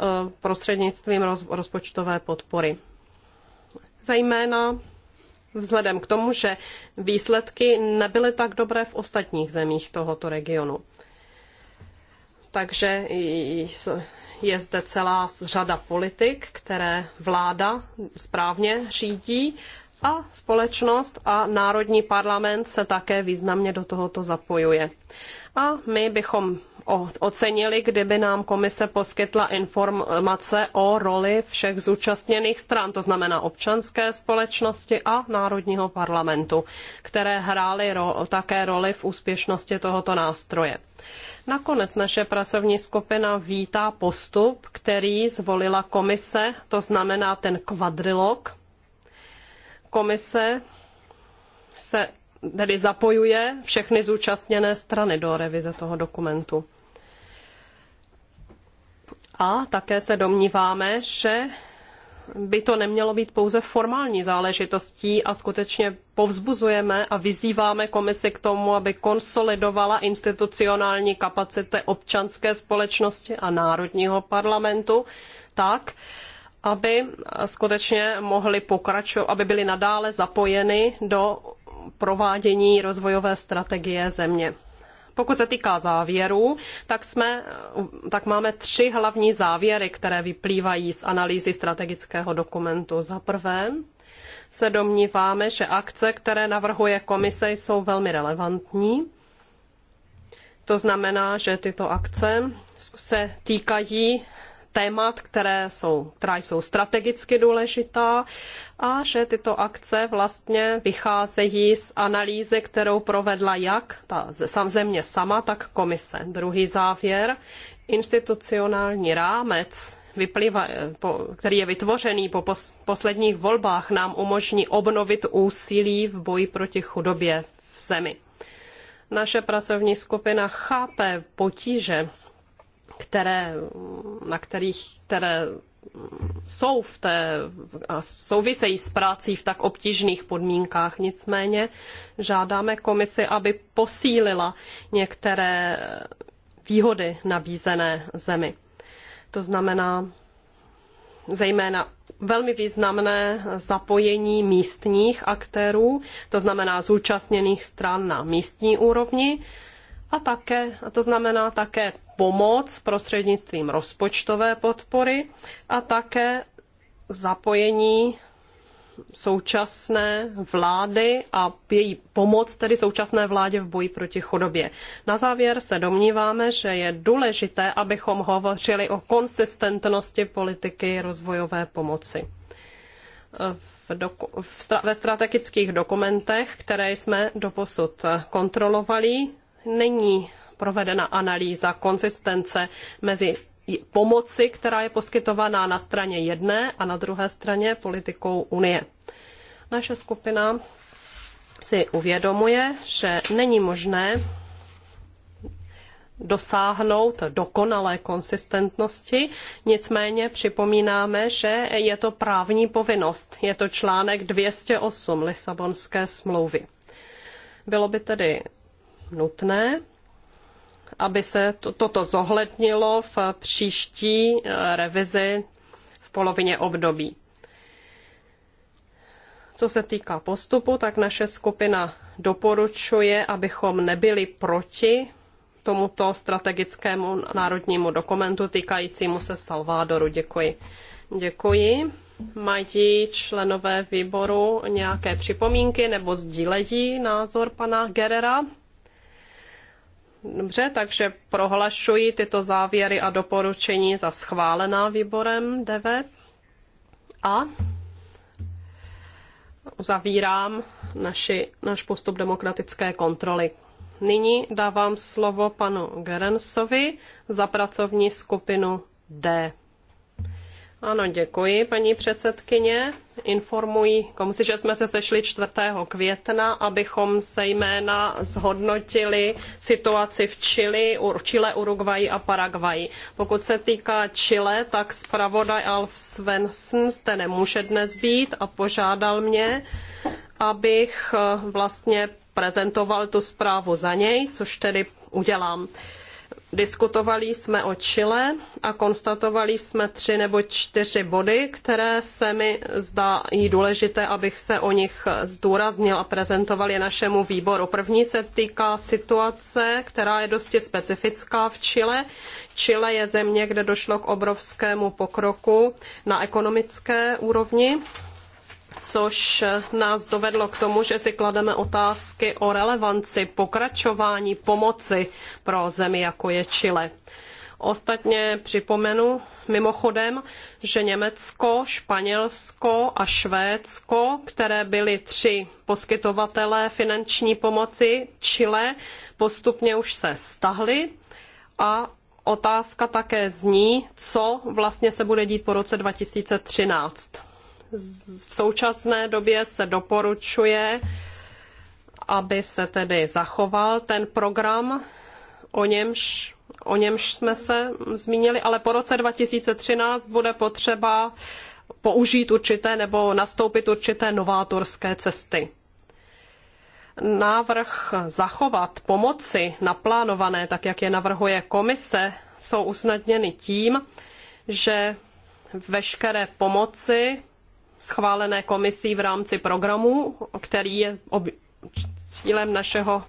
Eh, prostřednictvím rozpočtové podpory. Zajména vzhledem k tomu, že výsledky nebyly tak dobré v ostatních zemích tohoto regionu. Takže je zde celá řada politik, které vláda správně řídí a společnost a Národní parlament se také významně do tohoto zapojuje. A my bychom ocenili, kdyby nám komise poskytla informace o roli všech zúčastněných stran, to znamená občanské společnosti a Národního parlamentu, které hrály ro také roli v úspěšnosti tohoto nástroje. Nakonec naše pracovní skupina vítá postup, který zvolila komise, to znamená ten kvadrilog. Komise se tedy zapojuje všechny zúčastněné strany do revize toho dokumentu. A také se domníváme, že by to nemělo být pouze formální záležitostí a skutečně povzbuzujeme a vyzýváme komisi k tomu, aby konsolidovala institucionální kapacity občanské společnosti a národního parlamentu tak, aby skutečně mohly pokračovat, aby byly nadále zapojeny do provádění rozvojové strategie země. Pokud se týká závěrů, tak, jsme, tak máme tři hlavní závěry, které vyplývají z analýzy strategického dokumentu. Za prvé se domníváme, že akce, které navrhuje komise, jsou velmi relevantní. To znamená, že tyto akce se týkají témat, které jsou, která jsou strategicky důležitá a že tyto akce vlastně vycházejí z analýzy, kterou provedla jak ta sam země sama, tak komise. Druhý závěr, institucionální rámec vyplývá, eh, který je vytvořený po posledních volbách, nám umožní obnovit úsilí v boji proti chudobě v zemi. Naše pracovní skupina chápe potíže, které, na kterých, které jsou v té, a souvisejí s prací v tak obtížných podmínkách. Nicméně žádáme komisi, aby posílila některé výhody nabízené zemi. To znamená zejména velmi významné zapojení místních aktérů, to znamená zúčastněných stran na místní úrovni, a také, a to znamená také pomoc prostřednictvím rozpočtové podpory a také zapojení současné vlády a její pomoc tedy současné vládě v boji proti chudobě. Na závěr se domníváme, že je důležité, abychom hovořili o konsistentnosti politiky rozvojové pomoci. V doku- v stra- ve strategických dokumentech, které jsme doposud kontrolovali, není provedena analýza konzistence mezi pomoci, která je poskytovaná na straně jedné a na druhé straně politikou Unie. Naše skupina si uvědomuje, že není možné dosáhnout dokonalé konsistentnosti. Nicméně připomínáme, že je to právní povinnost. Je to článek 208 Lisabonské smlouvy. Bylo by tedy nutné, aby se to, toto zohlednilo v příští eh, revizi v polovině období. Co se týká postupu, tak naše skupina doporučuje, abychom nebyli proti tomuto strategickému národnímu dokumentu týkajícímu se Salvadoru. Děkuji. Děkuji. Mají členové výboru nějaké připomínky nebo sdílejí názor pana Gerera? Dobře, takže prohlašuji tyto závěry a doporučení za schválená výborem DV. A uzavírám naši, náš postup demokratické kontroly. Nyní dávám slovo panu Gerensovi za pracovní skupinu D. Ano, děkuji, paní předsedkyně. Informuji komisi, že jsme se sešli 4. května, abychom se jména zhodnotili situaci v Chile, Chile Uruguay a Paraguay. Pokud se týká Chile, tak zpravodaj Alf Svensson zde nemůže dnes být a požádal mě, abych eh, vlastně prezentoval tu zprávu za něj, což tedy udělám. Uh, Diskutovali jsme o Chile a konstatovali jsme tři nebo čtyři body, které se mi zdají důležité, abych se o nich zdůraznil a prezentoval je našemu výboru. První se týká situace, která je dosti specifická v Chile. Chile je země, kde došlo k obrovskému pokroku na ekonomické úrovni což nás dovedlo k tomu, že si klademe otázky o relevanci pokračování pomoci pro zemi, jako je Chile. Ostatně připomenu mimochodem, že Německo, Španělsko a Švédsko, které byly tři poskytovatelé finanční pomoci Chile, postupně už se stahly a otázka také zní, co vlastně se bude dít po roce 2013 v současné době se doporučuje, aby se tedy zachoval ten program, o němž, o němž jsme se zmínili, ale po roce 2013 bude potřeba použít určité nebo nastoupit určité novátorské cesty. Návrh zachovat pomoci naplánované, tak jak je navrhuje komise, jsou usnadněny tím, že veškeré pomoci schválené komisí v rámci programu, který je cílem našeho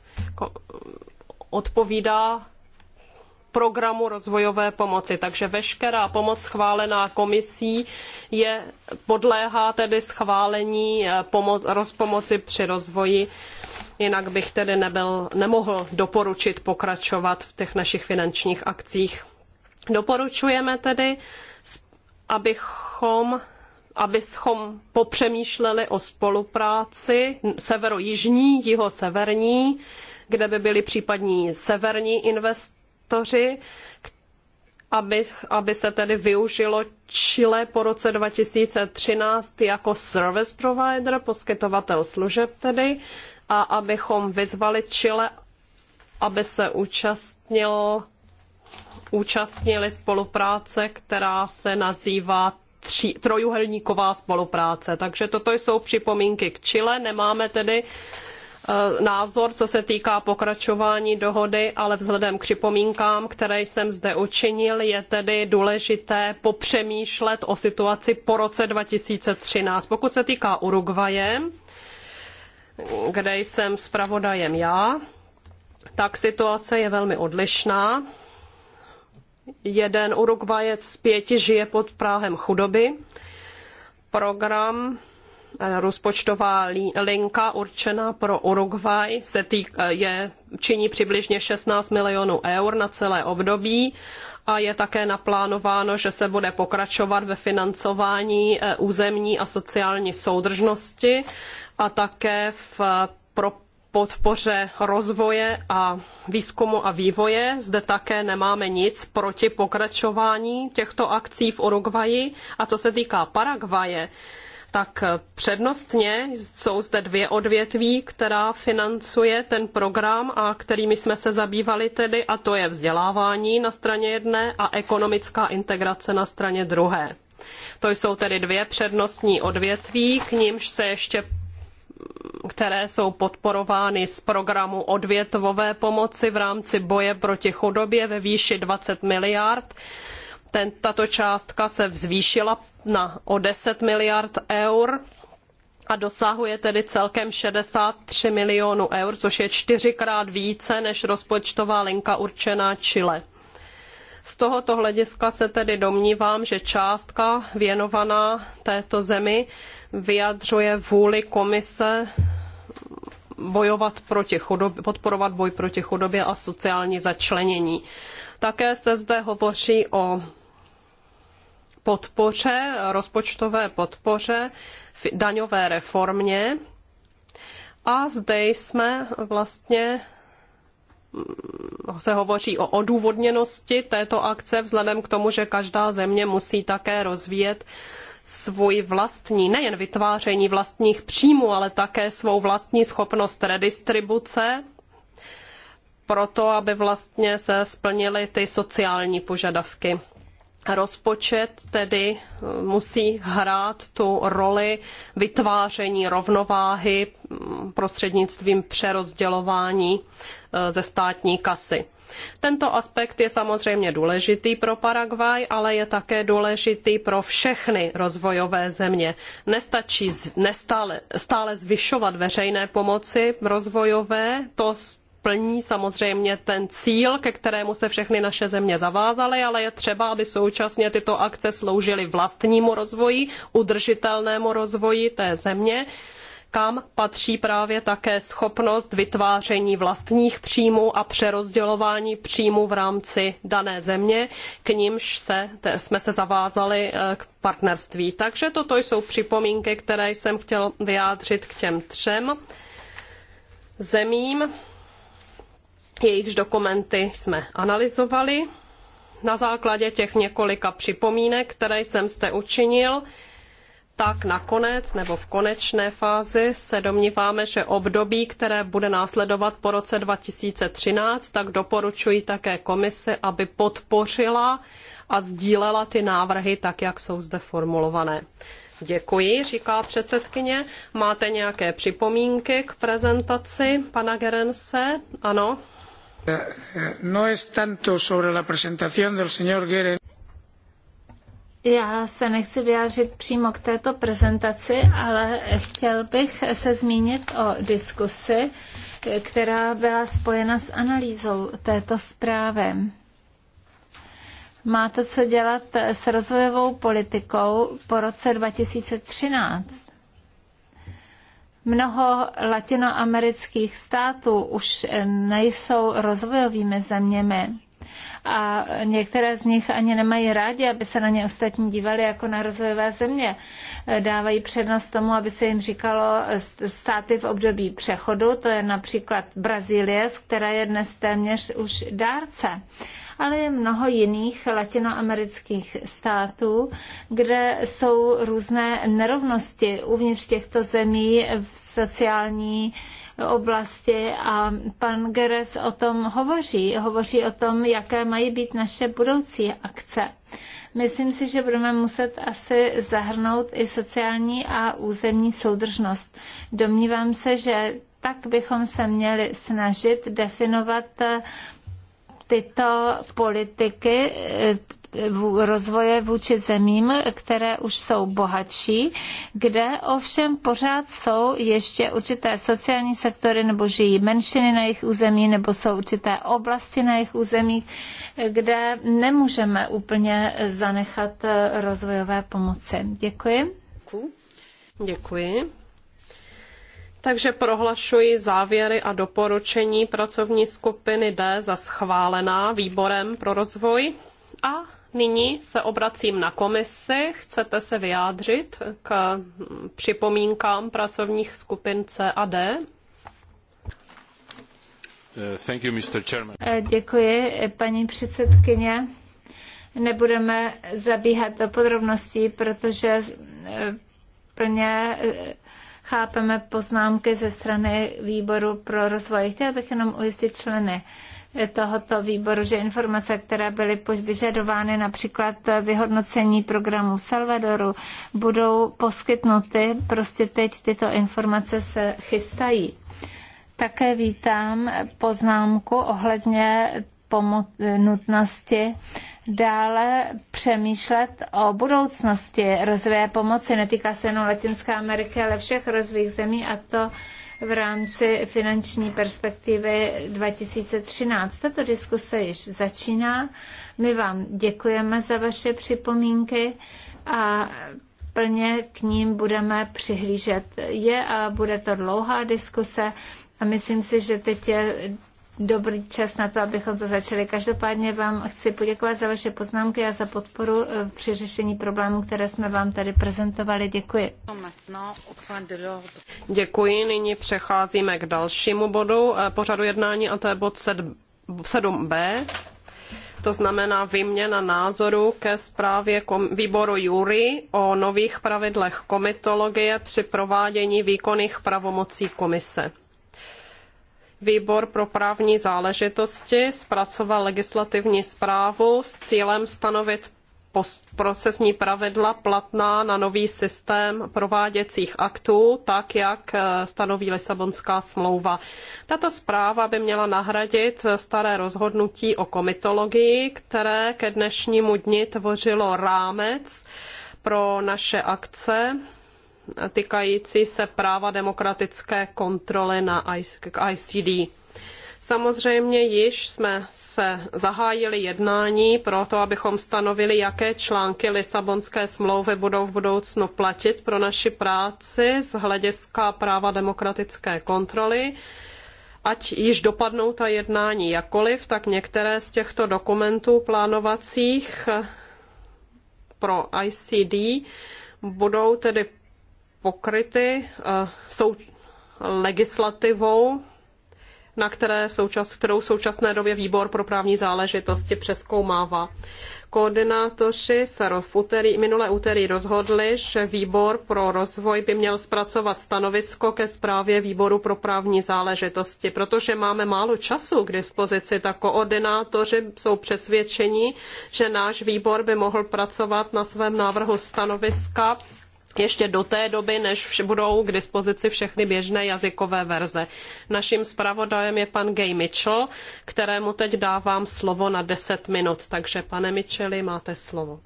odpovídá programu rozvojové pomoci. Takže veškerá pomoc schválená komisí je, podléhá tedy schválení eh, pomoc, rozpomoci při rozvoji. Jinak bych tedy nebyl, nemohl doporučit pokračovat v těch našich finančních akcích. Doporučujeme tedy, abychom abychom popřemýšleli o spolupráci severo-jižní, jiho-severní, kde by byli případní severní investoři, aby, aby se tedy využilo Chile po roce 2013 jako service provider, poskytovatel služeb tedy, a abychom vyzvali Chile, aby se účastnil účastnili spolupráce, která se nazývá trojúhelníková trojuhelníková spolupráce. Takže toto jsou připomínky k Chile. Nemáme tedy e, názor, co se týká pokračování dohody, ale vzhledem k připomínkám, které jsem zde učinil, je tedy důležité popřemýšlet o situaci po roce 2013. Pokud se týká Uruguaje, kde jsem zpravodajem já, tak situace je velmi odlišná jeden Urugvajec z pěti žije pod práhem chudoby. Program eh, rozpočtová linka určená pro Uruguay se týk, eh, je, činí přibližně 16 milionů eur na celé období a je také naplánováno, že se bude pokračovat ve financování eh, územní a sociální soudržnosti a také v pro podpoře rozvoje a výzkumu a vývoje. Zde také nemáme nic proti pokračování těchto akcí v Uruguayi. A co se týká Paraguaje, tak přednostně jsou zde dvě odvětví, která financuje ten program a kterými jsme se zabývali tedy, a to je vzdělávání na straně jedné a ekonomická integrace na straně druhé. To jsou tedy dvě přednostní odvětví, k nímž se ještě které jsou podporovány z programu odvětvové pomoci v rámci boje proti chudobě ve výši 20 miliard. Ten, tato částka se zvýšila na o 10 miliard eur a dosahuje tedy celkem 63 milionů eur, což je čtyřikrát více než rozpočtová linka určená Chile. Z tohoto hlediska se tedy domnívám, že částka věnovaná této zemi vyjadřuje vůli komise bojovat proti chudobě, podporovat boj proti chudobě a sociální začlenění. Také se zde hovoří o podpoře, rozpočtové podpoře, daňové reformě. A zde jsme vlastně se hovoří o odůvodněnosti této akce vzhledem k tomu, že každá země musí také rozvíjet svůj vlastní, nejen vytváření vlastních příjmů, ale také svou vlastní schopnost redistribuce proto, aby vlastně se splnily ty sociální požadavky. Rozpočet tedy eh, musí hrát tu roli vytváření rovnováhy mm, prostřednictvím přerozdělování eh, ze státní kasy. Tento aspekt je samozřejmě důležitý pro Paraguay, ale je také důležitý pro všechny rozvojové země. Nestačí stále zvyšovat veřejné pomoci rozvojové, to plní samozřejmě ten cíl, ke kterému se všechny naše země zavázaly, ale je třeba, aby současně tyto akce sloužily vlastnímu rozvoji, udržitelnému rozvoji té země kam patří právě také schopnost vytváření vlastních příjmů a přerozdělování příjmů v rámci dané země, k nímž se, jsme se zavázali eh, k partnerství. Takže toto jsou připomínky, které jsem chtěl vyjádřit k těm třem zemím jejichž dokumenty jsme analyzovali. Na základě těch několika připomínek, které jsem zde učinil, tak nakonec nebo v konečné fázi se domníváme, že období, které bude následovat po roce 2013, tak doporučuji také komisi, aby podpořila a sdílela ty návrhy tak, jak jsou zde formulované. Děkuji, říká předsedkyně. Máte nějaké připomínky k prezentaci pana Gerense? Ano, No es tanto sobre la presentación del señor Geren. Já se nechci vyjádřit přímo k této prezentaci, ale chtěl bych se zmínit o diskusi, která byla spojena s analýzou této zprávy. Má to co dělat s rozvojovou politikou po roce 2013. Mnoho latinoamerických států už nejsou rozvojovými zeměmi a některé z nich ani nemají rádi, aby se na ně ostatní dívali jako na rozvojové země. Dávají přednost tomu, aby se jim říkalo státy v období přechodu, to je například Brazílie, z které je dnes téměř už dárce ale je mnoho jiných latinoamerických států, kde jsou různé nerovnosti uvnitř těchto zemí v sociální oblasti a pan Geres o tom hovoří. Hovoří o tom, jaké mají být naše budoucí akce. Myslím si, že budeme muset asi zahrnout i sociální a územní soudržnost. Domnívám se, že tak bychom se měli snažit definovat tyto politiky eh, rozvoje vůči zemím, které už jsou bohatší, kde ovšem pořád jsou ještě určité sociální sektory nebo žijí menšiny na jejich území nebo jsou určité oblasti na jejich území, eh, kde nemůžeme úplně zanechat eh, rozvojové pomoci. Děkuji. Děkuji. Takže prohlašuji závěry a doporučení pracovní skupiny D za schválená výborem pro rozvoj. A nyní se obracím na komisi. Chcete se vyjádřit k připomínkám pracovních skupin C a D? Eh, you, eh, Děkuji, paní předsedkyně. Nebudeme zabíhat do podrobností, protože eh, plně chápeme poznámky ze strany výboru pro rozvoj. Chtěla bych jenom ujistit členy tohoto výboru, že informace, které byly vyžadovány, například vyhodnocení programu v Salvadoru, budou poskytnuty. Prostě teď tyto informace se chystají. Také vítám poznámku ohledně pomo- nutnosti dále přemýšlet o budoucnosti rozvoje pomoci. Netýká se jenom latinské Ameriky, ale všech rozvých zemí a to v rámci finanční perspektivy 2013. Tato diskuse již začíná. My vám děkujeme za vaše připomínky a plně k ním budeme přihlížet. Je a bude to dlouhá diskuse a myslím si, že teď je dobrý čas na to, abychom to začali. Každopádně vám chci poděkovat za vaše poznámky a za podporu eh, při řešení problémů, které jsme vám tady prezentovali. Děkuji. Děkuji. Nyní přecházíme k dalšímu bodu eh, pořadu jednání a to je bod 7b. To znamená výměna názoru ke zprávě výboru Jury o nových pravidlech komitologie při provádění výkonných pravomocí komise. Výbor pro právní záležitosti zpracoval legislativní zprávu s cílem stanovit procesní pravidla platná na nový systém prováděcích aktů, tak jak eh, stanoví Lisabonská smlouva. Tato zpráva by měla nahradit staré rozhodnutí o komitologii, které ke dnešnímu dni tvořilo rámec pro naše akce týkající se práva demokratické kontroly na ICD. Samozřejmě již jsme se zahájili jednání pro to, abychom stanovili, jaké články Lisabonské smlouvy budou v budoucnu platit pro naši práci z hlediska práva demokratické kontroly. Ať již dopadnou ta jednání jakoliv, tak některé z těchto dokumentů plánovacích pro ICD budou tedy pokryty eh, sou, legislativou, na které součas, kterou v současné době výbor pro právní záležitosti přeskoumává. Koordinátoři se v úterý, minulé úterý rozhodli, že výbor pro rozvoj by měl zpracovat stanovisko ke zprávě výboru pro právní záležitosti. Protože máme málo času k dispozici, tak koordinátoři jsou přesvědčeni, že náš výbor by mohl pracovat na svém návrhu stanoviska ještě do té doby, než budou k dispozici všechny běžné jazykové verze. Naším zpravodajem je pan Gay Mitchell, kterému teď dávám slovo na 10 minut. Takže pane Mitchelli, máte slovo.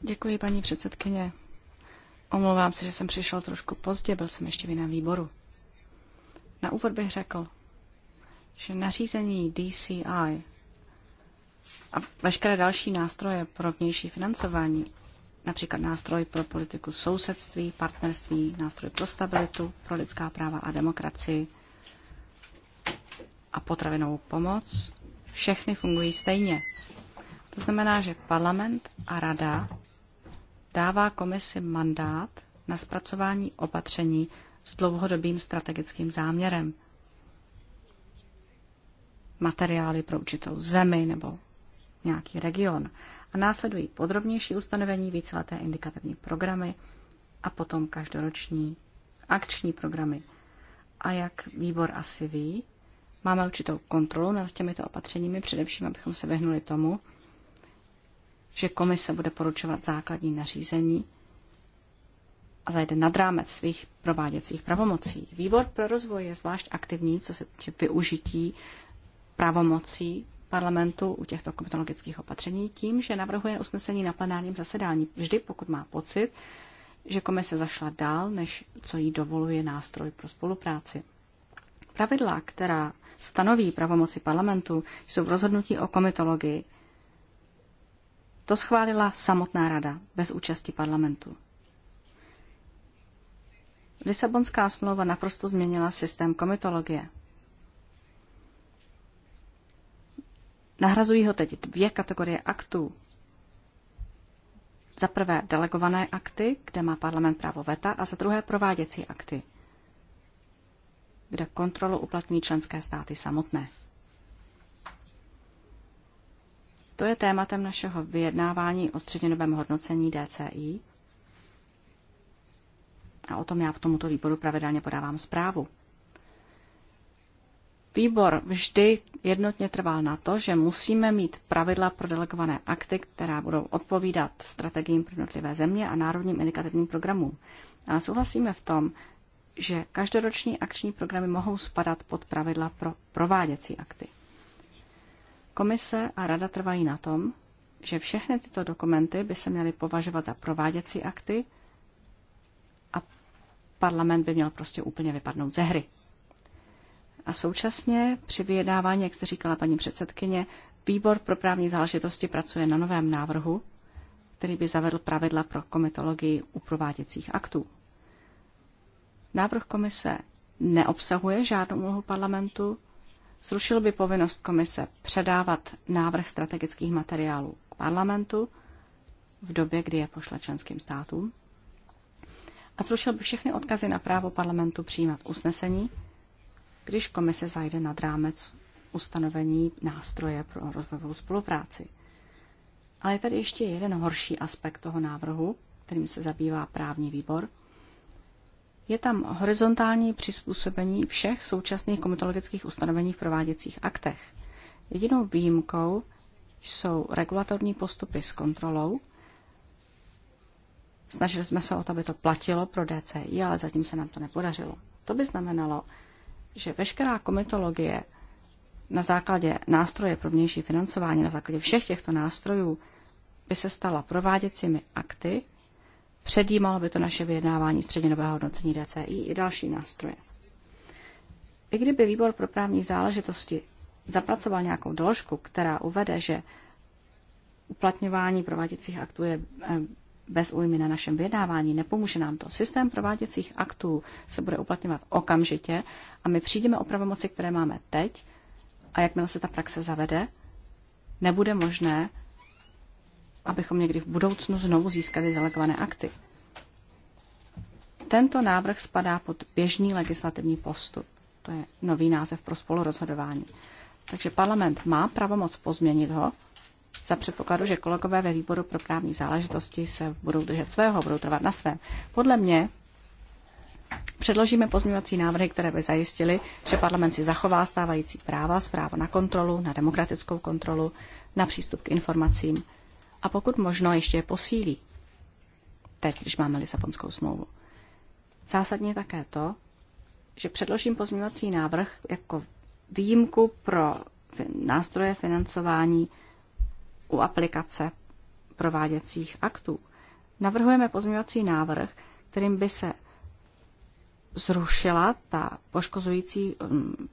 Děkuji, paní předsedkyně. Omlouvám se, že jsem přišel trošku pozdě, byl jsem ještě v jiném výboru. Na úvod bych řekl, že nařízení DCI a veškeré další nástroje pro vnější financování, například nástroj pro politiku sousedství, partnerství, nástroj pro stabilitu, pro lidská práva a demokracii a potravinovou pomoc, všechny fungují stejně. To znamená, že parlament a rada dává komisi mandát na zpracování opatření s dlouhodobým strategickým záměrem. Materiály pro určitou zemi nebo nějaký region. A následují podrobnější ustanovení, víceleté indikativní programy a potom každoroční akční programy. A jak výbor asi ví, máme určitou kontrolu nad těmito opatřeními, především abychom se vyhnuli tomu, že komise bude poručovat základní nařízení a zajde nad rámec svých prováděcích pravomocí. Výbor pro rozvoj je zvlášť aktivní, co se týče využití pravomocí parlamentu u těchto komitologických opatření tím, že navrhuje usnesení na plenárním zasedání vždy, pokud má pocit, že komise zašla dál, než co jí dovoluje nástroj pro spolupráci. Pravidla, která stanoví pravomoci parlamentu, jsou v rozhodnutí o komitologii. To schválila samotná rada bez účasti parlamentu. Lisabonská smlouva naprosto změnila systém komitologie. Nahrazují ho teď dvě kategorie aktů. Za prvé delegované akty, kde má parlament právo veta, a za druhé prováděcí akty, kde kontrolu uplatňují členské státy samotné. To je tématem našeho vyjednávání o střednědobém hodnocení DCI. A o tom já v tomuto výboru pravidelně podávám zprávu. Výbor vždy jednotně trval na to, že musíme mít pravidla pro delegované akty, která budou odpovídat strategiím pro jednotlivé země a národním indikativním programům. A souhlasíme v tom, že každoroční akční programy mohou spadat pod pravidla pro prováděcí akty. Komise a rada trvají na tom, že všechny tyto dokumenty by se měly považovat za prováděcí akty a parlament by měl prostě úplně vypadnout ze hry. A současně při vyjednávání, jak jste říkala paní předsedkyně, Výbor pro právní záležitosti pracuje na novém návrhu, který by zavedl pravidla pro komitologii u prováděcích aktů. Návrh komise neobsahuje žádnou úlohu parlamentu, zrušil by povinnost komise předávat návrh strategických materiálů k parlamentu v době, kdy je pošle členským státům a zrušil by všechny odkazy na právo parlamentu přijímat usnesení, když komise zajde nad rámec ustanovení nástroje pro rozvojovou spolupráci. Ale je tady ještě jeden horší aspekt toho návrhu, kterým se zabývá právní výbor. Je tam horizontální přizpůsobení všech současných komitologických ustanovení v prováděcích aktech. Jedinou výjimkou jsou regulatorní postupy s kontrolou. Snažili jsme se o to, aby to platilo pro DCI, ale zatím se nám to nepodařilo. To by znamenalo, že veškerá komitologie na základě nástroje pro vnější financování, na základě všech těchto nástrojů, by se stala prováděcími akty, předjímalo by to naše vyjednávání střednědobého hodnocení DCI i další nástroje. I kdyby výbor pro právní záležitosti zapracoval nějakou doložku, která uvede, že uplatňování prováděcích aktů je eh, bez újmy na našem vyjednávání, nepomůže nám to. Systém prováděcích aktů se bude uplatňovat okamžitě a my přijdeme o pravomoci, které máme teď a jakmile se ta praxe zavede, nebude možné, abychom někdy v budoucnu znovu získali delegované akty. Tento návrh spadá pod běžný legislativní postup. To je nový název pro spolurozhodování. Takže parlament má pravomoc pozměnit ho, za předpokladu, že kolegové ve výboru pro právní záležitosti se budou držet svého, budou trvat na svém. Podle mě Předložíme pozměňovací návrhy, které by zajistily, že parlament si zachová stávající práva, zprávo na kontrolu, na demokratickou kontrolu, na přístup k informacím a pokud možno ještě je posílí. Teď, když máme Lisabonskou smlouvu. Zásadně také to, že předložím pozměňovací návrh jako výjimku pro nástroje financování u aplikace prováděcích aktů. Navrhujeme pozměňovací návrh, kterým by se zrušila ta poškozující, mm,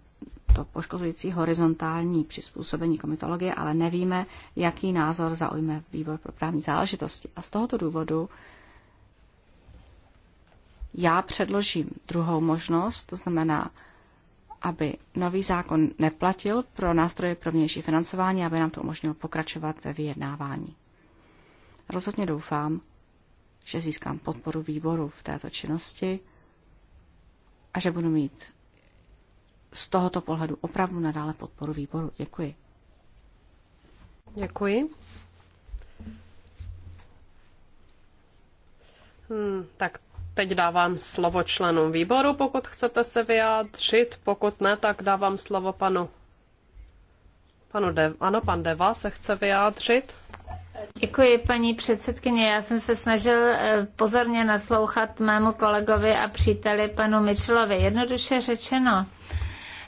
to poškozující horizontální přizpůsobení komitologie, ale nevíme, jaký názor zaujme výbor pro právní záležitosti. A z tohoto důvodu já předložím druhou možnost, to znamená aby nový zákon neplatil pro nástroje pro vnější financování, aby nám to umožnilo pokračovat ve vyjednávání. Rozhodně doufám, že získám podporu výboru v této činnosti a že budu mít z tohoto pohledu opravdu nadále podporu výboru. Děkuji. Děkuji. Hmm, tak Teď dávám slovo členům výboru, pokud chcete se vyjádřit. Pokud ne, tak dávám slovo panu. panu De, ano, pan Deva se chce vyjádřit. Děkuji, paní předsedkyně. Já jsem se snažil eh, pozorně naslouchat mému kolegovi a příteli panu Mitchellovi. Jednoduše řečeno,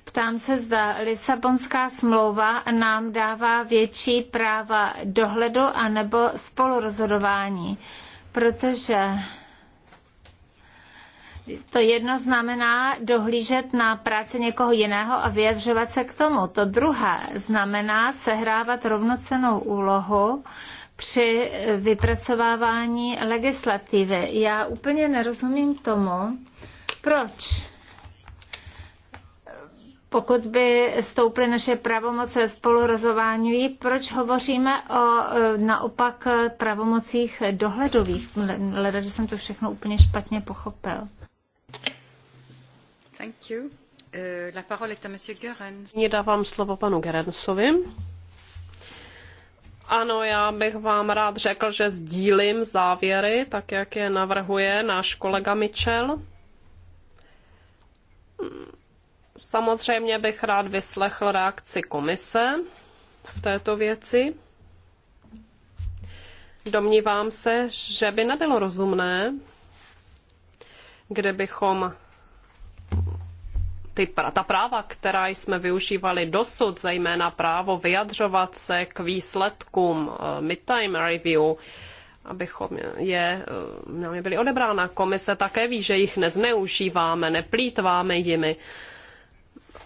Ptám se, zda Lisabonská smlouva nám dává větší práva dohledu anebo spolurozhodování, protože to jedno znamená dohlížet na práci někoho jiného a vyjadřovat se k tomu. To druhé znamená sehrávat rovnocenou úlohu při vypracovávání legislativy. Já úplně nerozumím tomu, proč pokud by stouply naše pravomoce spolurozování, proč hovoříme o naopak pravomocích dohledových? Leda, že jsem to všechno úplně špatně pochopil. Thank you. Uh, la parole est à monsieur Görens. Nyní dávám slovo panu Gerensovi. Ano, já bych vám rád řekl, že sdílím závěry, tak jak je navrhuje náš kolega Mitchell. Samozřejmě bych rád vyslechl reakci komise v této věci. Domnívám se, že by nebylo rozumné, kdybychom ty, ta práva, která jsme využívali dosud, zejména právo vyjadřovat se k výsledkům eh, midtime review, abychom je, eh, nám je byly odebrána. Komise také ví, že jich nezneužíváme, neplýtváme jimi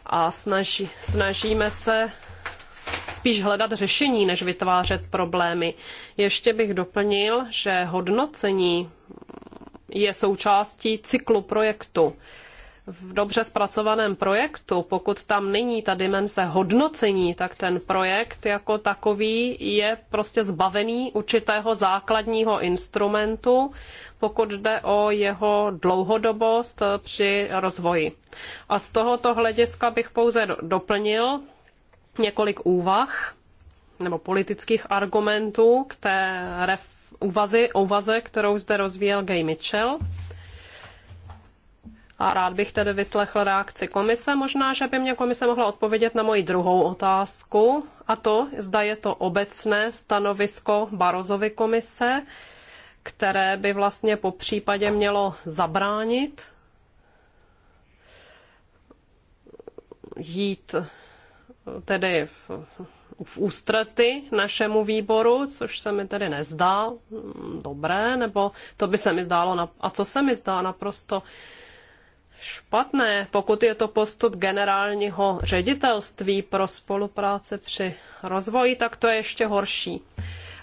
a snaží, snažíme se spíš hledat řešení, než vytvářet problémy. Ještě bych doplnil, že hodnocení je součástí cyklu projektu v dobře zpracovaném projektu, pokud tam není ta dimenze hodnocení, tak ten projekt jako takový je prostě zbavený určitého základního instrumentu, pokud jde o jeho dlouhodobost při rozvoji. A z tohoto hlediska bych pouze doplnil několik úvah nebo politických argumentů k té ref- uvaze, kterou zde rozvíjel Gay Mitchell a rád bych tedy vyslechl reakci komise. Možná, že by mě komise mohla odpovědět na moji druhou otázku, a to, zda je to obecné stanovisko Barozovy komise, které by vlastně po případě mělo zabránit jít tedy v, v ústrety našemu výboru, což se mi tedy nezdá mm, dobré, nebo to by se mi zdálo, na, a co se mi zdá naprosto špatné, pokud je to postup generálního ředitelství pro spolupráci při rozvoji, tak to je ještě horší.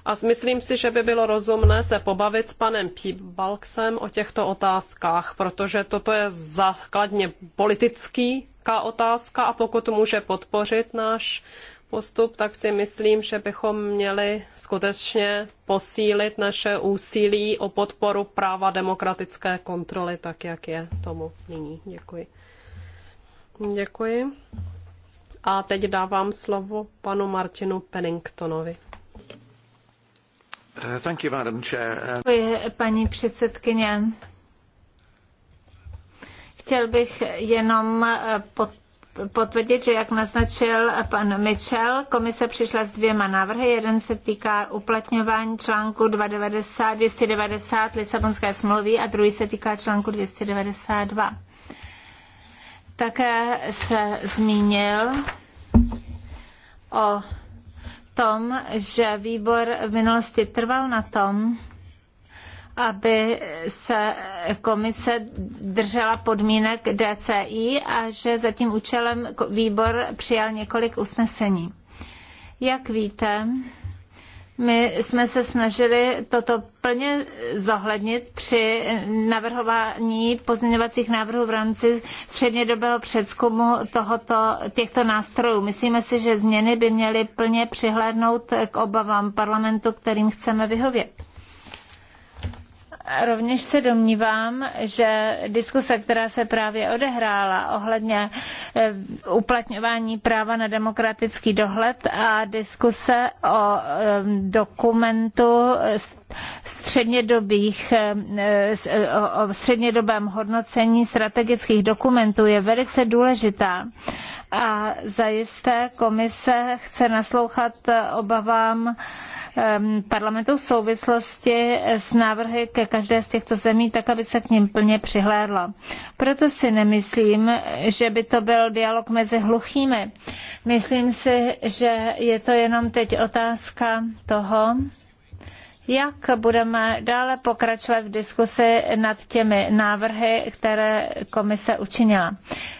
A myslím si, že by bylo rozumné se pobavit s panem Píbalksem o těchto otázkách, protože toto je základně politická otázka a pokud může podpořit náš postup, tak si myslím, že bychom měli skutečně posílit naše úsilí o podporu práva demokratické kontroly, tak jak je tomu nyní. Děkuji. Děkuji. A teď dávám slovo panu Martinu Penningtonovi. Uh, thank you, Madam Chair. Uh, Děkuji, paní předsedkyně. Chtěl bych jenom eh, pod potvrdit, že jak naznačil pan Mitchell, komise přišla s dvěma návrhy. Jeden se týká uplatňování článku 290, 290 Lisabonské smlouvy a druhý se týká článku 292. Také se zmínil o tom, že výbor v minulosti trval na tom, aby se komise držela podmínek DCI a že za tím účelem výbor přijal několik usnesení. Jak víte, my jsme se snažili toto plně zohlednit při navrhování pozměňovacích návrhů v rámci střednědobého předzkumu tohoto, těchto nástrojů. Myslíme si, že změny by měly plně přihlédnout k obavám parlamentu, kterým chceme vyhovět. Rovněž se domnívám, že diskuse, která se právě odehrála ohledně eh, uplatňování práva na demokratický dohled a diskuse o eh, dokumentu střednědobých, eh, o střednědobém hodnocení strategických dokumentů je velice důležitá a zajisté komise chce naslouchat obavám parlamentu v souvislosti s návrhy ke každé z těchto zemí, tak aby se k ním plně přihlédla. Proto si nemyslím, že by to byl dialog mezi hluchými. Myslím si, že je to jenom teď otázka toho, jak budeme dále pokračovat v diskusi nad těmi návrhy, které komise učinila.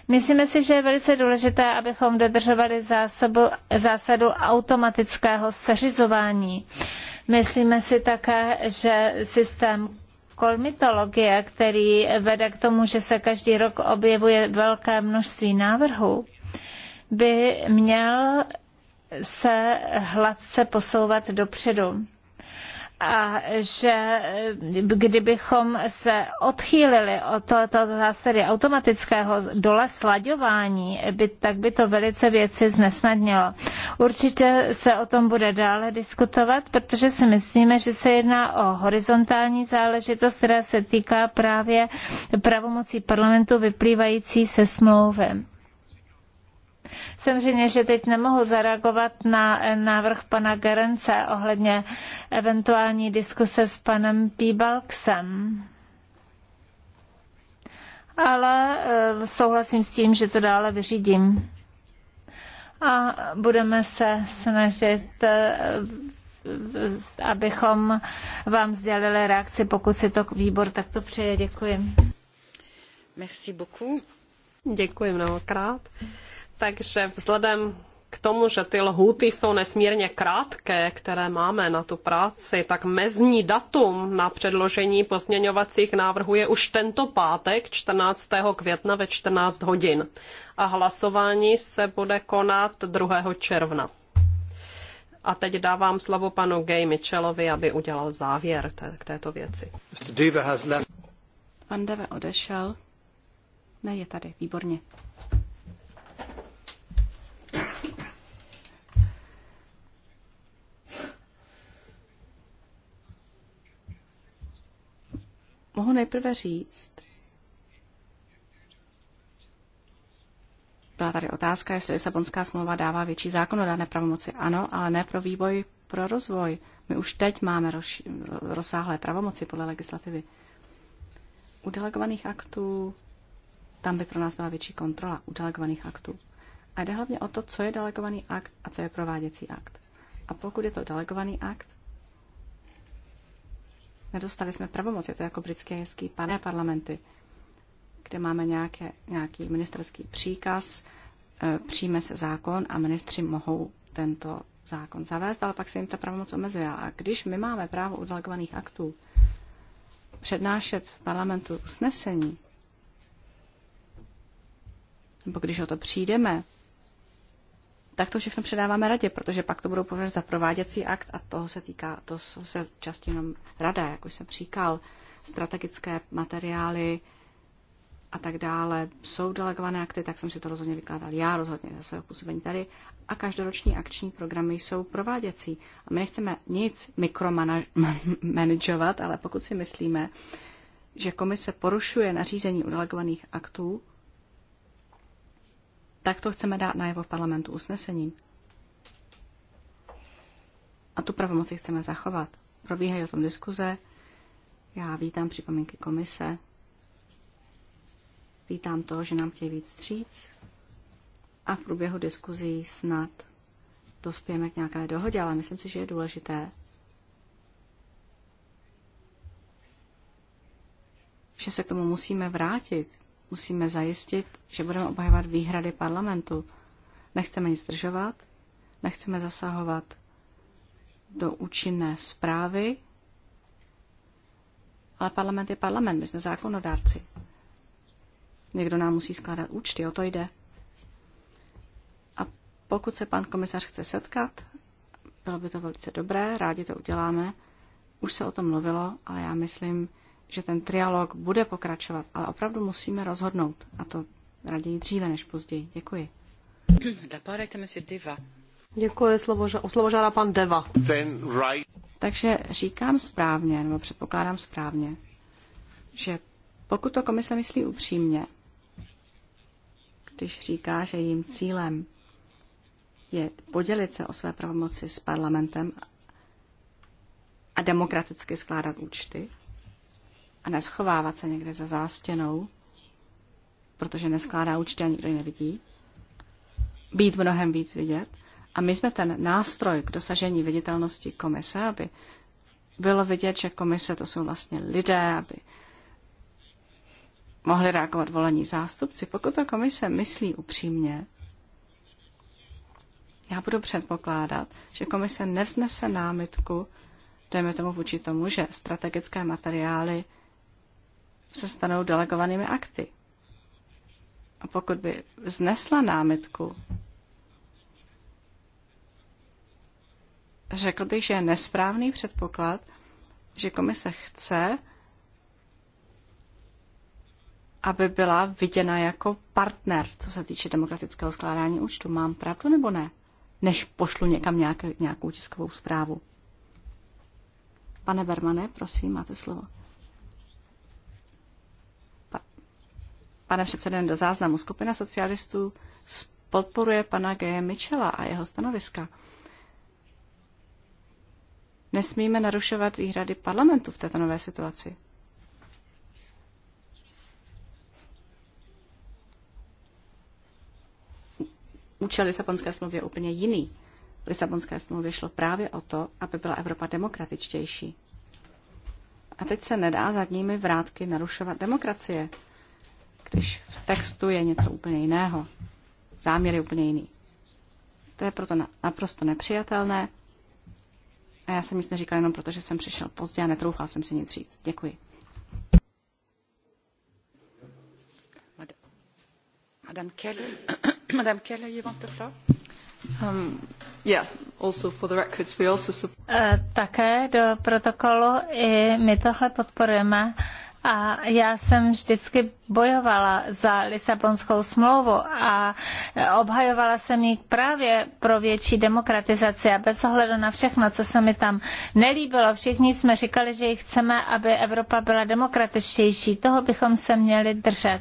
Myslíme si, že je velice důležité, abychom dodržovali zásobu, zásadu automatického seřizování. Myslíme si také, že systém kolmitologie, který vede k tomu, že se každý rok objevuje velké množství návrhů, by měl se hladce posouvat dopředu a že eh, kdybychom se odchýlili od této zásady automatického dole slaďování, by, tak by to velice věci znesnadnilo. Určitě se o tom bude dále diskutovat, protože si myslíme, že se jedná o horizontální záležitost, která se týká právě pravomocí parlamentu vyplývající se smlouvy. Samozřejmě, že teď nemohu zareagovat na eh, návrh pana Gerence ohledně eventuální diskuse s panem Píbalksem. Ale eh, souhlasím s tím, že to dále vyřídím. A budeme se snažit eh, abychom vám sdělili reakci, pokud si to výbor takto přeje. Děkuji. Merci beaucoup. Děkuji mnohokrát. Takže vzhledem k tomu, že ty lhůty jsou nesmírně krátké, které máme na tu práci, tak mezní datum na předložení pozměňovacích návrhů je už tento pátek 14. května ve 14 hodin a hlasování se bude konat 2. června. A teď dávám slovo panu Gay Mitchellovi, aby udělal závěr té, k této věci. Pan Deve odešel. Ne, je tady, výborně. mohu nejprve říct, byla tady otázka, jestli Lisabonská smlouva dává větší zákonodárné pravomoci. Ano, ale ne pro vývoj, pro rozvoj. My už teď máme roz, rozsáhlé pravomoci podle legislativy. U delegovaných aktů tam by pro nás byla větší kontrola u delegovaných aktů. A jde hlavně o to, co je delegovaný akt a co je prováděcí akt. A pokud je to delegovaný akt, Nedostali jsme pravomoc, je to jako britské jeský pané parlamenty, kde máme nějaké, nějaký ministerský příkaz, eh, přijme se zákon a ministři mohou tento zákon zavést, ale pak se jim ta pravomoc omezuje. A když my máme právo udelegovaných aktů přednášet v parlamentu usnesení, nebo když o to přijdeme, tak to všechno předáváme radě, protože pak to budou považovat za prováděcí akt a toho se týká, to se často jenom rada, jak už jsem říkal, strategické materiály a tak dále, jsou delegované akty, tak jsem si to rozhodně vykládal já rozhodně za svého působení tady a každoroční akční programy jsou prováděcí. A my nechceme nic mikromanagovat, ale pokud si myslíme, že komise porušuje nařízení u delegovaných aktů, tak to chceme dát na jeho parlamentu usnesením. A tu pravomoci chceme zachovat. Probíhají o tom diskuze. Já vítám připomínky komise. Vítám to, že nám chtějí víc stříc. A v průběhu diskuzí snad dospějeme k nějaké dohodě, ale myslím si, že je důležité, že se k tomu musíme vrátit, musíme zajistit, že budeme obhajovat výhrady parlamentu. Nechceme nic zdržovat, nechceme zasahovat do účinné zprávy, ale parlament je parlament, my jsme zákonodárci. Někdo nám musí skládat účty, o to jde. A pokud se pan komisař chce setkat, bylo by to velice dobré, rádi to uděláme. Už se o tom mluvilo, ale já myslím, že ten trialog bude pokračovat, ale opravdu musíme rozhodnout. A to raději dříve než později. Děkuji. Děkuji, slovo, slovo žádá pan Deva. Right. Takže říkám správně, nebo předpokládám správně, že pokud to komise myslí upřímně, když říká, že jejím cílem je podělit se o své pravomoci s parlamentem a demokraticky skládat účty, a neschovávat se někde za zástěnou, protože neskládá účty a nikdo ji nevidí, být mnohem víc vidět. A my jsme ten nástroj k dosažení viditelnosti komise, aby bylo vidět, že komise to jsou vlastně lidé, aby mohli reagovat volení zástupci. Pokud to komise myslí upřímně, já budu předpokládat, že komise nevznese námitku, dejme tomu vůči tomu, že strategické materiály se stanou delegovanými akty. A pokud by znesla námitku, řekl bych, že je nesprávný předpoklad, že komise chce, aby byla viděna jako partner, co se týče demokratického skládání účtu. Mám pravdu nebo ne? Než pošlu někam nějakou tiskovou zprávu. Pane Bermane, prosím, máte slovo. Pane předsedem, do záznamu skupina socialistů podporuje pana G. Michela a jeho stanoviska. Nesmíme narušovat výhrady parlamentu v této nové situaci. Účel Lisabonské smlouvy je úplně jiný. V Lisabonské smlouvě šlo právě o to, aby byla Evropa demokratičtější. A teď se nedá zadními vrátky narušovat demokracie když v textu je něco úplně jiného. Záměr je úplně jiný. To je proto naprosto nepřijatelné. A já jsem nic neříkal jenom proto, že jsem přišel pozdě a netroufal jsem si nic říct. Děkuji. Madame Keller, Madame Keller, you want the floor? Um, yeah, also for the records, we also support... Uh, také do protokolu i my tohle podporujeme. Uh, a já jsem vždycky bojovala za Lisabonskou smlouvu a obhajovala jsem ji právě pro větší demokratizaci a bez ohledu na všechno, co se mi tam nelíbilo. Všichni jsme říkali, že chceme, aby Evropa byla demokratičtější. Toho bychom se měli držet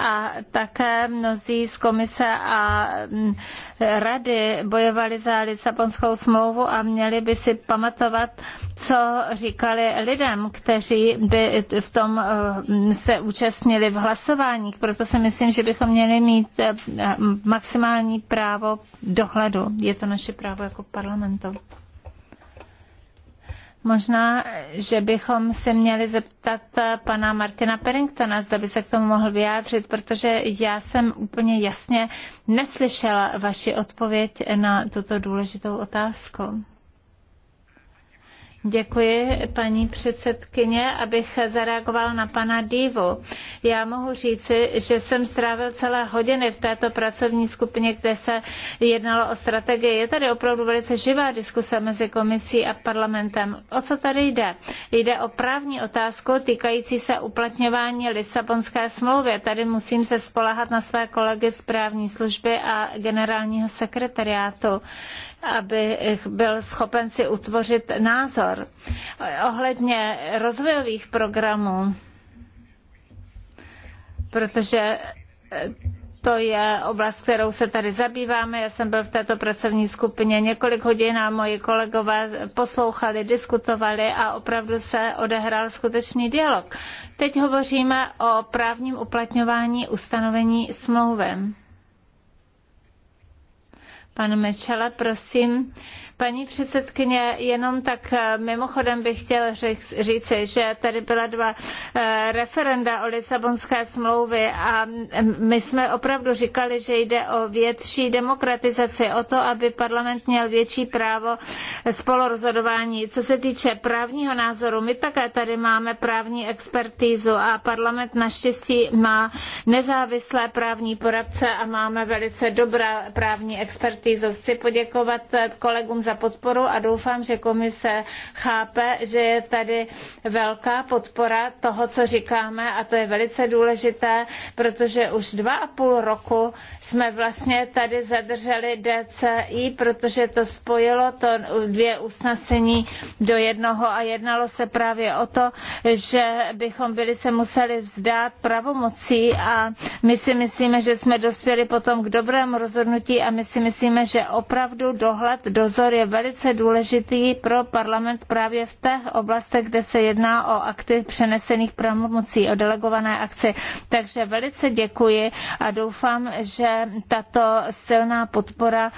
a také mnozí z komise a mm, rady bojovali za Lisabonskou smlouvu a měli by si pamatovat, co říkali lidem, kteří by v tom eh, mm, se účastnili v hlasováních. Proto si myslím, že bychom měli mít eh, mm, maximální právo dohledu. Je to naše právo jako parlamentu. Možná, že bychom se měli zeptat eh, pana Martina Perringtona, zda by se k tomu mohl vyjádřit, protože já jsem úplně jasně neslyšela vaši odpověď na tuto důležitou otázku. Děkuji, paní předsedkyně, abych zareagoval na pana Dívu. Já mohu říci, že jsem strávil celé hodiny v této pracovní skupině, kde se jednalo o strategii. Je tady opravdu velice živá diskuse mezi komisí a parlamentem. O co tady jde? Jde o právní otázku týkající se uplatňování Lisabonské smlouvy. Tady musím se spolehat na své kolegy z právní služby a generálního sekretariátu abych byl schopen si utvořit názor. Ohledně rozvojových programů, protože to je oblast, kterou se tady zabýváme. Já jsem byl v této pracovní skupině několik hodin a moji kolegové poslouchali, diskutovali a opravdu se odehrál skutečný dialog. Teď hovoříme o právním uplatňování ustanovení smlouvy. Pan Mečela, prosím, Paní předsedkyně, jenom tak eh, mimochodem bych chtěla říci, že tady byla dva eh, referenda o Lisabonské smlouvy a my jsme opravdu říkali, že jde o větší demokratizaci, o to, aby parlament měl větší právo spolurozhodování. Co se týče právního názoru, my také tady máme právní expertízu a parlament naštěstí má nezávislé právní poradce a máme velice dobrá právní expertízu. Chci poděkovat eh, kolegům za za podporu a doufám, že komise chápe, že je tady velká podpora toho, co říkáme a to je velice důležité, protože už dva a půl roku jsme vlastně tady zadrželi DCI, protože to spojilo to dvě usnesení do jednoho a jednalo se právě o to, že bychom byli se museli vzdát pravomocí a my si myslíme, že jsme dospěli potom k dobrému rozhodnutí a my si myslíme, že opravdu dohled, dozor je je velice důležitý pro parlament právě v těch oblastech, kde se jedná o akty přenesených pravomocí, o delegované akci. Takže velice děkuji a doufám, že tato silná podpora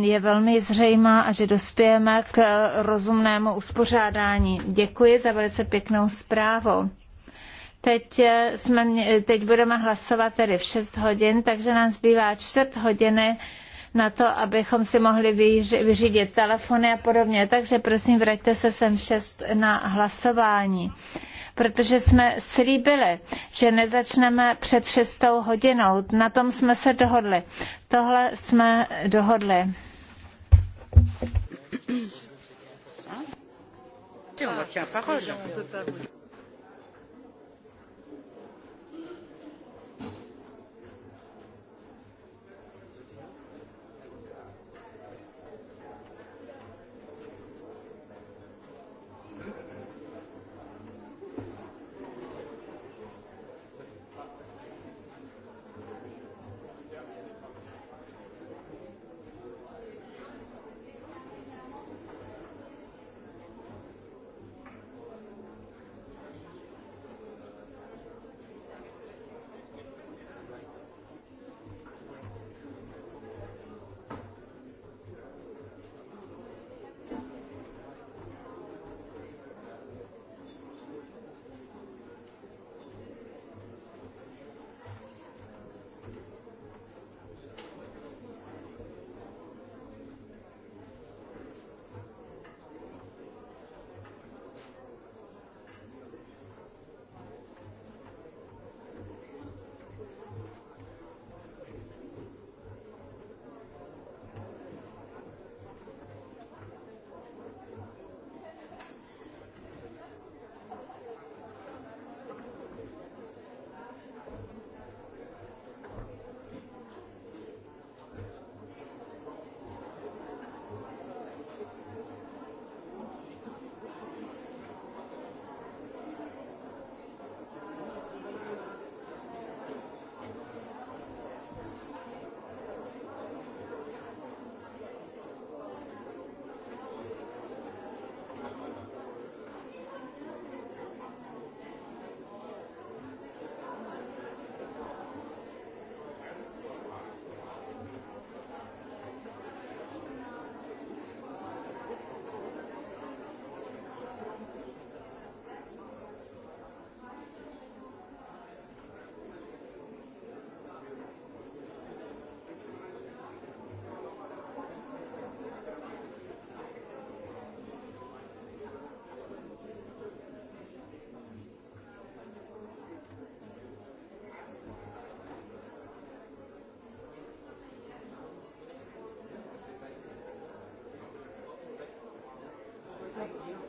je velmi zřejmá a že dospějeme k rozumnému uspořádání. Děkuji za velice pěknou zprávu teď, eh, jsme, teď budeme hlasovat tedy v 6 hodin, takže nám zbývá čtvrt hodiny na to, abychom si mohli vyřídit telefony a podobně. Takže prosím, vraťte se sem šest na hlasování protože jsme slíbili, že nezačneme před šestou hodinou. Na tom jsme se dohodli. Tohle jsme dohodli. On tiens, parole. Thank you.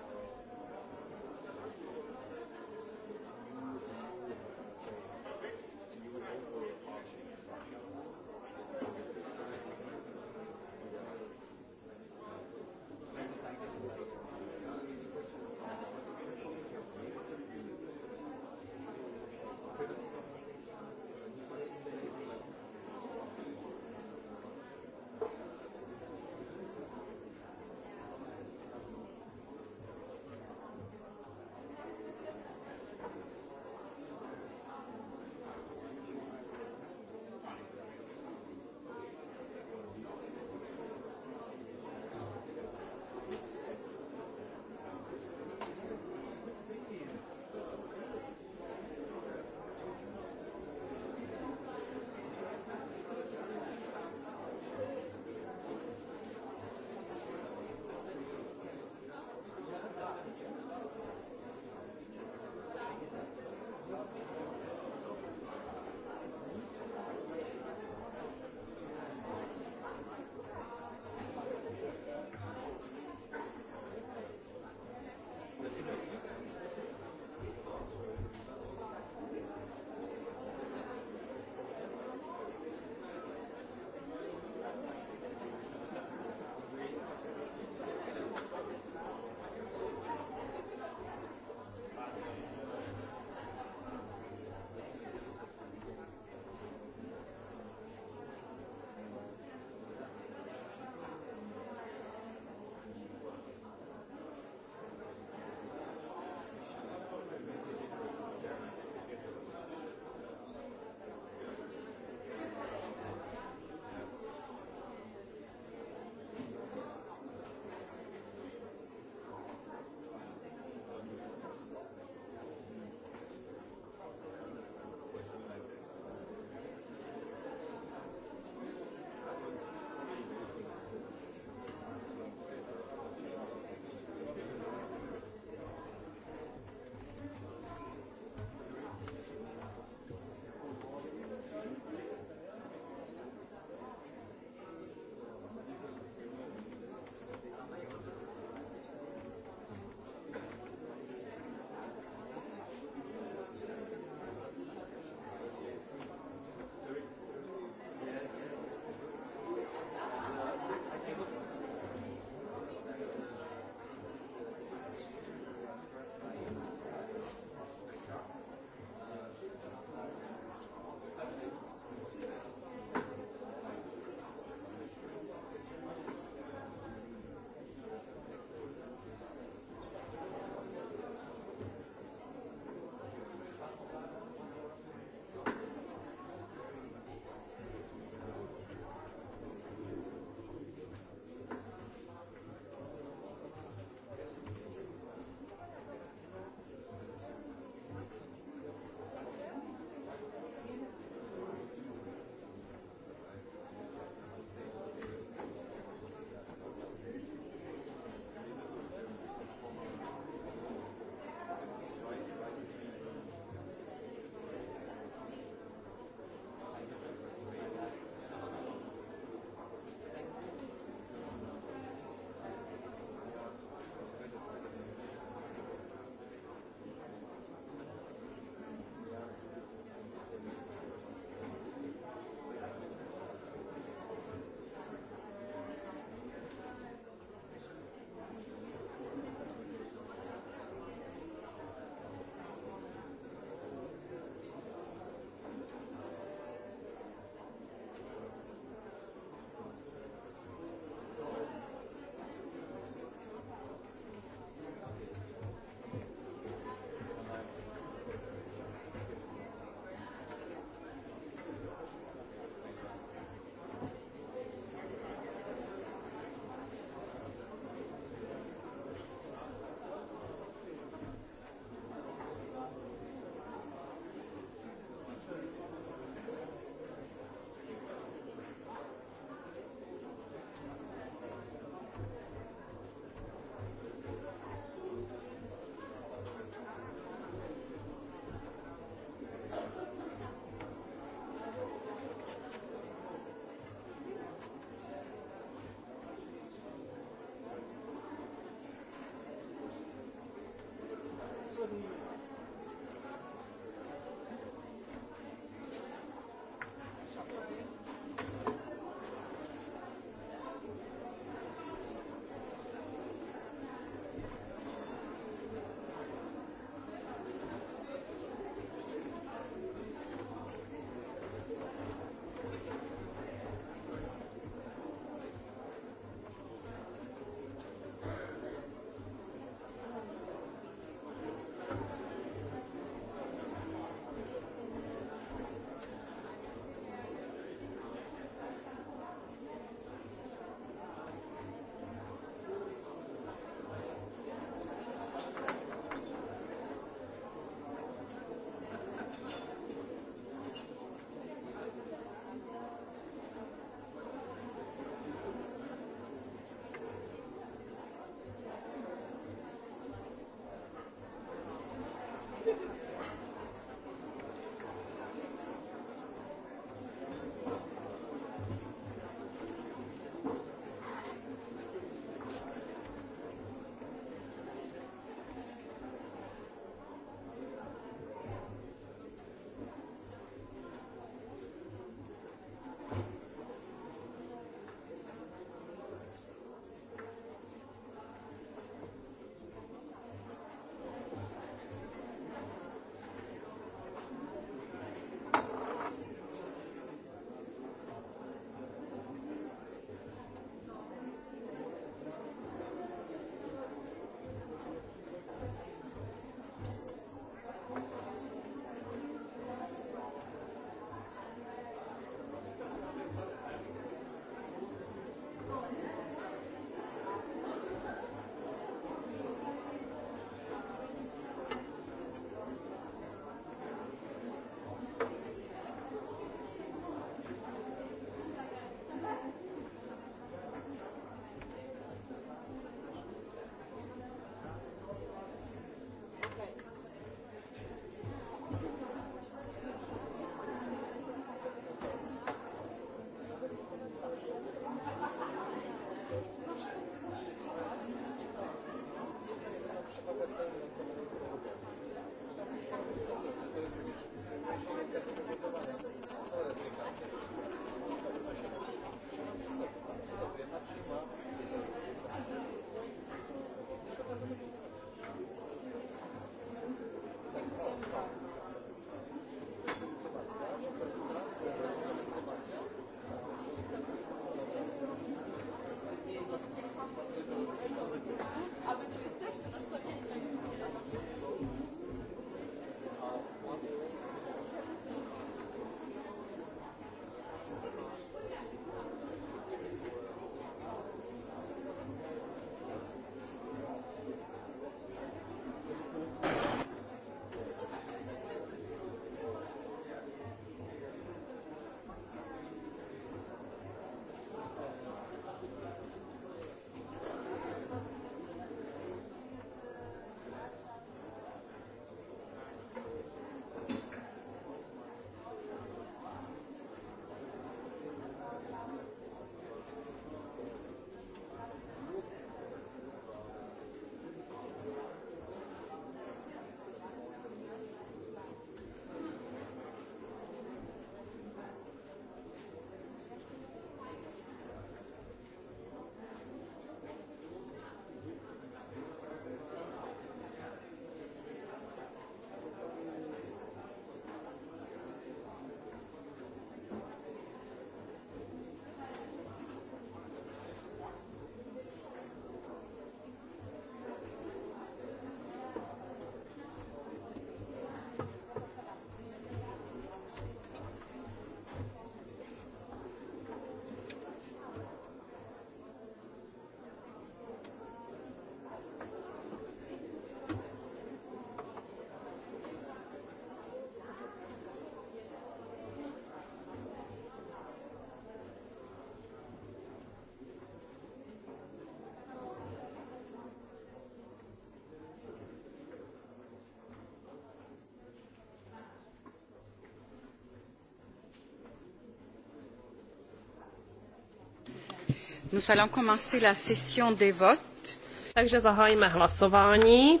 Nous allons commencer la session des votes. Takže zahájíme hlasování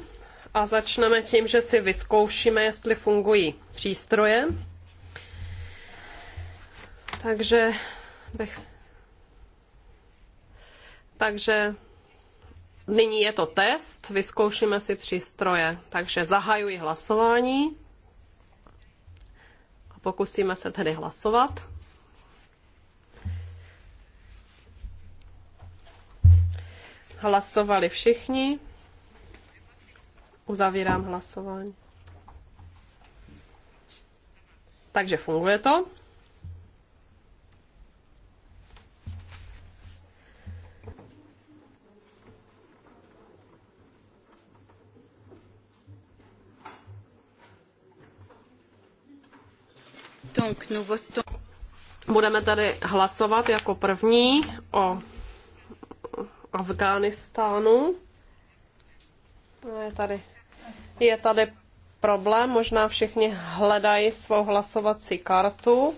a začneme tím, že si vyzkoušíme, jestli fungují přístroje. Takže bych... Takže nyní je to test, vyzkoušíme si přístroje. Takže zahajuji hlasování a pokusíme se tedy hlasovat. Hlasovali všichni. Uzavírám hlasování. Takže funguje to. Budeme tady hlasovat jako první o Afghánistánu. Je tady, je tady problém, možná všichni hledají svou hlasovací kartu.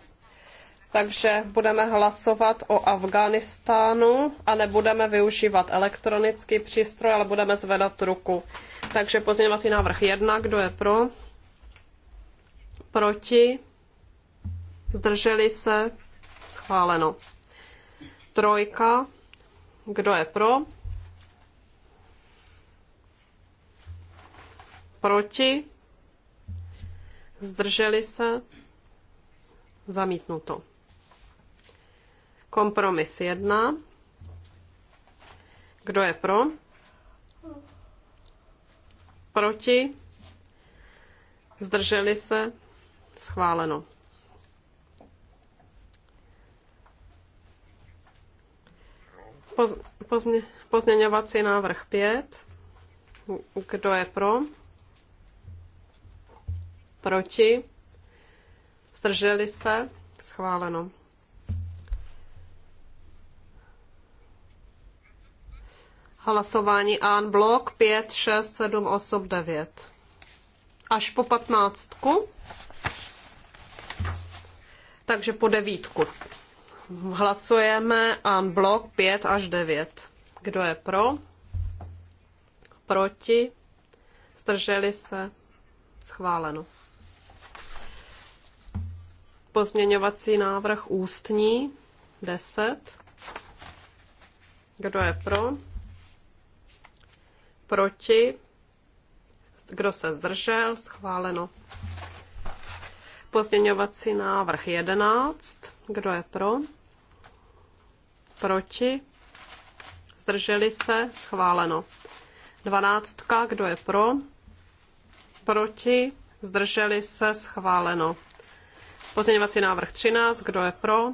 Takže budeme hlasovat o Afghánistánu a nebudeme využívat elektronický přístroj, ale budeme zvedat ruku. Takže pozměňovací návrh Jedna, kdo je pro? Proti? Zdrželi se? Schváleno. Trojka, kdo je pro? Proti? Zdrželi se? Zamítnuto. Kompromis 1. Kdo je pro? Proti? Zdrželi se? Schváleno. Poz, pozně, pozměňovací návrh 5. Kdo je pro? Proti? Zdrželi se? Schváleno. Hlasování an blok 5, 6, 7, 8, 9. Až po patnáctku. Takže po devítku. Hlasujeme en blok 5 až 9. Kdo je pro? Proti? Zdrželi se? Schváleno. Pozměňovací návrh ústní 10. Kdo je pro? Proti? Kdo se zdržel? Schváleno. Pozměňovací návrh 11. Kdo je pro? Proti? Zdrželi se? Schváleno. Dvanáctka. Kdo je pro? Proti? Zdrželi se? Schváleno. Pozměňovací návrh 13. Kdo je pro?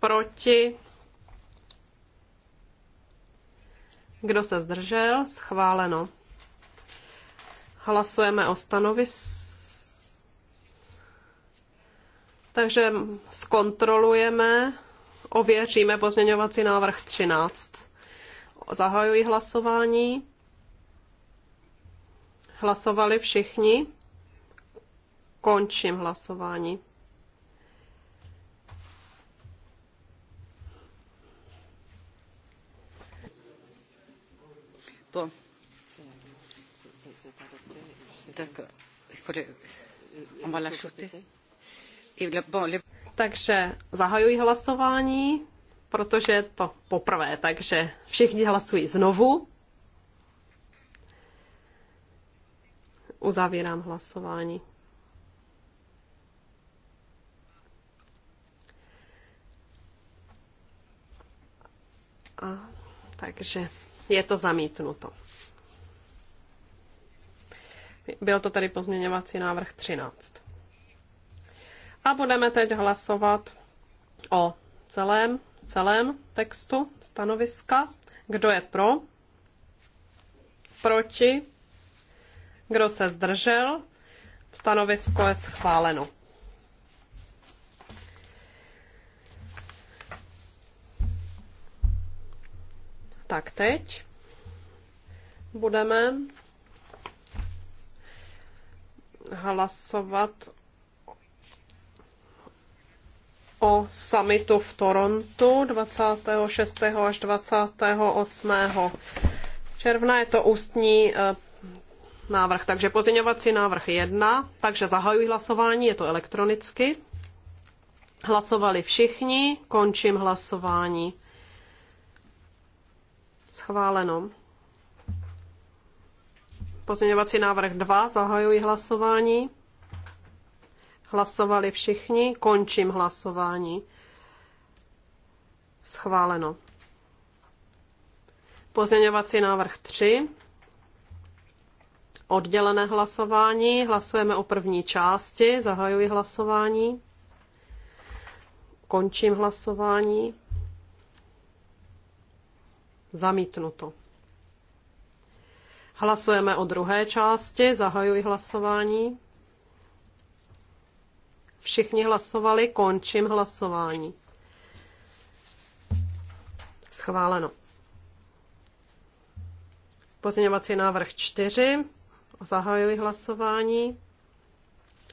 Proti? Kdo se zdržel? Schváleno. Hlasujeme o stanovis. Takže zkontrolujeme Ověříme pozměňovací návrh 13. Zahajuji hlasování. Hlasovali všichni. Končím hlasování. Bon. D'accord. Il le... On va l'ajouter. Bon, les... Takže zahajuji hlasování, protože je to poprvé, takže všichni hlasují znovu. Uzavírám hlasování. A, takže je to zamítnuto. Byl to tady pozměňovací návrh 13. A budeme teď hlasovat o celém, celém textu stanoviska. Kdo je pro? Proti? Kdo se zdržel? Stanovisko je schváleno. Tak teď budeme hlasovat o summitu v Torontu 26. až 28. června. Je to ústní eh, návrh, takže pozměňovací návrh 1, takže zahajuji hlasování, je to elektronicky. Hlasovali všichni, končím hlasování. Schváleno. Pozměňovací návrh 2, zahajuji hlasování. Hlasovali všichni, končím hlasování. Schváleno. Pozměňovací návrh 3. Oddělené hlasování. Hlasujeme o první části. Zahajuji hlasování. Končím hlasování. Zamítnuto. Hlasujeme o druhé části. Zahajuji hlasování. Všichni hlasovali, končím hlasování. Schváleno. Pozměňovací návrh 4. Zahajuji hlasování.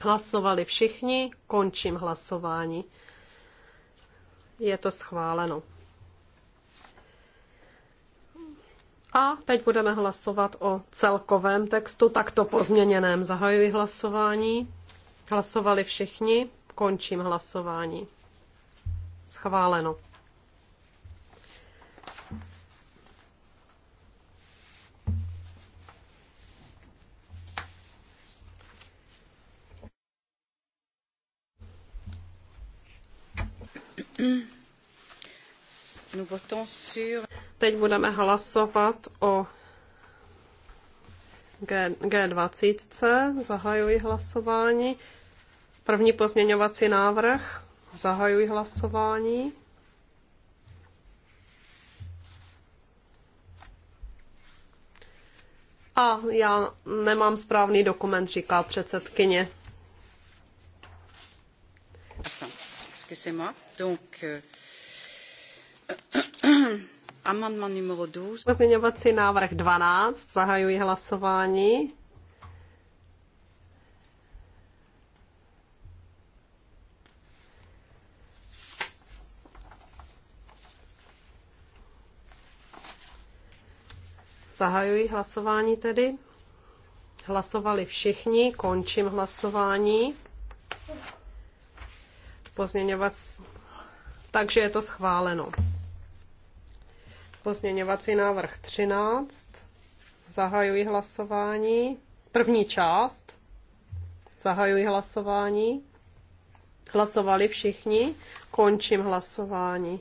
Hlasovali všichni, končím hlasování. Je to schváleno. A teď budeme hlasovat o celkovém textu, takto pozměněném. Zahajuji hlasování. Hlasovali všichni, končím hlasování. Schváleno. Teď budeme hlasovat o G, G20. Zahajuji hlasování. První pozměňovací návrh. Zahajuji hlasování. A já nemám správný dokument, říká předsedkyně. Euh, pozměňovací návrh 12. Zahajuji hlasování. Zahajuji hlasování tedy. Hlasovali všichni, končím hlasování. Pozměňovac... Takže je to schváleno. Pozměňovací návrh 13. Zahajuji hlasování. První část. Zahajuji hlasování. Hlasovali všichni. Končím hlasování.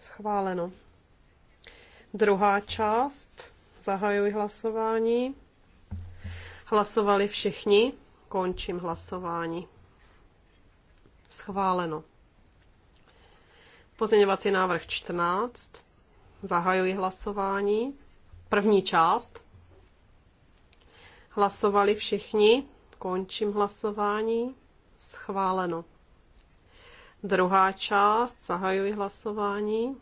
Schváleno. Druhá část. Zahajuji hlasování. Hlasovali všichni. Končím hlasování. Schváleno. Pozměňovací návrh 14. Zahajuji hlasování. První část. Hlasovali všichni. Končím hlasování. Schváleno. Druhá část. Zahajuji hlasování.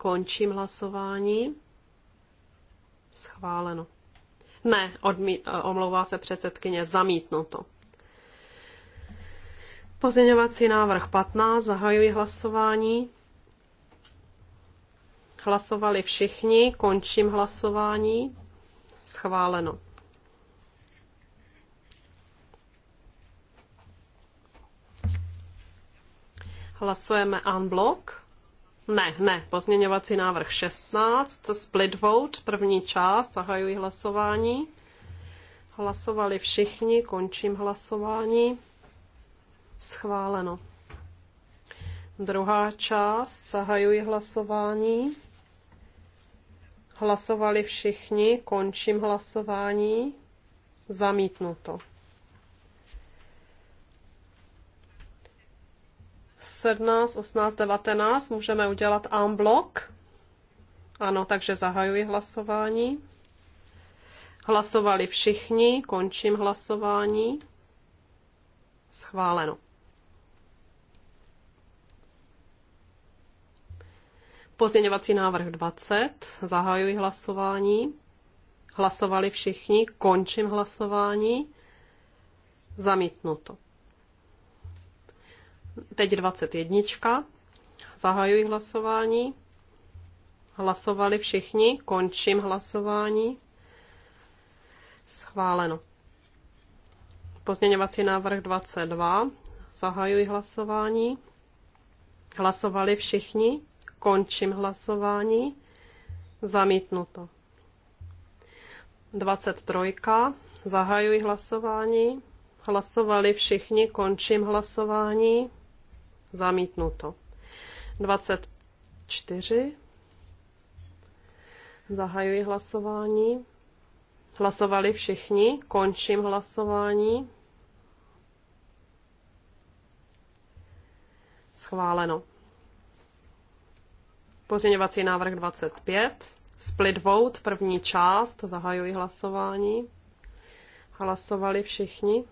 Končím hlasování. Schváleno. Ne, odmí, eh, omlouvá se předsedkyně, zamítnuto. Pozměňovací návrh 15, zahajuji hlasování. Hlasovali všichni, končím hlasování. Schváleno. Hlasujeme en bloc. Ne, ne, pozměňovací návrh 16, split vote, první část, zahajuji hlasování. Hlasovali všichni, končím hlasování. Schváleno. Druhá část, zahajuji hlasování. Hlasovali všichni, končím hlasování. Zamítnuto. 17, 18, 19 můžeme udělat en bloc. Ano, takže zahajuji hlasování. Hlasovali všichni, končím hlasování. Schváleno. Pozměňovací návrh 20. Zahajuji hlasování. Hlasovali všichni, končím hlasování. Zamítnuto. Teď 21. Zahajuji hlasování. Hlasovali všichni. Končím hlasování. Schváleno. Pozměňovací návrh 22. Zahajuji hlasování. Hlasovali všichni. Končím hlasování. Zamítnuto. 23. Zahajuji hlasování. Hlasovali všichni. Končím hlasování. Zamítnuto. 24. Zahajuji hlasování. Hlasovali všichni. Končím hlasování. Schváleno. Pozměňovací návrh 25. Split vote, první část. Zahajuji hlasování. Hlasovali všichni.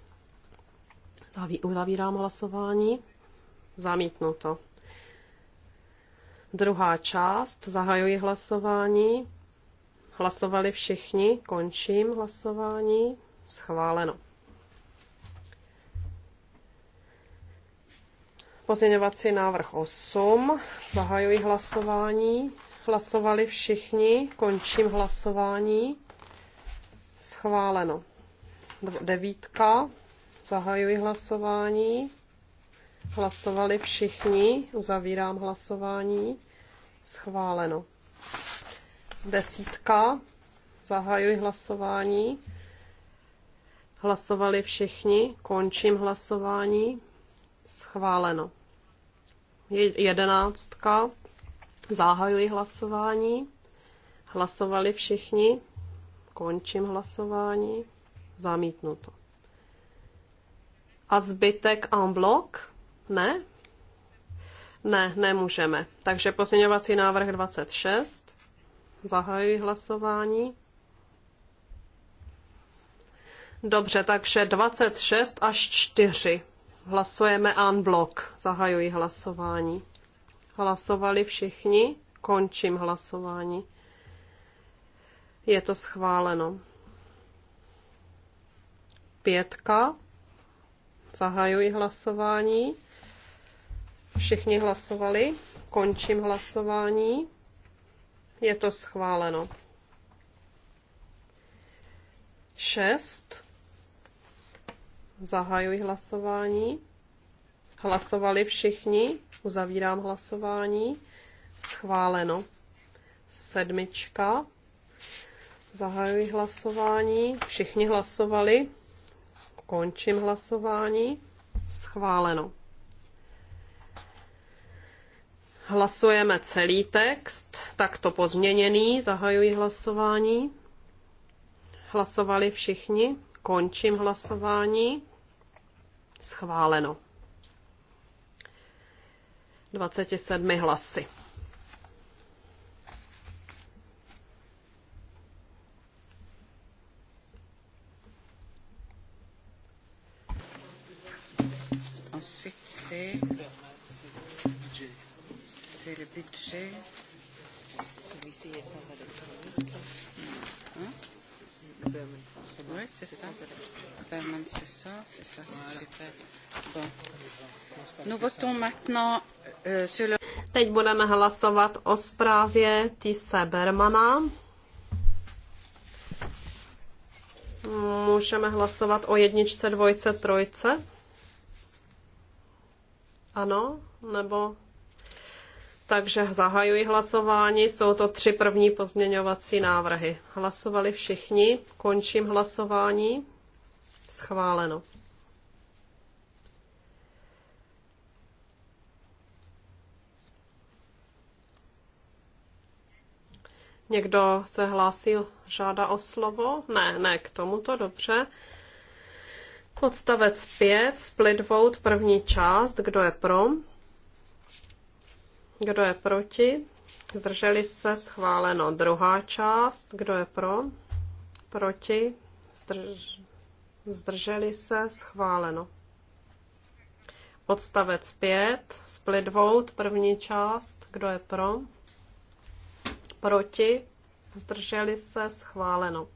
Uzavírám hlasování. Zamítnuto. Druhá část. Zahajuji hlasování. Hlasovali všichni. Končím hlasování. Schváleno. Pozměňovací návrh 8. Zahajuji hlasování. Hlasovali všichni. Končím hlasování. Schváleno. Devítka. Zahajuji hlasování. Hlasovali všichni, uzavírám hlasování. Schváleno. Desítka, zahajuji hlasování. Hlasovali všichni, končím hlasování. Schváleno. Jedenáctka, zahajuji hlasování. Hlasovali všichni, končím hlasování. Zamítnuto. A zbytek en bloc. Ne? Ne, nemůžeme. Takže pozměňovací návrh 26. Zahajuji hlasování. Dobře, takže 26 až 4. Hlasujeme en blok. Zahajuji hlasování. Hlasovali všichni? Končím hlasování. Je to schváleno. Pětka. Zahajuji hlasování. Všichni hlasovali. Končím hlasování. Je to schváleno. 6. Zahajuji hlasování. Hlasovali všichni. Uzavírám hlasování. Schváleno. Sedmička. Zahajuji hlasování. Všichni hlasovali. Končím hlasování. Schváleno. Hlasujeme celý text, takto pozměněný. Zahajuji hlasování. Hlasovali všichni. Končím hlasování. Schváleno. 27 hlasy. Ensuite, c'est j'ai le Celui-ci pas Hein Oui, c'est ça. Berman, c'est ça. C'est ça, c'est voilà. super. Bon. Nous votons maintenant euh, sur le... Teď budeme hlasovat o zprávě Tise Bermana. Můžeme hlasovat o jedničce, dvojce, trojce. Ano, nebo takže zahajuji hlasování. Jsou to tři první pozměňovací návrhy. Hlasovali všichni. Končím hlasování. Schváleno. Někdo se hlásí, žádá o slovo? Ne, ne, k tomuto, dobře. Podstavec 5, split vote, první část, kdo je pro? Kdo je proti? Zdrželi se schváleno. Druhá část. Kdo je pro? Proti? Zdrž... Zdrželi se schváleno. Odstavec 5. Split vote. První část. Kdo je pro? Proti? Zdrželi se schváleno.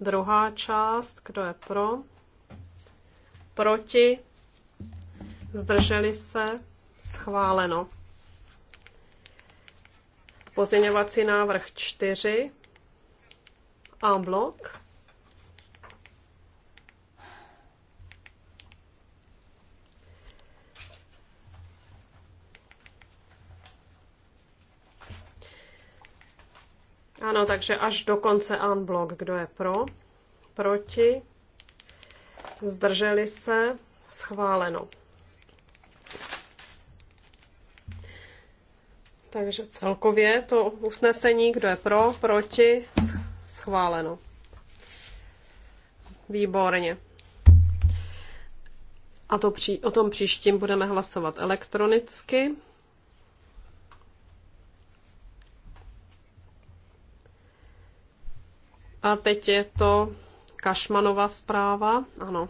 Druhá část. Kdo je pro? Proti? Zdrželi se schváleno. Pozměňovací návrh 4 a blok. Ano, takže až do konce unblock. Kdo je pro? Proti? Zdrželi se? Schváleno. Takže celkově to usnesení, kdo je pro, proti, schváleno. Výborně. A to pří, o tom příštím budeme hlasovat elektronicky. A teď je to Kašmanova zpráva. Ano.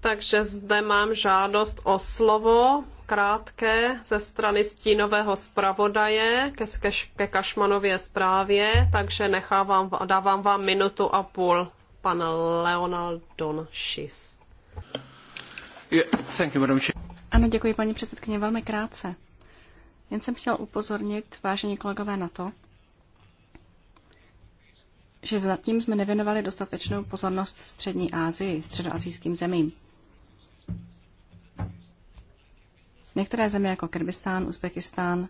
Takže zde mám žádost o slovo krátké ze strany stínového zpravodaje ke, ke, ke Kašmanově zprávě, takže nechávám, dávám vám minutu a půl. Pan Leonald Donšis. Ano, děkuji paní předsedkyně, velmi krátce. Jen jsem chtěl upozornit, vážení kolegové, na to, že zatím jsme nevěnovali dostatečnou pozornost střední Asii, středoazijským zemím. Některé země jako Kyrgyzstán, Uzbekistán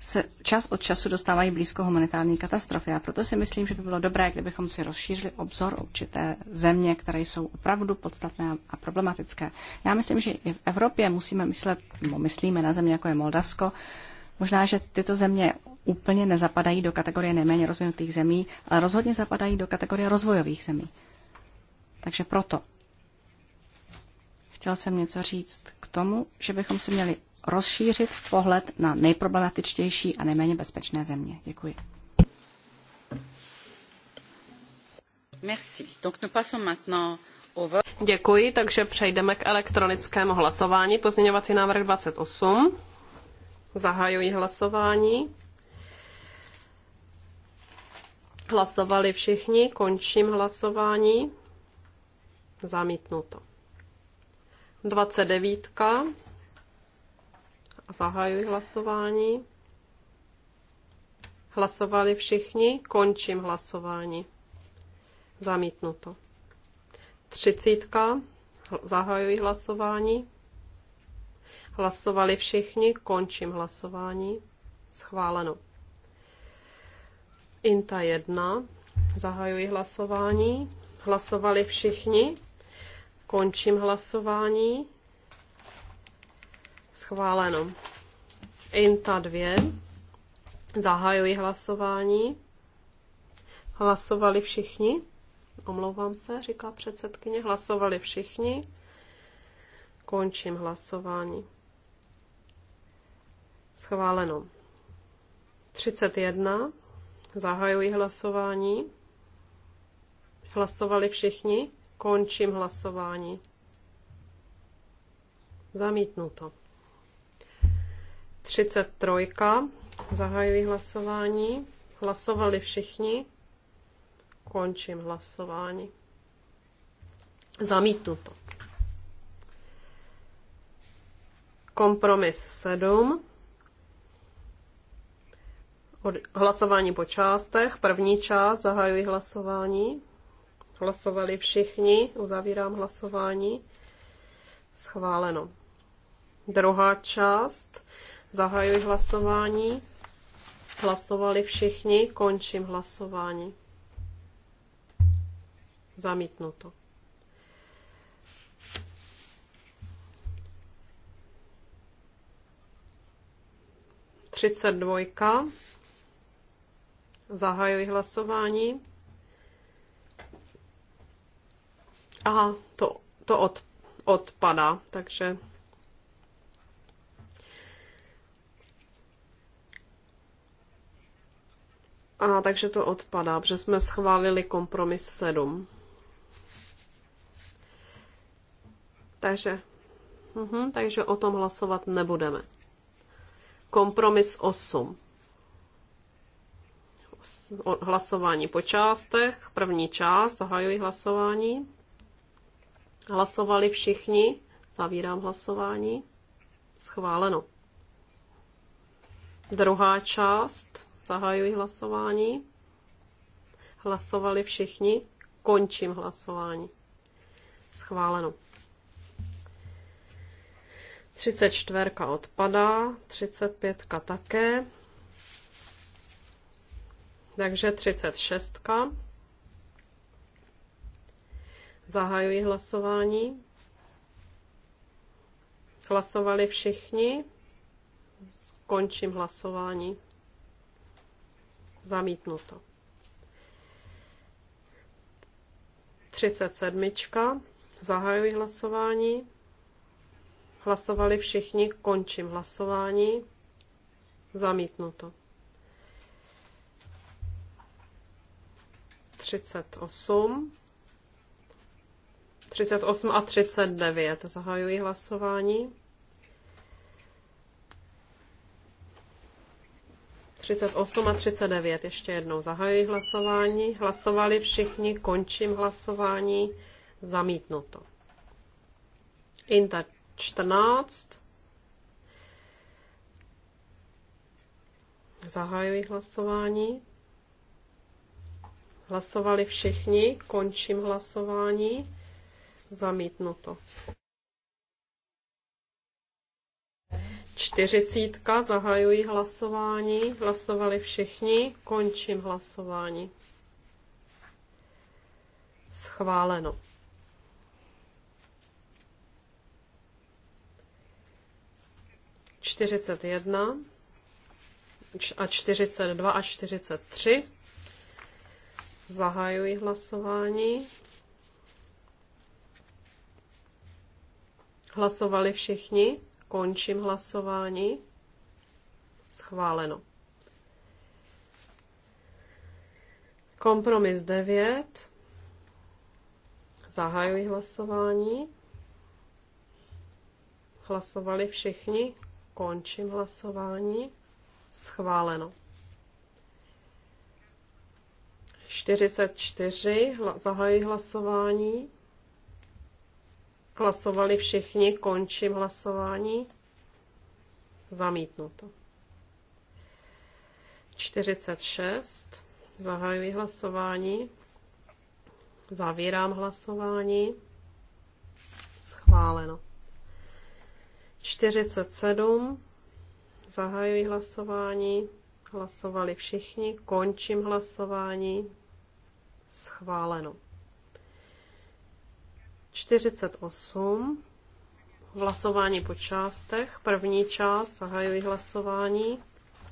se čas od času dostávají blízko humanitární katastrofy a proto si myslím, že by bylo dobré, kdybychom si rozšířili obzor určité země, které jsou opravdu podstatné a problematické. Já myslím, že i v Evropě musíme myslet, nebo myslíme na země, jako je Moldavsko, Možná, že tyto země úplně nezapadají do kategorie nejméně rozvinutých zemí, ale rozhodně zapadají do kategorie rozvojových zemí. Takže proto Chtěla jsem něco říct k tomu, že bychom si měli rozšířit pohled na nejproblematičtější a nejméně bezpečné země. Děkuji. Merci. Donc nous passons maintenant Děkuji, takže přejdeme k elektronickému hlasování. Pozměňovací návrh 28. Zahajuji hlasování. Hlasovali všichni, končím hlasování. Zamítnuto. 29. Zahajuji hlasování. Hlasovali všichni, končím hlasování. Zamítnuto. 30. Zahajuji hlasování. Hlasovali všichni, končím hlasování. Schváleno. Inta 1. Zahajuji hlasování. Hlasovali všichni, Končím hlasování. Schváleno. INTA 2. Zahajuji hlasování. Hlasovali všichni. Omlouvám se, říká předsedkyně. Hlasovali všichni. Končím hlasování. Schváleno. 31. Zahajuji hlasování. Hlasovali všichni. Končím hlasování. Zamítnuto. 33. Zahajuji hlasování. Hlasovali všichni. Končím hlasování. Zamítnuto. Kompromis 7. Hlasování po částech. První část zahajuji hlasování. Hlasovali všichni, uzavírám hlasování. Schváleno. Druhá část. Zahajuji hlasování. Hlasovali všichni, končím hlasování. Zamítnuto. Třicet dvojka. Zahajuji hlasování. Aha, to, to od, odpadá, takže... A takže to odpadá, protože jsme schválili kompromis 7. Takže, uh-huh, takže o tom hlasovat nebudeme. Kompromis 8. Hlasování po částech. První část, zahajuji hlasování. Hlasovali všichni. Zavírám hlasování. Schváleno. Druhá část. Zahajuji hlasování. Hlasovali všichni. Končím hlasování. Schváleno. 34 odpadá, 35 také. Takže 36. Zahajuji hlasování. Hlasovali všichni. Skončím hlasování. Zamítnuto. 37. Zahajuji hlasování. Hlasovali všichni. Končím hlasování. Zamítnuto. 38. 38 a 39. Zahajuji hlasování. 38 a 39. Ještě jednou zahajuji hlasování. Hlasovali všichni, končím hlasování. Zamítnuto. Inta 14. Zahajuji hlasování. Hlasovali všichni, končím hlasování zamítnuto. Čtyřicítka, zahajuji hlasování, hlasovali všichni, končím hlasování. Schváleno. Čtyřicet jedna a čtyřicet dva a čtyřicet tři. Zahajuji hlasování. Hlasovali všichni? Končím hlasování. Schváleno. Kompromis 9. Zahajuji hlasování. Hlasovali všichni? Končím hlasování. Schváleno. 44. Hla, zahajuji hlasování. Hlasovali všichni, končím hlasování. Zamítnuto. 46. Zahajuji hlasování. Zavírám hlasování. Schváleno. 47. Zahajuji hlasování. Hlasovali všichni. Končím hlasování. Schváleno. 48. Hlasování po částech. První část, zahajuji hlasování.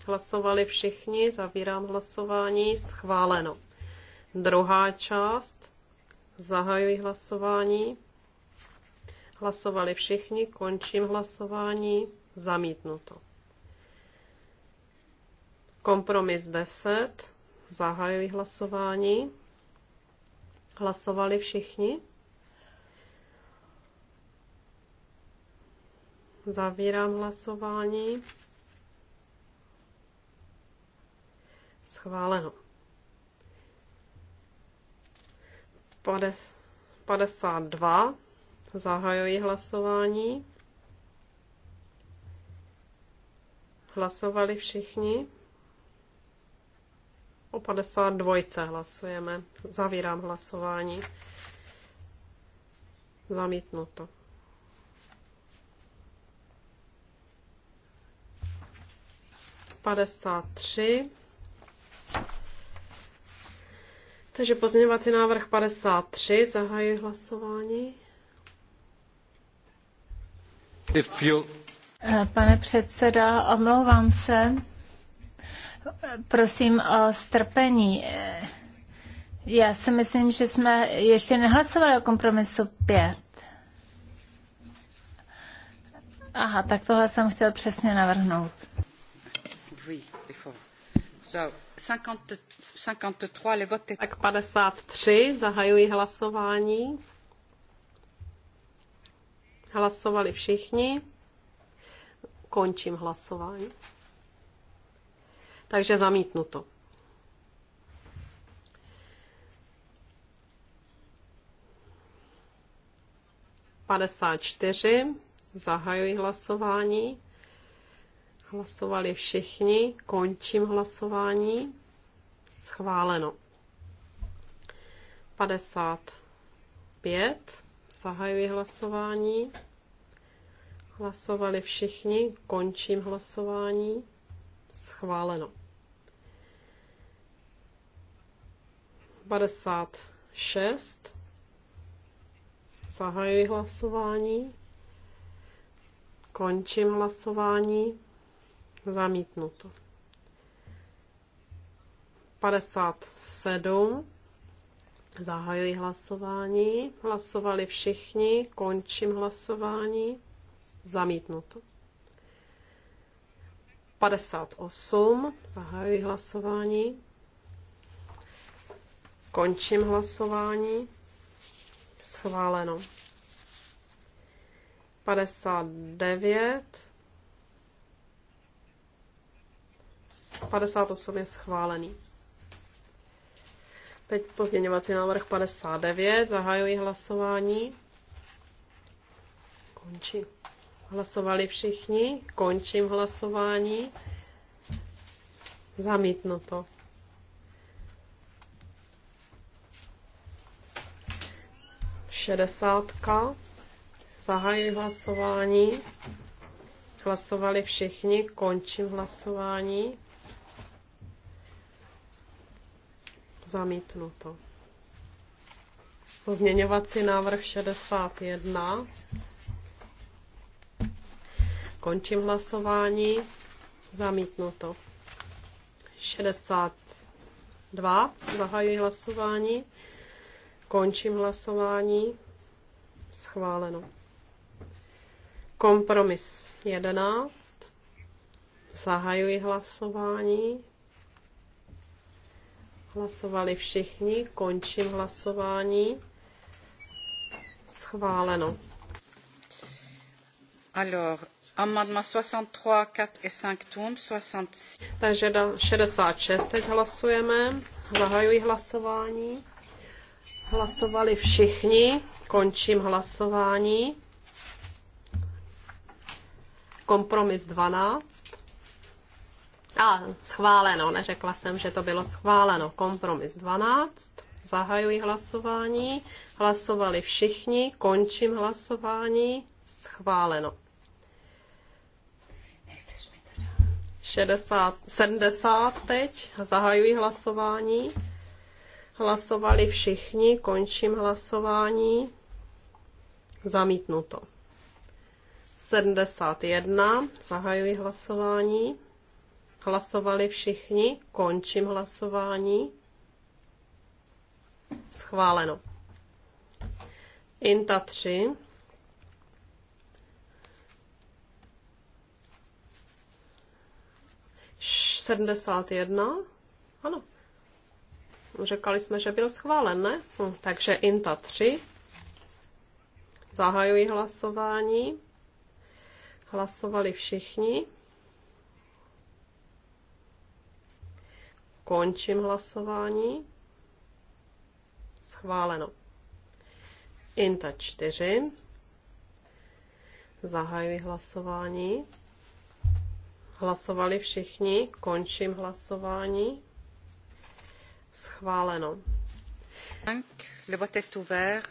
Hlasovali všichni, zavírám hlasování, schváleno. Druhá část, zahajuji hlasování. Hlasovali všichni, končím hlasování, zamítnuto. Kompromis 10, zahajuji hlasování. Hlasovali všichni? Zavírám hlasování. Schváleno. 52. Zahajuji hlasování. Hlasovali všichni. O 52 hlasujeme. Zavírám hlasování. Zamítnuto. 53. Takže pozměňovací návrh 53, zahajuji hlasování. You... Eh, pane předseda, omlouvám se. Prosím o strpení. Eh, já si myslím, že jsme ještě nehlasovali o kompromisu 5. Aha, tak tohle jsem chtěl přesně navrhnout. 53, le Tak 53, zahajuji hlasování. Hlasovali všichni. Končím hlasování. Takže zamítnuto. Padesát čtyři. Zahajuji hlasování. Hlasovali všichni, končím hlasování. Schváleno. 55. Zahajuji hlasování. Hlasovali všichni, končím hlasování. Schváleno. 56. Zahajuji hlasování. Končím hlasování. Zamítnuto. 57. Zahajuji hlasování. Hlasovali všichni. Končím hlasování. Zamítnuto. 58. Zahajuji hlasování. Končím hlasování. Schváleno. 59. 58 je schválený. Teď pozměňovací návrh 59. Zahajuji hlasování. Končí. Hlasovali všichni. Končím hlasování. Zamítno to. Šedesátka. Zahajuji hlasování. Hlasovali všichni. Končím hlasování. Zamítnuto. Pozměňovací návrh 61. Končím hlasování. Zamítnuto. 62. Zahajuji hlasování. Končím hlasování. Schváleno. Kompromis 11. Zahajuji hlasování. Hlasovali všichni, končím hlasování. Schváleno. Alors, amendement 63, 4 et 5 tombe, 66. Takže 66 teď hlasujeme. Zahajuji hlasování. Hlasovali všichni, končím hlasování. Kompromis 12. A schváleno, neřekla jsem, že to bylo schváleno. Kompromis 12. Zahajuji hlasování. Hlasovali všichni. Končím hlasování. Schváleno. 60, 70 teď. Zahajuji hlasování. Hlasovali všichni. Končím hlasování. Zamítnuto. 71. Zahajuji hlasování. Hlasovali všichni, končím hlasování. Schváleno. INTA 3. Š 71. Ano. Řekali jsme, že byl schválen, ne? Hm, takže INTA 3. Zahajuji hlasování. Hlasovali všichni. Končím hlasování. Schváleno. Inta 4. Zahajuji hlasování. Hlasovali všichni. Končím hlasování. Schváleno. Le vote est ouvert.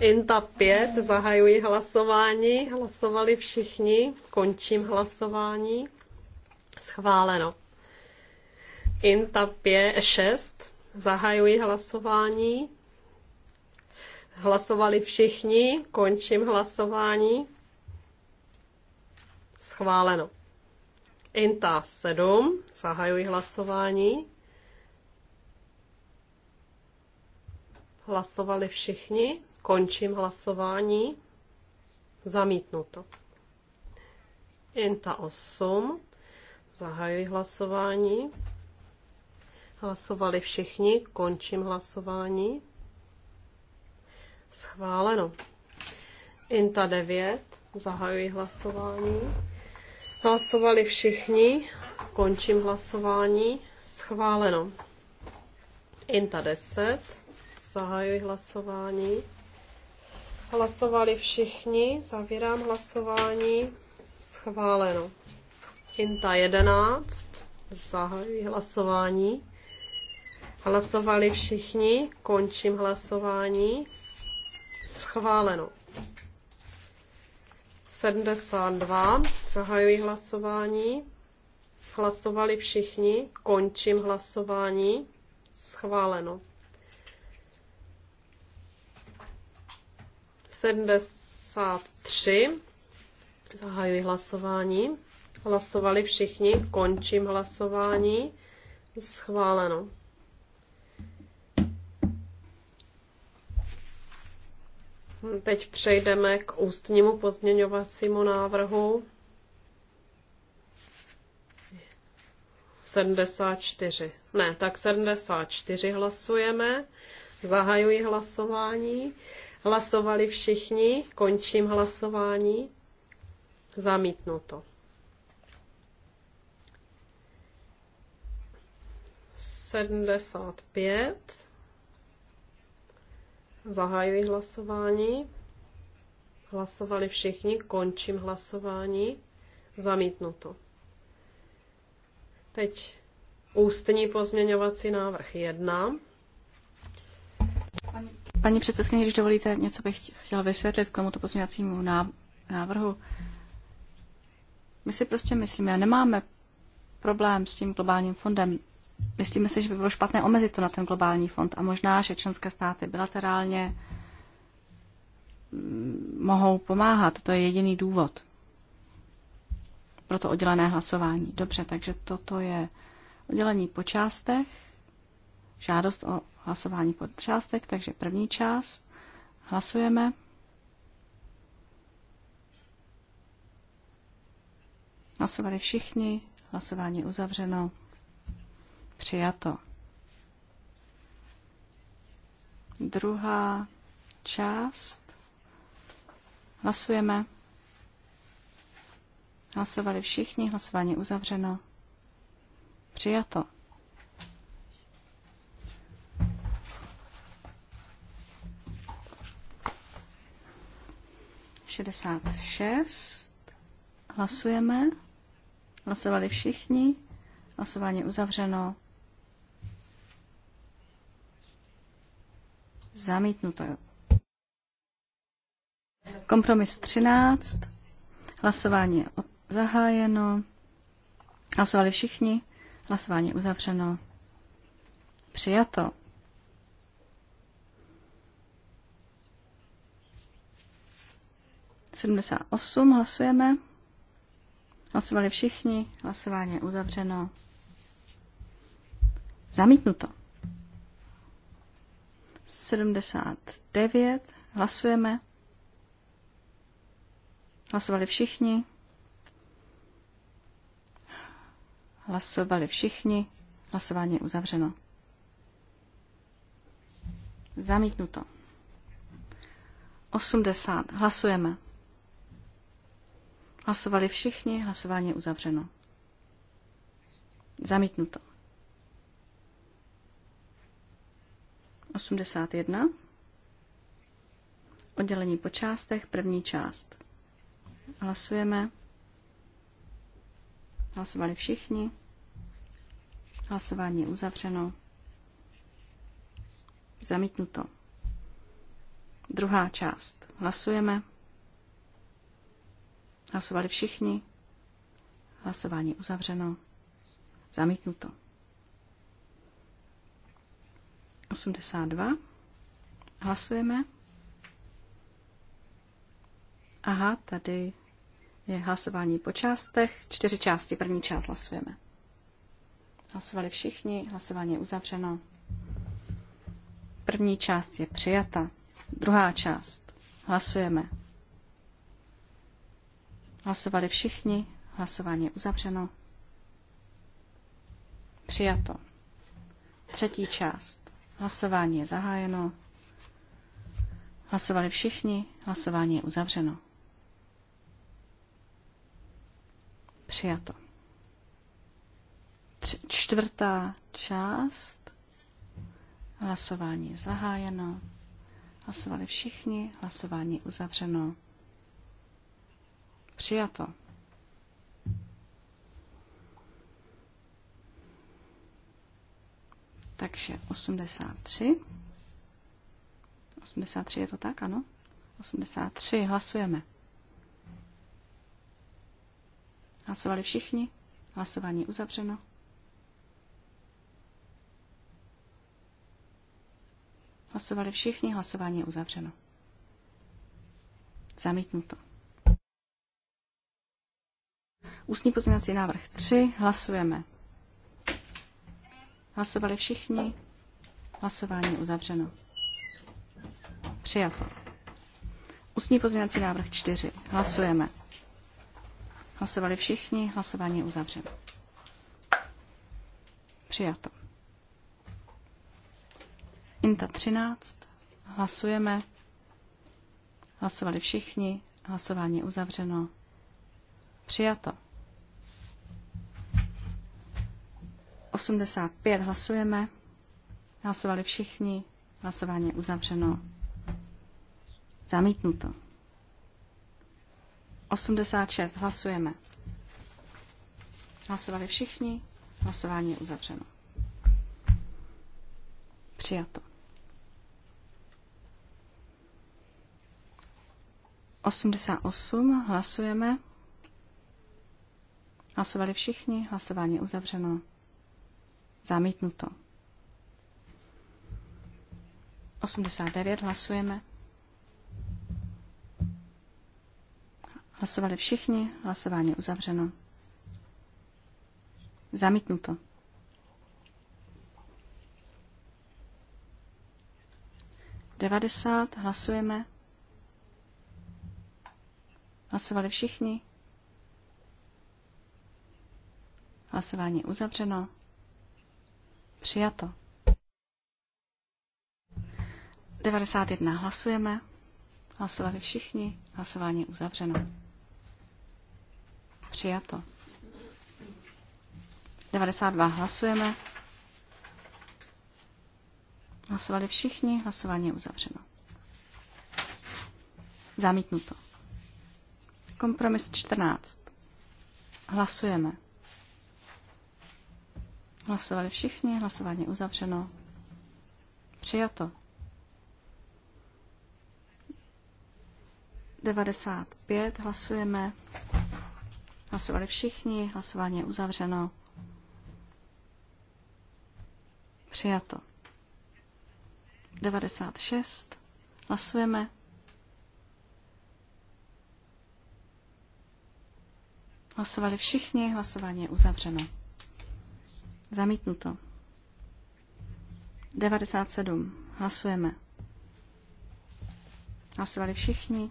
Inta 5, zahajuji hlasování. Hlasovali všichni. Končím hlasování. Schváleno. INTA 5, 6. Zahajuji hlasování. Hlasovali všichni, končím hlasování. Schváleno. INTA 7, zahajuji hlasování. Hlasovali všichni, končím hlasování. Zamítnuto. INTA 8, zahajuji hlasování. Hlasovali všichni, končím hlasování. Schváleno. Inta 9, zahajuji hlasování. Hlasovali všichni, končím hlasování. Schváleno. Inta 10, zahajuji hlasování. Hlasovali všichni, zavírám hlasování. Schváleno. Inta 11, zahajuji hlasování. Hlasovali všichni, končím hlasování. Schváleno. 72, zahajuji hlasování. Hlasovali všichni, končím hlasování. Schváleno. 73, zahajuji hlasování. Hlasovali všichni, končím hlasování. Schváleno. Teď přejdeme k ústnímu pozměňovacímu návrhu 74. Ne, tak 74 hlasujeme. Zahajuji hlasování. Hlasovali všichni. Končím hlasování. Zamítnuto. 75. Zahajuji hlasování. Hlasovali všichni, končím hlasování. Zamítnuto. Teď ústní pozměňovací návrh 1. Paní, paní předsedkyně, když dovolíte, něco bych chtěla vysvětlit k tomuto pozměňovacímu návrhu. My si prostě myslíme, nemáme problém s tím globálním fondem myslíme si, že by bylo špatné omezit to na ten globální fond a možná, že členské státy bilaterálně mm, mohou pomáhat. To je jediný důvod pro to oddělené hlasování. Dobře, takže toto je oddělení po částech, žádost o hlasování po částech, takže první část hlasujeme. Hlasovali všichni, hlasování uzavřeno. Přijato. Druhá část. Hlasujeme. Hlasovali všichni, hlasování uzavřeno. Přijato. Šedesát šest. Hlasujeme. Hlasovali všichni. Hlasování uzavřeno. Zamítnuto. Kompromis 13. Hlasování je zahájeno. Hlasovali všichni. Hlasování je uzavřeno. Přijato. Sedmdesát osm hlasujeme. Hlasovali všichni. Hlasování je uzavřeno. Zamítnuto. 79. Hlasujeme. Hlasovali všichni. Hlasovali všichni. Hlasování je uzavřeno. Zamítnuto. 80. Hlasujeme. Hlasovali všichni. Hlasování je uzavřeno. Zamítnuto. 81. Oddělení po částech, první část. Hlasujeme. Hlasovali všichni. Hlasování je uzavřeno. Zamítnuto. Druhá část. Hlasujeme. Hlasovali všichni. Hlasování uzavřeno. Zamítnuto. 82. Hlasujeme. Aha, tady je hlasování po částech. Čtyři části. První část hlasujeme. Hlasovali všichni, hlasování je uzavřeno. První část je přijata. Druhá část. Hlasujeme. Hlasovali všichni, hlasování je uzavřeno. Přijato. Třetí část. Hlasování je zahájeno. Hlasovali všichni. Hlasování je uzavřeno. Přijato. Tři, čtvrtá část. Hlasování je zahájeno. Hlasovali všichni. Hlasování je uzavřeno. Přijato. Takže 83. 83 je to tak, ano? 83, hlasujeme. Hlasovali všichni? Hlasování uzavřeno. Hlasovali všichni, hlasování je uzavřeno. Zamítnuto. Ústní pozměňovací návrh 3, hlasujeme. Hlasovali všichni. Hlasování je uzavřeno. Přijato. Ústní pozměňovací návrh 4. Hlasujeme. Hlasovali všichni. Hlasování je uzavřeno. Přijato. Inta 13. Hlasujeme. Hlasovali všichni. Hlasování je uzavřeno. Přijato. 85 hlasujeme. Hlasovali všichni. Hlasování uzavřeno. Zamítnuto. 86 hlasujeme. Hlasovali všichni. Hlasování je uzavřeno. Přijato. 88 hlasujeme. Hlasovali všichni. Hlasování je uzavřeno. Zamítnuto. 89 hlasujeme. Hlasovali všichni, hlasování uzavřeno. Zamítnuto. Devadesát, hlasujeme. Hlasovali všichni. Hlasování uzavřeno. Přijato. 91 hlasujeme. Hlasovali všichni. Hlasování je uzavřeno. Přijato. 92 hlasujeme. Hlasovali všichni. Hlasování je uzavřeno. Zamítnuto. Kompromis 14. Hlasujeme. Hlasovali všichni, hlasování uzavřeno. Přijato. 95 hlasujeme. Hlasovali všichni, hlasování uzavřeno. Přijato. 96 hlasujeme. Hlasovali všichni, hlasování uzavřeno. Zamítnuto. 97. Hlasujeme. Hlasovali všichni.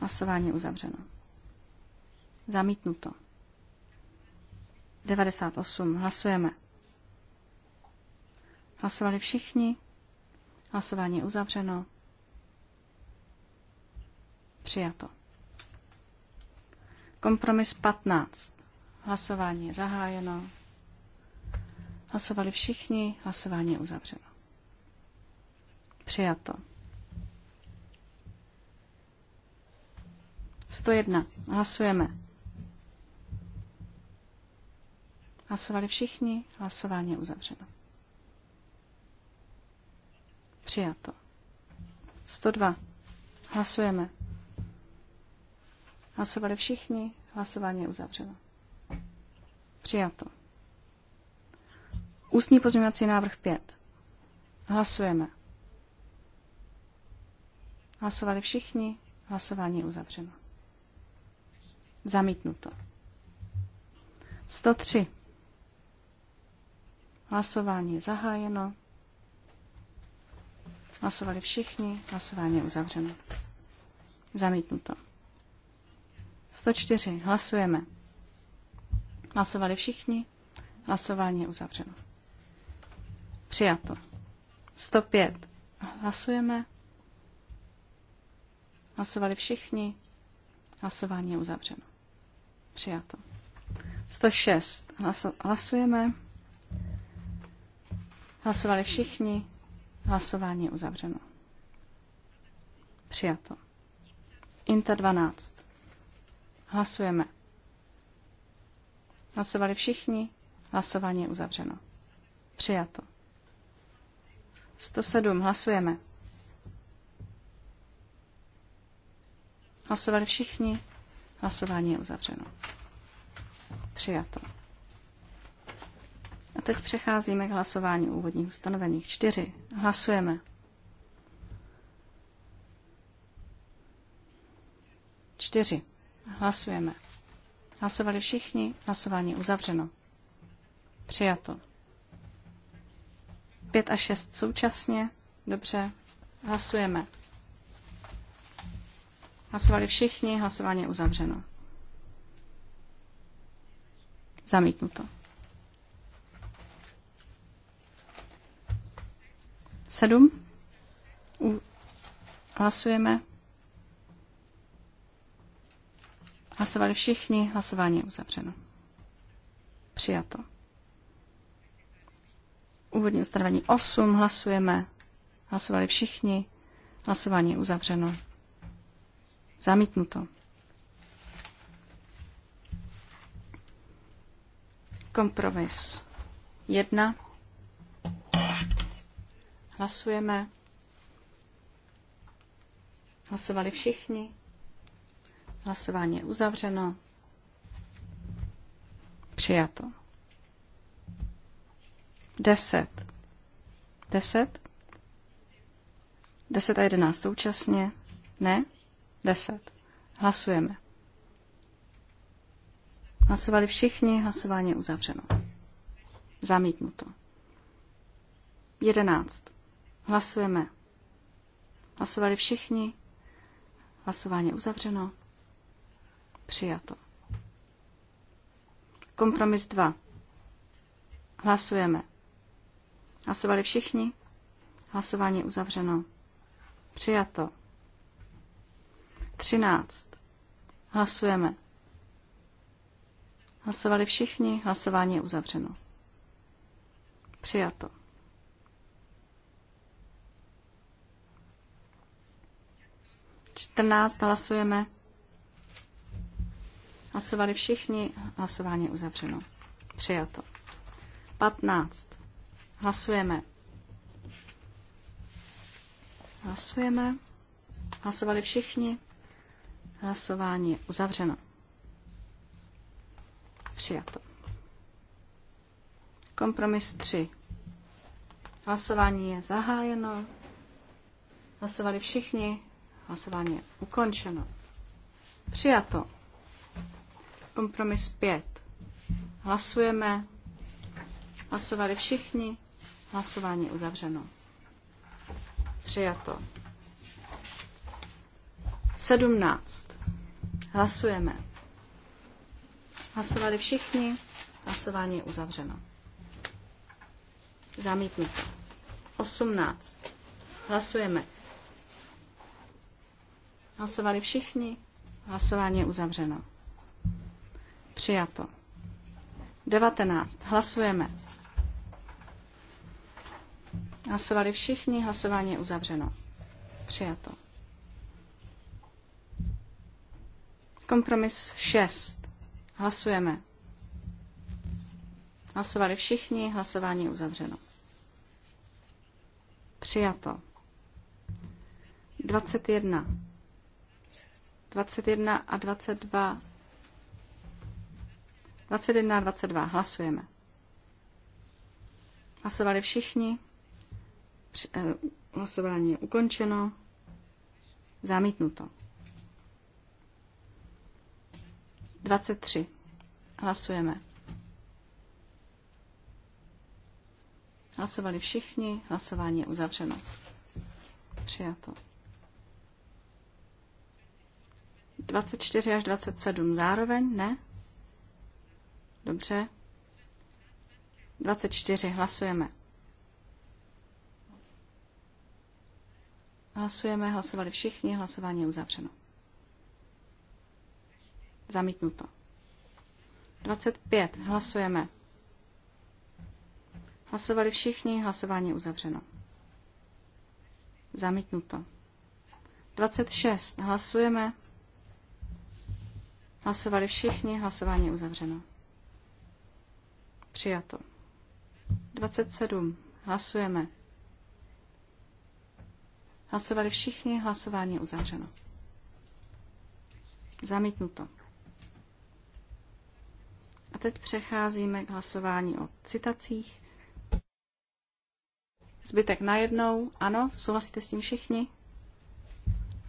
Hlasování uzavřeno. Zamítnuto. 98. Hlasujeme. Hlasovali všichni. Hlasování uzavřeno. Přijato. Kompromis 15. Hlasování je zahájeno. Hlasovali všichni, hlasování je uzavřeno. Přijato. 101. Hlasujeme. Hlasovali všichni, hlasování je uzavřeno. Přijato. 102. Hlasujeme. Hlasovali všichni, hlasování je uzavřeno. Přijato. Ústní pozměňovací návrh 5. Hlasujeme. Hlasovali všichni. Hlasování je uzavřeno. Zamítnuto. 103. Hlasování je zahájeno. Hlasovali všichni. Hlasování je uzavřeno. Zamítnuto. 104. Hlasujeme. Hlasovali všichni. Hlasování je uzavřeno. Přijato. 105. Hlasujeme. Hlasovali všichni. Hlasování je uzavřeno. Přijato. 106. Hlaso- hlasujeme. Hlasovali všichni. Hlasování je uzavřeno. Přijato. Inta 12. Hlasujeme. Hlasovali všichni. Hlasování je uzavřeno. Přijato. 107. Hlasujeme. Hlasovali všichni. Hlasování je uzavřeno. Přijato. A teď přecházíme k hlasování úvodních ustanoveních. Čtyři. Hlasujeme. Čtyři. Hlasujeme. Hlasovali všichni. Hlasování je uzavřeno. Přijato. 5 a 6 současně. Dobře, hlasujeme. Hlasovali všichni, hlasování je uzavřeno. Zamítnuto. Sedm. Hlasujeme. Hlasovali všichni, hlasování je uzavřeno. Přijato. Úvodní ustanovení 8 hlasujeme. Hlasovali všichni. Hlasování je uzavřeno. Zamítnuto. Kompromis 1. Hlasujeme. Hlasovali všichni. Hlasování je uzavřeno. Přijato. 10. 10? 10 a 11 současně? Ne? 10. Hlasujeme. Hlasovali všichni, hlasování je uzavřeno. Zamítnuto. 11. Hlasujeme. Hlasovali všichni, hlasování je uzavřeno. Přijato. Kompromis 2. Hlasujeme. Hlasovali všichni? Hlasování uzavřeno. Přijato. 13. Hlasujeme. Hlasovali všichni, hlasování je uzavřeno. Přijato. Čtrnáct hlasujeme. Hlasovali všichni, hlasování je uzavřeno. Přijato. Patnáct. Hlasujeme. Hlasujeme. Hlasovali všichni. Hlasování je uzavřeno. Přijato. Kompromis 3. Hlasování je zahájeno. Hlasovali všichni. Hlasování je ukončeno. Přijato. Kompromis 5. Hlasujeme. Hlasovali všichni. Hlasování uzavřeno. Přijato. 17. Hlasujeme. Hlasovali všichni. Hlasování je uzavřeno. Zamítnuto. 18. Hlasujeme. Hlasovali všichni. Hlasování je uzavřeno. Přijato. 19. Hlasujeme. Hlasovali všichni, hlasování je uzavřeno. Přijato. Kompromis 6. Hlasujeme. Hlasovali všichni, hlasování je uzavřeno. Přijato. 21. 21 a 22. 21 a 22. Hlasujeme. Hlasovali všichni. Eh, hlasování je ukončeno. Zamítnuto. 23. Hlasujeme. Hlasovali všichni, hlasování je uzavřeno. Přijato. 24 až 27 zároveň, ne? Dobře. 24 hlasujeme. Hlasujeme, hlasovali všichni, hlasování je uzavřeno. Zamítnuto. 25. Hlasujeme. Hlasovali všichni, hlasování je uzavřeno. Zamítnuto. 26. Hlasujeme. Hlasovali všichni, hlasování je uzavřeno. Přijato. 27. Hlasujeme. Hlasovali všichni, hlasování uzavřeno. Zamítnuto. A teď přecházíme k hlasování o citacích. Zbytek najednou. Ano, souhlasíte s tím všichni?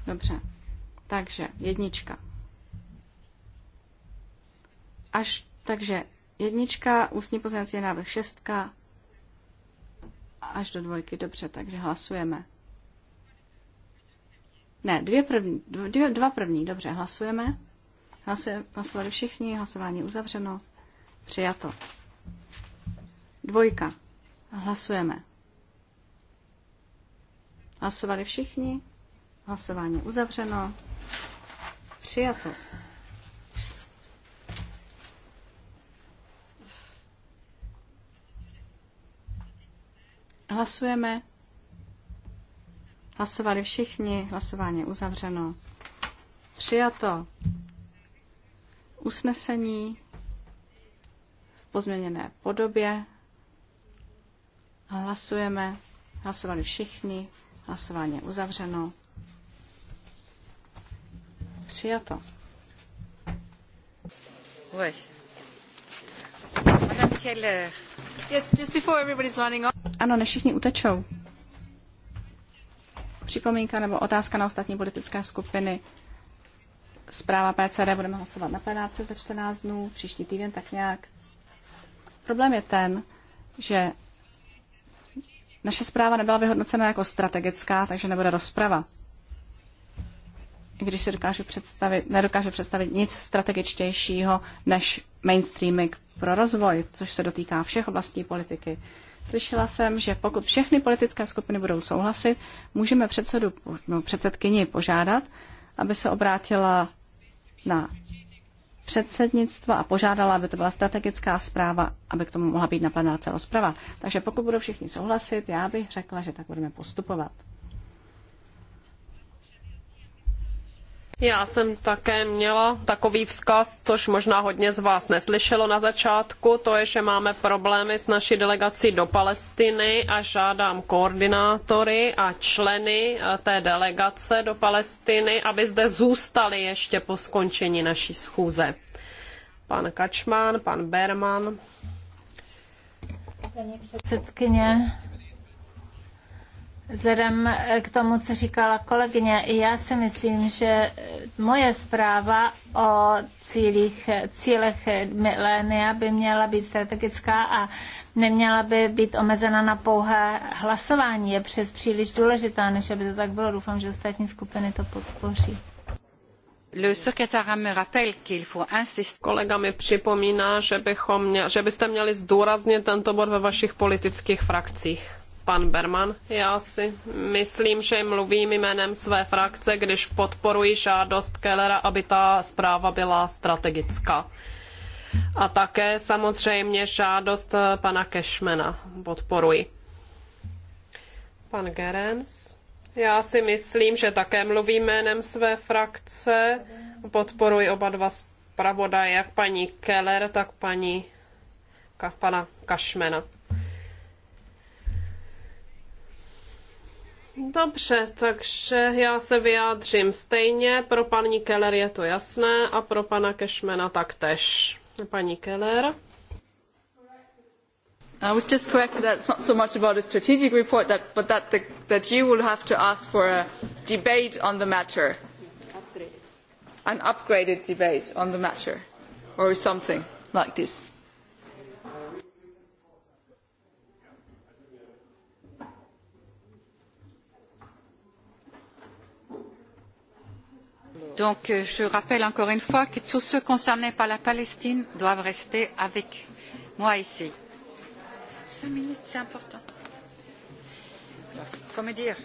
Dobře. Takže jednička. Až, takže jednička, ústní je návrh šestka, až do dvojky. Dobře, takže hlasujeme. Ne, dvě první, dvě, dva první, dobře, hlasujeme. Hlasujeme, hlasovali všichni, hlasování uzavřeno, přijato. Dvojka, hlasujeme. Hlasovali všichni, hlasování uzavřeno, přijato. Hlasujeme Hlasovali všichni, hlasování uzavřeno. Přijato usnesení v pozměněné podobě. Hlasujeme, hlasovali všichni, hlasování uzavřeno. Přijato. Ano, než všichni utečou. Připomínka nebo otázka na ostatní politické skupiny. Zpráva PCD budeme hlasovat na plenárce za 14 dnů, příští týden tak nějak. Problém je ten, že naše zpráva nebyla vyhodnocena jako strategická, takže nebude rozprava. I když si dokážu představit, nedokážu představit nic strategičtějšího než mainstreaming pro rozvoj, což se dotýká všech oblastí politiky. Slyšela jsem, že pokud všechny politické skupiny budou souhlasit, můžeme předsedu, no, předsedkyni požádat, aby se obrátila na předsednictvo a požádala, aby to byla strategická zpráva, aby k tomu mohla být naplněna celá rozprava. Takže pokud budou všichni souhlasit, já bych řekla, že tak budeme postupovat. Já jsem také měla takový vzkaz, což možná hodně z vás neslyšelo na začátku, to je, že máme problémy s naší delegací do Palestiny a žádám koordinátory a členy eh, té delegace do Palestiny, aby zde zůstali ještě po skončení naší schůze. Pan Kačman, pan Berman. Paní předsedkyně, Vzhledem k tomu, co říkala kolegyně, já si myslím, že moje zpráva o cílích, cílech milénia by měla být strategická a neměla by být omezena na pouhé hlasování. Je přes příliš důležitá, než aby to tak bylo. Doufám, že ostatní skupiny to podpoří. Kolega mi připomíná, že, bychom, že byste měli zdůraznit tento bod ve vašich politických frakcích pan Berman. Já si myslím, že mluvím jménem své frakce, když podporuji žádost Kellera, aby ta zpráva byla strategická. A také samozřejmě žádost pana Kešmena podporuji. Pan Gerens. Já si myslím, že také mluvím jménem své frakce. Podporuji oba dva zpravodaje, jak paní Keller, tak paní ka, pana Kašmena. Dobře, takže já se vyjádřím stejně. Pro paní Keller je to jasné a pro pana Kešmena taktež. Paní Keller. I was just corrected that it's not so much about a strategic report, that, but that, the, that you will have to ask for a debate on the matter. An upgraded debate on the matter, or something like this. Donc euh, je rappelle encore une fois que tous ceux concernés par la Palestine doivent rester avec moi ici. Cinq minutes, c'est important. faut me dire.